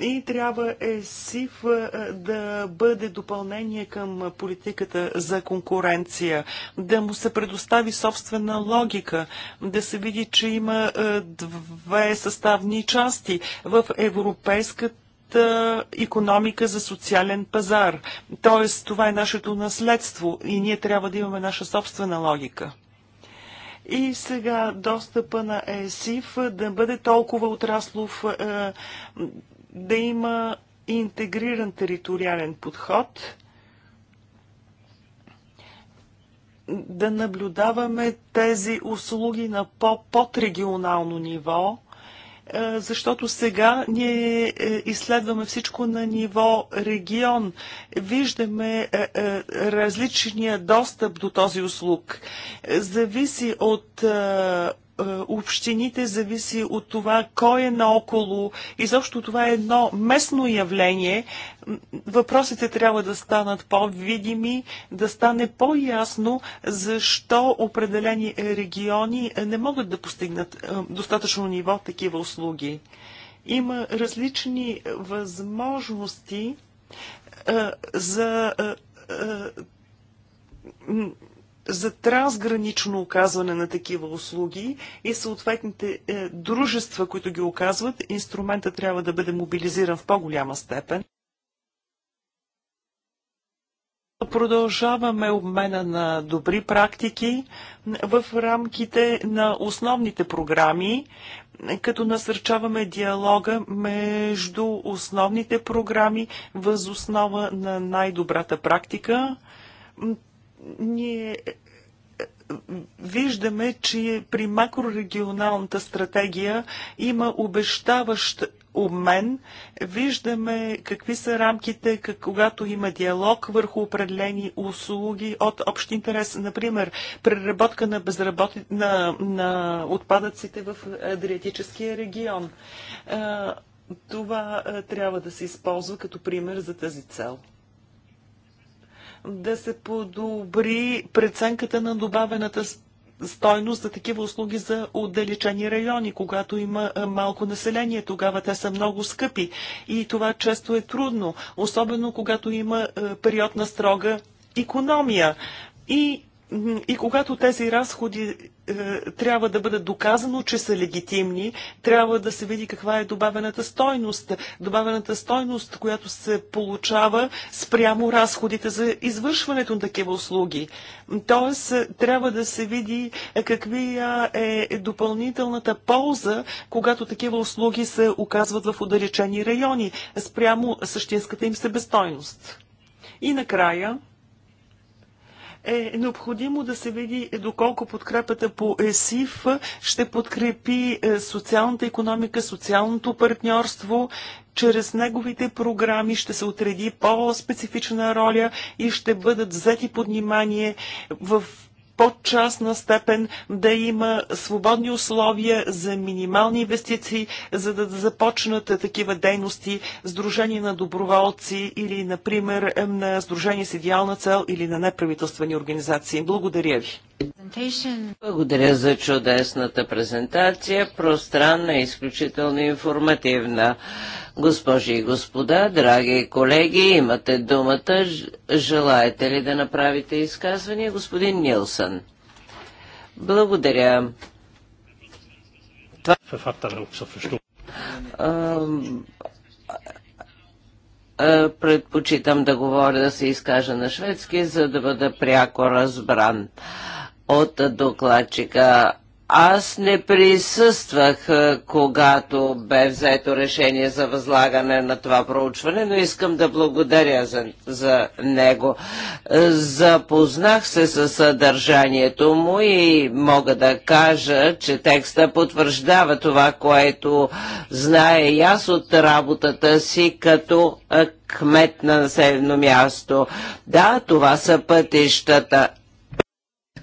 и трябва ЕСИФ е, да бъде допълнение към политиката за конкуренция, да му се предостави собствена логика, да се види, че има е, две съставни части в европейската економика за социален пазар. Тоест, това е нашето наследство и ние трябва да имаме наша собствена логика. И сега достъпа на ЕСИФ е, да бъде толкова отраслов, да има интегриран териториален подход, да наблюдаваме тези услуги на по-подрегионално ниво, е, защото сега ние е, изследваме всичко на ниво регион. Виждаме е, различния достъп до този услуг. Зависи от е, общините зависи от това кой е наоколо. Изобщо това е едно местно явление. Въпросите трябва да станат по-видими, да стане по-ясно защо определени региони не могат да постигнат е, достатъчно ниво такива услуги. Има различни възможности е, за за трансгранично оказване на такива услуги и съответните е, дружества, които ги оказват, инструмента трябва да бъде мобилизиран в по-голяма степен. Продължаваме обмена на добри практики в рамките на основните програми, като насърчаваме диалога между основните програми възоснова на най-добрата практика ние е, виждаме, че при макрорегионалната стратегия има обещаващ обмен. Виждаме какви са рамките, как, когато има диалог върху определени услуги от общ интерес. Например, преработка на, безработи... на, на отпадъците в Адриатическия регион. Е, това е, трябва да се използва като пример за тази цел да се подобри преценката на добавената стойност за такива услуги за отдалечени райони. Когато има малко население, тогава те са много скъпи и това често е трудно, особено когато има период на строга економия. И и когато тези разходи е, трябва да бъде доказано, че са легитимни, трябва да се види каква е добавената стойност. Добавената стойност, която се получава спрямо разходите за извършването на такива услуги. Тоест, е, трябва да се види е, какви е допълнителната полза, когато такива услуги се оказват в отдалечени райони, спрямо същинската им себестойност. И накрая, е необходимо да се види доколко подкрепата по ЕСИФ ще подкрепи е, социалната економика, социалното партньорство, чрез неговите програми ще се отреди по-специфична роля и ще бъдат взети под внимание в подчастна частна степен, да има свободни условия за минимални инвестиции, за да започнат такива дейности, сдружени на доброволци или, например, на сдружени с идеална цел или на неправителствени организации. Благодаря ви. Благодаря за чудесната презентация. Пространна и изключително информативна. Госпожи и господа, драги колеги, имате думата. Желаете ли да направите изказване? Господин Нилсън. Благодаря. Това... предпочитам да говоря, да се изкажа на шведски, за да бъда пряко разбран от докладчика. Аз не присъствах, когато бе взето решение за възлагане на това проучване, но искам да благодаря за, за него. Запознах се със съдържанието му и мога да кажа, че текста потвърждава това, което знае и аз от работата си като кмет на населено място. Да, това са пътищата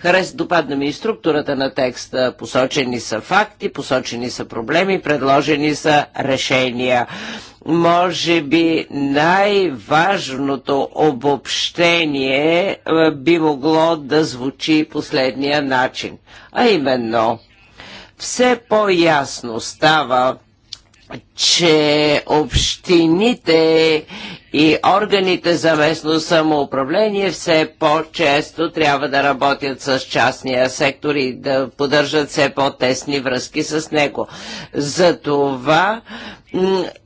Харес, допадна ми и структурата на текста. Посочени са факти, посочени са проблеми, предложени са решения. Може би най-важното обобщение е, би могло да звучи последния начин. А именно, все по-ясно става че общините и органите за местно самоуправление все по-често трябва да работят с частния сектор и да поддържат все по-тесни връзки с него. Затова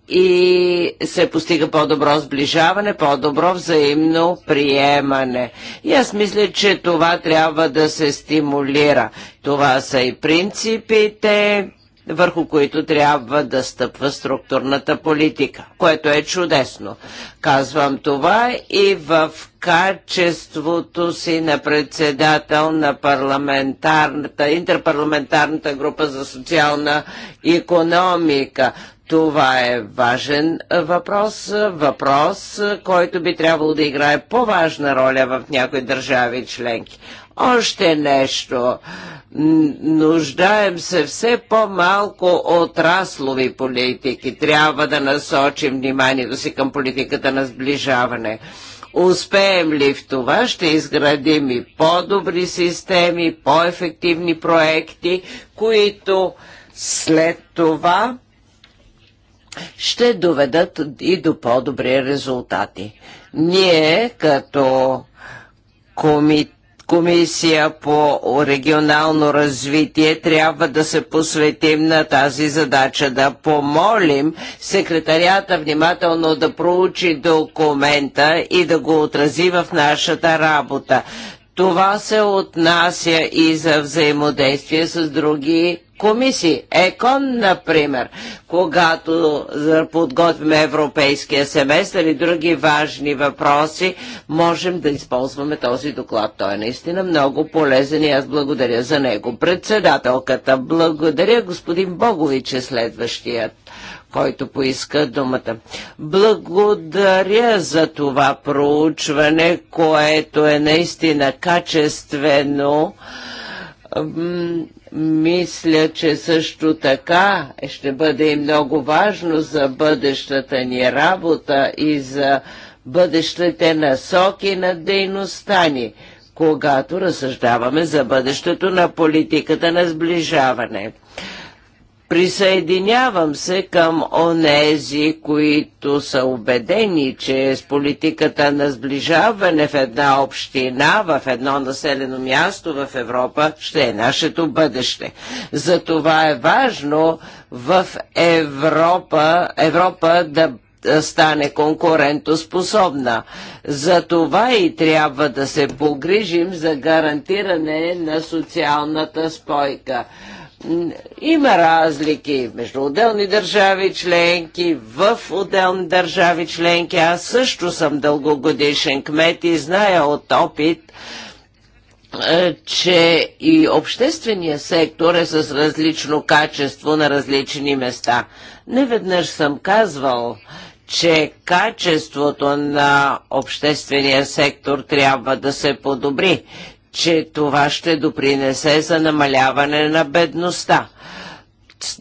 и се постига по-добро сближаване, по-добро взаимно приемане. И аз мисля, че това трябва да се стимулира. Това са и принципите, върху които трябва да стъпва структурната политика, което е чудесно. Казвам това и в качеството си на председател на парламентарната, интерпарламентарната група за социална економика. Това е важен въпрос, въпрос, който би трябвало да играе по-важна роля в някои държави членки. Още нещо. Нуждаем се все по-малко от раслови политики. Трябва да насочим вниманието си към политиката на сближаване. Успеем ли в това, ще изградим и по-добри системи, по-ефективни проекти, които след това ще доведат и до по-добри резултати. Ние като комитет комисия по регионално развитие трябва да се посветим на тази задача, да помолим секретарията внимателно да проучи документа и да го отрази в нашата работа. Това се отнася и за взаимодействие с други комисии. ЕКОН, например, когато подготвим европейския семестър и други важни въпроси, можем да използваме този доклад. Той е наистина много полезен и аз благодаря за него. Председателката, благодаря господин Богович е следващият който поиска думата. Благодаря за това проучване, което е наистина качествено. Мисля, че също така ще бъде и много важно за бъдещата ни работа и за бъдещите насоки на дейността ни, когато разсъждаваме за бъдещето на политиката на сближаване. Присъединявам се към онези, които са убедени, че с политиката на сближаване в една община, в едно населено място в Европа ще е нашето бъдеще. Затова е важно в Европа, Европа да стане конкурентоспособна. За това и трябва да се погрижим за гарантиране на социалната спойка. Има разлики между отделни държави членки, в отделни държави членки. Аз също съм дългогодишен кмет и зная от опит, е, че и обществения сектор е с различно качество на различни места. Неведнъж съм казвал, че качеството на обществения сектор трябва да се подобри че това ще допринесе за намаляване на бедността.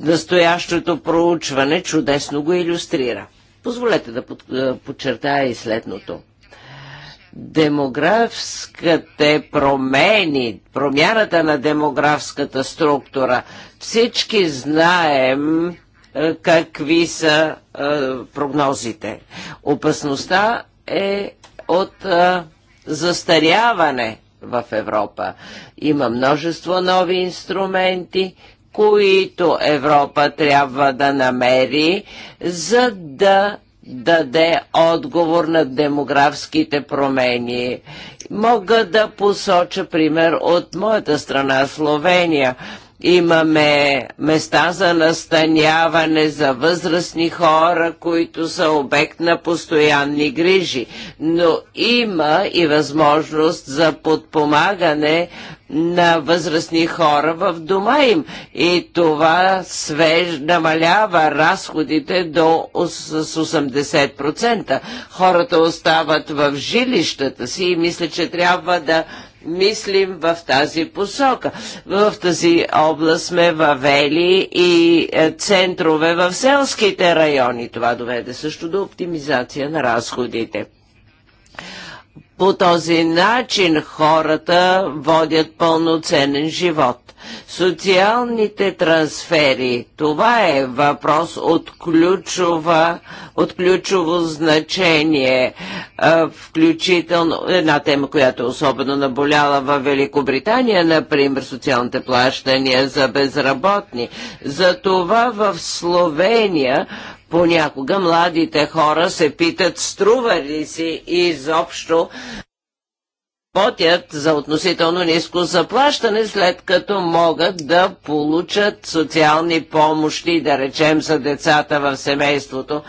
Настоящото проучване чудесно го иллюстрира. Позволете да подчертая и следното демографските промени, промяната на демографската структура. Всички знаем е, какви са е, прогнозите. Опасността е от е, застаряване в Европа. Има множество нови инструменти, които Европа трябва да намери, за да даде отговор на демографските промени. Мога да посоча пример от моята страна Словения. Имаме места за настаняване за възрастни хора, които са обект на постоянни грижи, но има и възможност за подпомагане на възрастни хора в дома им и това свеж, намалява разходите до с 80%. Хората остават в жилищата си и мисля, че трябва да мислим в тази посока. В тази област сме въвели и е, центрове в селските райони. Това доведе също до оптимизация на разходите. По този начин хората водят пълноценен живот. Социалните трансфери. Това е въпрос от, ключова, от ключово значение. Включително една тема, която е особено наболяла в Великобритания, например, социалните плащания за безработни. Затова в Словения понякога младите хора се питат струва ли си изобщо работят за относително ниско заплащане, след като могат да получат социални помощи, да речем, за децата в семейството.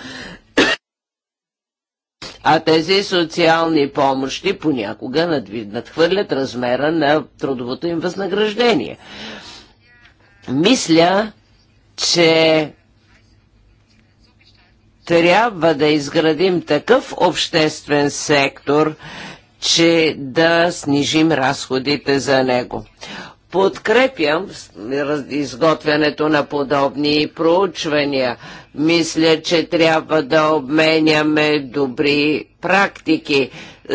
А тези социални помощи понякога надхвърлят размера на трудовото им възнаграждение. Мисля, че трябва да изградим такъв обществен сектор, че да снижим разходите за него. Подкрепям изготвянето на подобни проучвания. Мисля, че трябва да обменяме добри практики.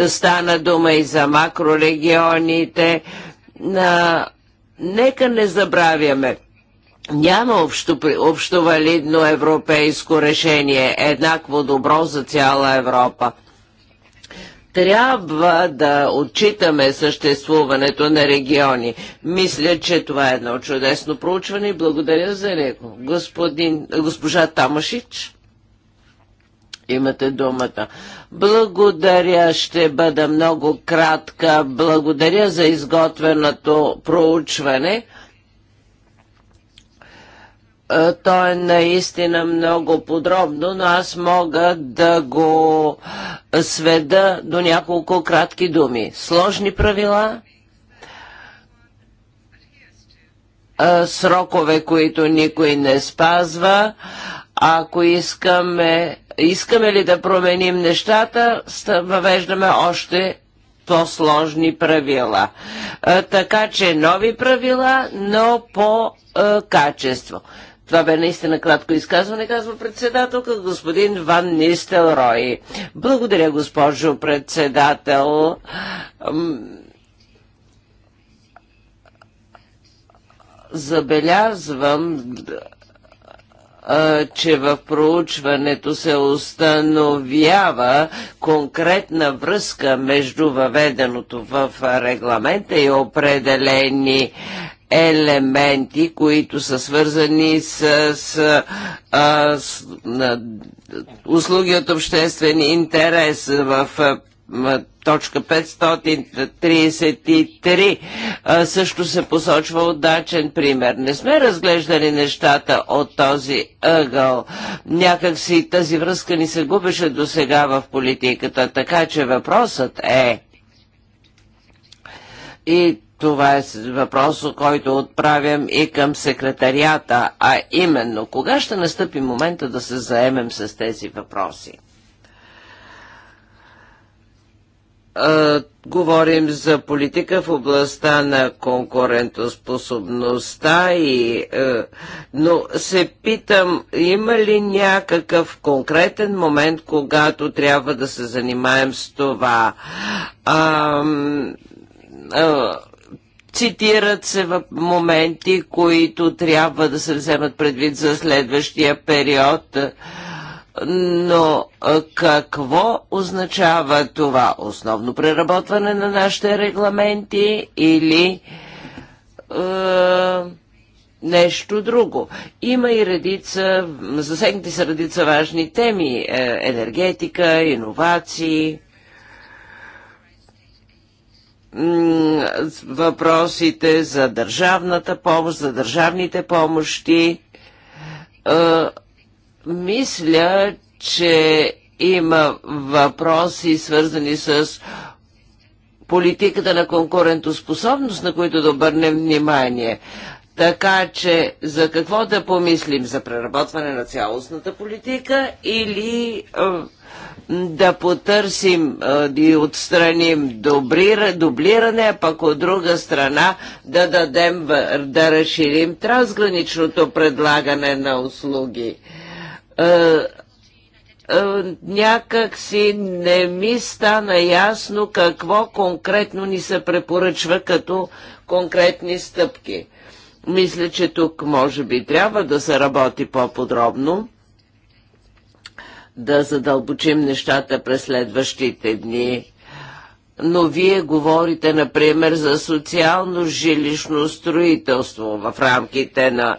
Стана дума и за макрорегионите. На... Нека не забравяме. Няма общо, общо валидно европейско решение, еднакво добро за цяла Европа трябва да отчитаме съществуването на региони. Мисля, че това е едно чудесно проучване и благодаря за него. Господин, госпожа Тамашич. Имате думата. Благодаря, ще бъда много кратка. Благодаря за изготвеното проучване. Е, То е наистина много подробно, но аз мога да го сведа до няколко кратки думи. Сложни правила, е, срокове, които никой не спазва, ако искаме, искаме ли да променим нещата, въвеждаме още по-сложни правила. Е, така че нови правила, но по качество. Това бе наистина кратко изказване, казва председателка господин Ван Нистел Рой. Благодаря, госпожо председател. Забелязвам че в проучването се установява конкретна връзка между въведеното в регламента и определени елементи, които са свързани с, с, а, с на, услуги от обществен интерес в точка 533 също се посочва удачен пример. Не сме разглеждали нещата от този ъгъл. Някакси тази връзка ни се губеше до сега в политиката, така че въпросът е и това е въпрос, който отправям и към секретарията, а именно кога ще настъпи момента да се заемем с тези въпроси? говорим за политика в областта на конкурентоспособността, и, но се питам, има ли някакъв конкретен момент, когато трябва да се занимаем с това? А, а, Цитират се в моменти, които трябва да се вземат предвид за следващия период. Но какво означава това? Основно преработване на нашите регламенти или е, нещо друго? Има и редица, засегнати са редица важни теми. Е, енергетика, иновации въпросите за държавната помощ, за държавните помощи. Е, мисля, че има въпроси свързани с политиката на конкурентоспособност, на които да обърнем внимание. Така че за какво да помислим? За преработване на цялостната политика или е, да потърсим и отстраним добри, дублиране, а пък от друга страна да дадем, да разширим трансграничното предлагане на услуги някак си не ми стана ясно какво конкретно ни се препоръчва като конкретни стъпки. Мисля, че тук може би трябва да се работи по-подробно да задълбочим нещата през следващите дни но вие говорите, например, за социално жилищно строителство в рамките на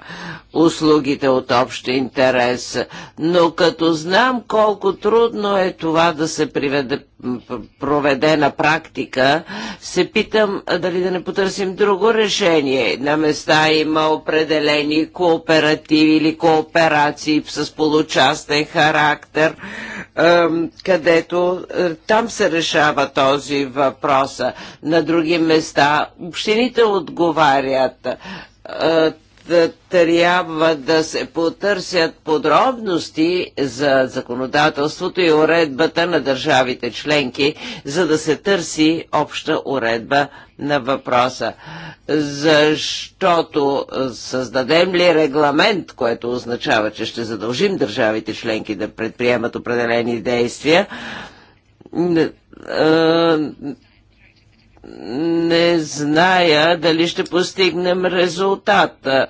услугите от общ интерес. Но като знам колко трудно е това да се приведе, проведе на практика, се питам дали да не потърсим друго решение. На места има определени кооперативи или кооперации с получастен характер, където е, там се решава този въпроса. На други места общините отговарят трябва да се потърсят подробности за законодателството и уредбата на държавите членки, за да се търси обща уредба на въпроса. Защото създадем ли регламент, което означава, че ще задължим държавите членки да предприемат определени действия, не зная дали ще постигнем резултата.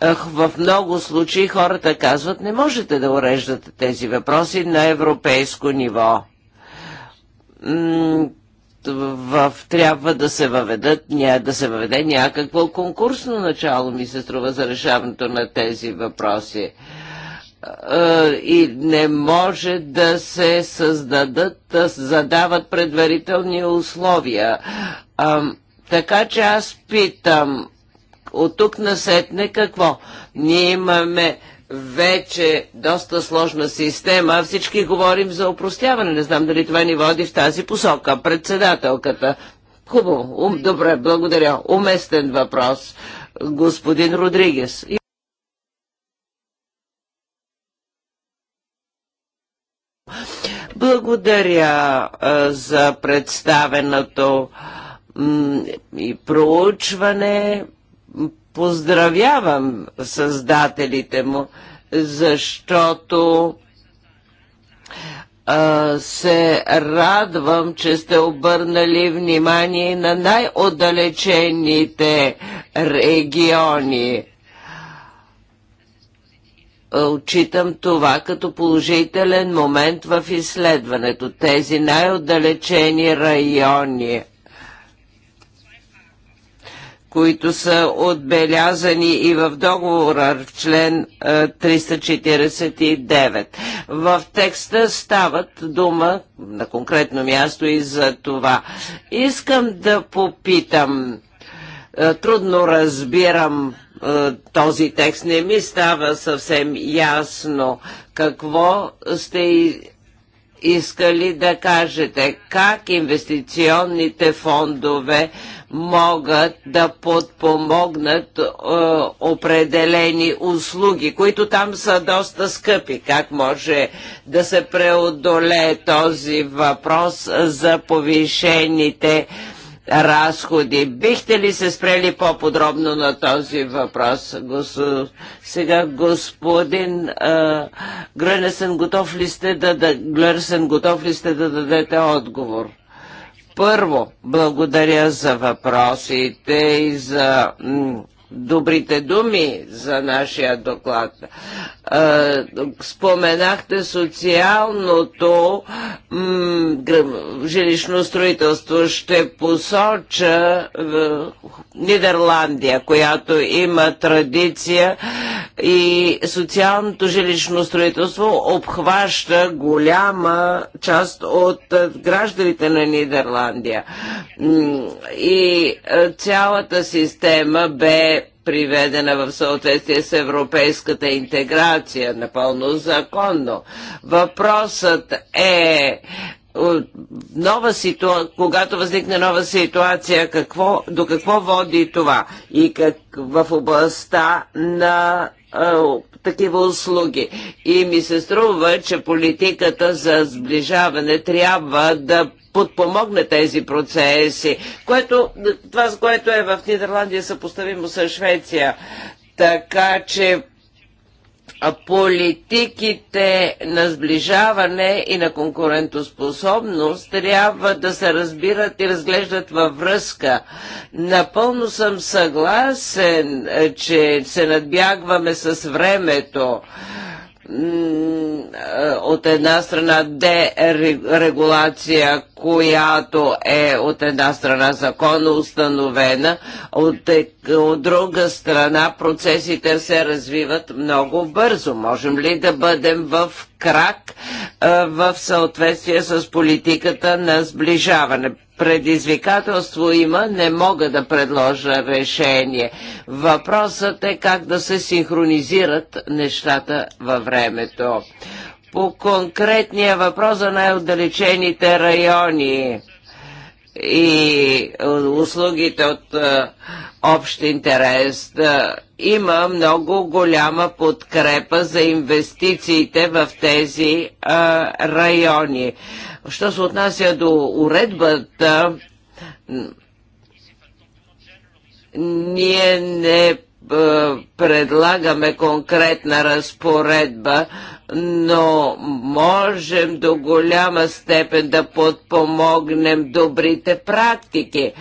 В много случаи хората казват, не можете да уреждате тези въпроси на европейско ниво. В, трябва да се, въведат, ня, да се въведе някакво конкурсно начало, ми се струва, за решаването на тези въпроси и не може да се създадат, да задават предварителни условия. А, така че аз питам, от тук насетне какво? Ние имаме вече доста сложна система. Всички говорим за упростяване. Не знам дали това ни води в тази посока. Председателката. Хубаво. Ум, добре, благодаря. Уместен въпрос. Господин Родригес. Благодаря за представеното и проучване. Поздравявам създателите му, защото се радвам, че сте обърнали внимание на най-отдалечените региони отчитам това като положителен момент в изследването. Тези най-отдалечени райони, които са отбелязани и в договора в член 349. В текста стават дума на конкретно място и за това. Искам да попитам, трудно разбирам е, този текст. Не ми става съвсем ясно какво сте искали да кажете как инвестиционните фондове могат да подпомогнат е, определени услуги, които там са доста скъпи. Как може да се преодолее този въпрос за повишените е, разходи. Бихте ли се спрели по-подробно на този въпрос? Гос... Сега господин а, Грънесен, готов ли сте да, Глърсен, готов ли сте да дадете отговор? Първо, благодаря за въпросите и за добрите думи за нашия доклад. Е, споменахте социалното жилищно строителство. Ще посоча е, Нидерландия, която има традиция и социалното жилищно строителство обхваща голяма част от е, гражданите на Нидерландия. И цялата система бе приведена в съответствие с европейската интеграция, напълно законно. Въпросът е нова ситуа... когато възникне нова ситуация, какво, до какво води това и как в областта на а, такива услуги. И ми се струва, че политиката за сближаване трябва да подпомогне тези процеси, което, това, което е в Нидерландия съпоставимо с Швеция. Така че политиките на сближаване и на конкурентоспособност трябва да се разбират и разглеждат във връзка. Напълно съм съгласен, е, че се надбягваме с времето. Е, от една страна дерегулация, която е от една страна законно установена, от, от друга страна процесите се развиват много бързо. Можем ли да бъдем в крак в съответствие с политиката на сближаване. Предизвикателство има, не мога да предложа решение. Въпросът е как да се синхронизират нещата във времето. По конкретния въпрос за най-отдалечените райони и е, услугите от е, общ интерес. Има много голяма подкрепа за инвестициите в тези е, райони. Що се отнася до уредбата, ние не предлагаме конкретна разпоредба, но можем до голяма степен да подпомогнем добрите практики.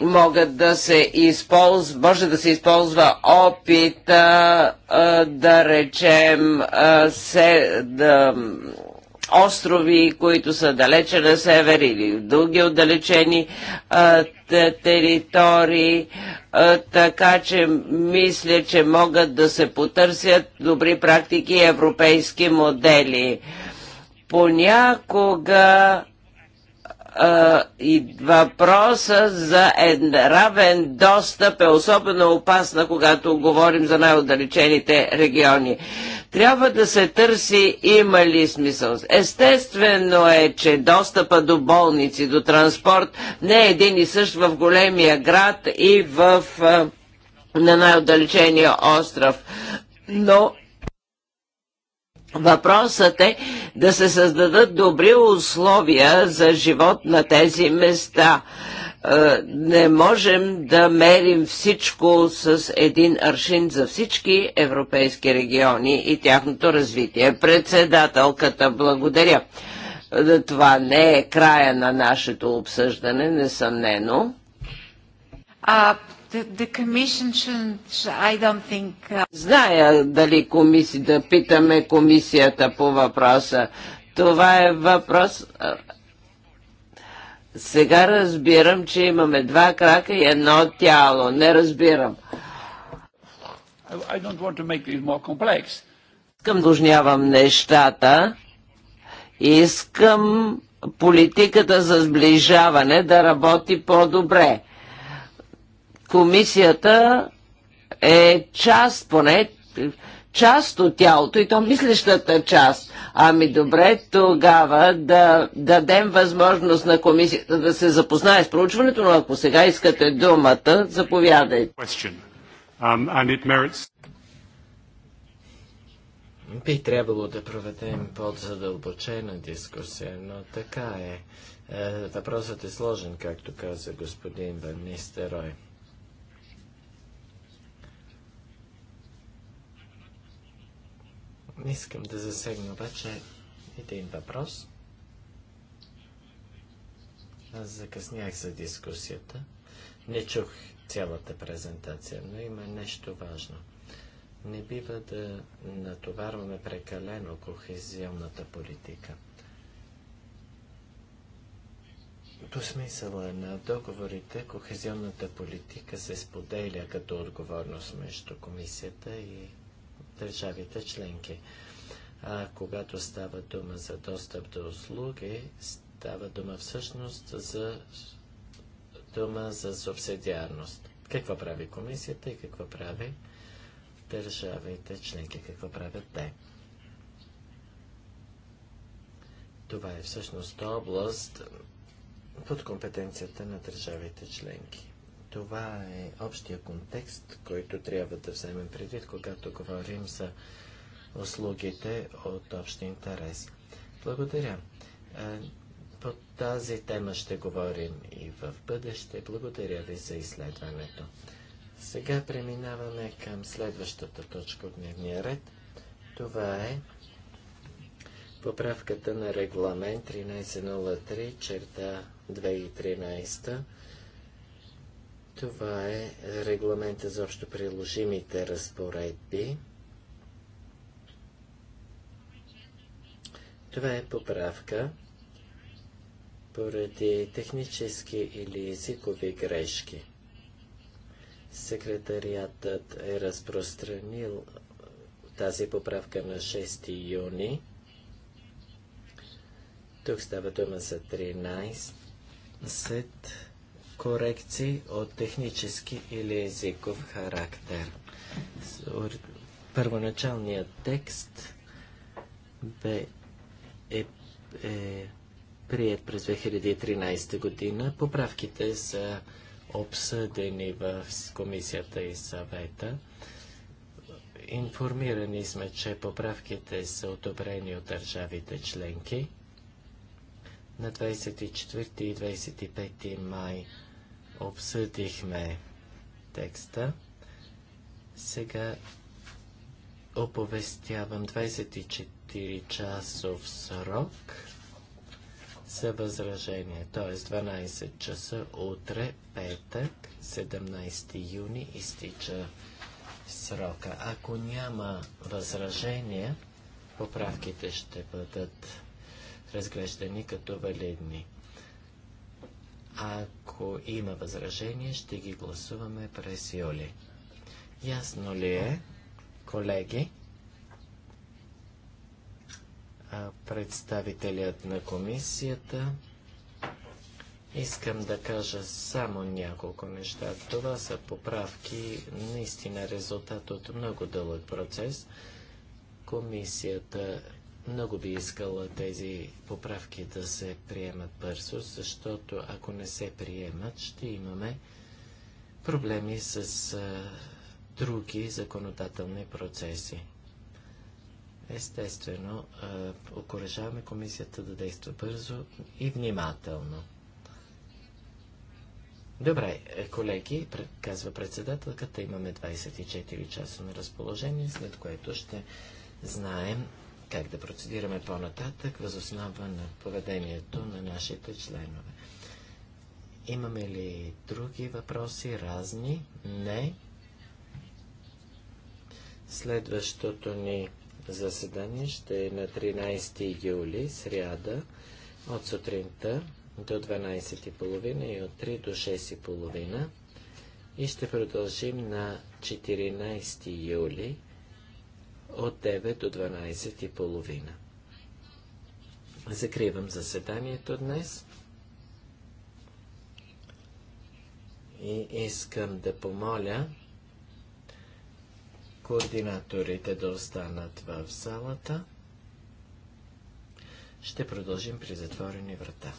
Могат да се използва, може да се използва опита, да речем, се, да, острови, които са далече на север или други отдалечени територии, така че мисля, че могат да се потърсят добри практики и европейски модели. Понякога и въпроса за равен достъп е особено опасна, когато говорим за най-отдалечените региони. Трябва да се търси има ли смисъл. Естествено е, че достъпа до болници, до транспорт не е един и същ в големия град и в на най-отдалечения остров. Но Въпросът е да се създадат добри условия за живот на тези места. Е, не можем да мерим всичко с един аршин за всички европейски региони и тяхното развитие. Председателката, благодаря. Е, това не е края на нашето обсъждане, несъмнено. А, Uh, Зная дали комисията, да питаме комисията по въпроса. Това е въпрос... Сега разбирам, че имаме два крака и едно тяло. Не разбирам. Искам дожнявам нещата. Искам политиката за сближаване да работи по-добре. Комисията е част, поне част от тялото и то мислещата част. Ами добре, тогава да дадем възможност на комисията да се запознае с проучването, но ако сега искате думата, заповядайте. Um, Би трябвало да проведем по-задълбочена дискусия, но така е. е въпросът е сложен, както каза господин Ван Нистерой. Не Искам да засегна обаче един въпрос. Аз закъснях за дискусията. Не чух цялата презентация, но има нещо важно. Не бива да натоварваме прекалено кохезионната политика. По смисъла на договорите, кохезионната политика се споделя като отговорност между комисията и държавите членки. А когато става дума за достъп до услуги, става дума всъщност за дума за субсидиарност. Какво прави комисията и какво прави държавите членки, какво правят те? Това е всъщност област под компетенцията на държавите членки това е общия контекст, който трябва да вземем предвид, когато говорим за услугите от общ интерес. Благодаря. По тази тема ще говорим и в бъдеще. Благодаря ви за изследването. Сега преминаваме към следващата точка от дневния ред. Това е поправката на регламент 1303 черта 2013 това е регламента за общо приложимите разпоредби. Това е поправка поради технически или езикови грешки. Секретариатът е разпространил тази поправка на 6 юни. Тук става дума за 13 корекции от технически или езиков характер. Първоначалният текст бе е, е прият през 2013 година. Поправките са обсъдени в комисията и съвета. Информирани сме, че поправките са одобрени от държавите членки. На 24 и 25 май Обсъдихме текста. Сега оповестявам 24-часов срок за възражение, т.е. 12 часа утре, петък, 17 юни, изтича срока. Ако няма възражения, поправките ще бъдат разглеждани като валидни. Ако има възражение, ще ги гласуваме през юли. Ясно ли е, колеги? Представителят на комисията. Искам да кажа само няколко неща. Това са поправки, наистина резултат от много дълъг процес. Комисията много би искала тези поправки да се приемат бързо, защото ако не се приемат, ще имаме проблеми с а, други законодателни процеси. Естествено, окоръжаваме комисията да действа бързо и внимателно. Добре, е, колеги, казва председателката, имаме 24 часа на разположение, след което ще знаем как да процедираме по-нататък, възоснова на поведението на нашите членове. Имаме ли други въпроси, разни? Не. Следващото ни заседание ще е на 13 юли, сряда, от сутринта до 12.30 и от 3 до 6.30 и ще продължим на 14 юли от 9 до 12 и половина. Закривам заседанието днес. И искам да помоля координаторите да останат в залата. Ще продължим при затворени врата.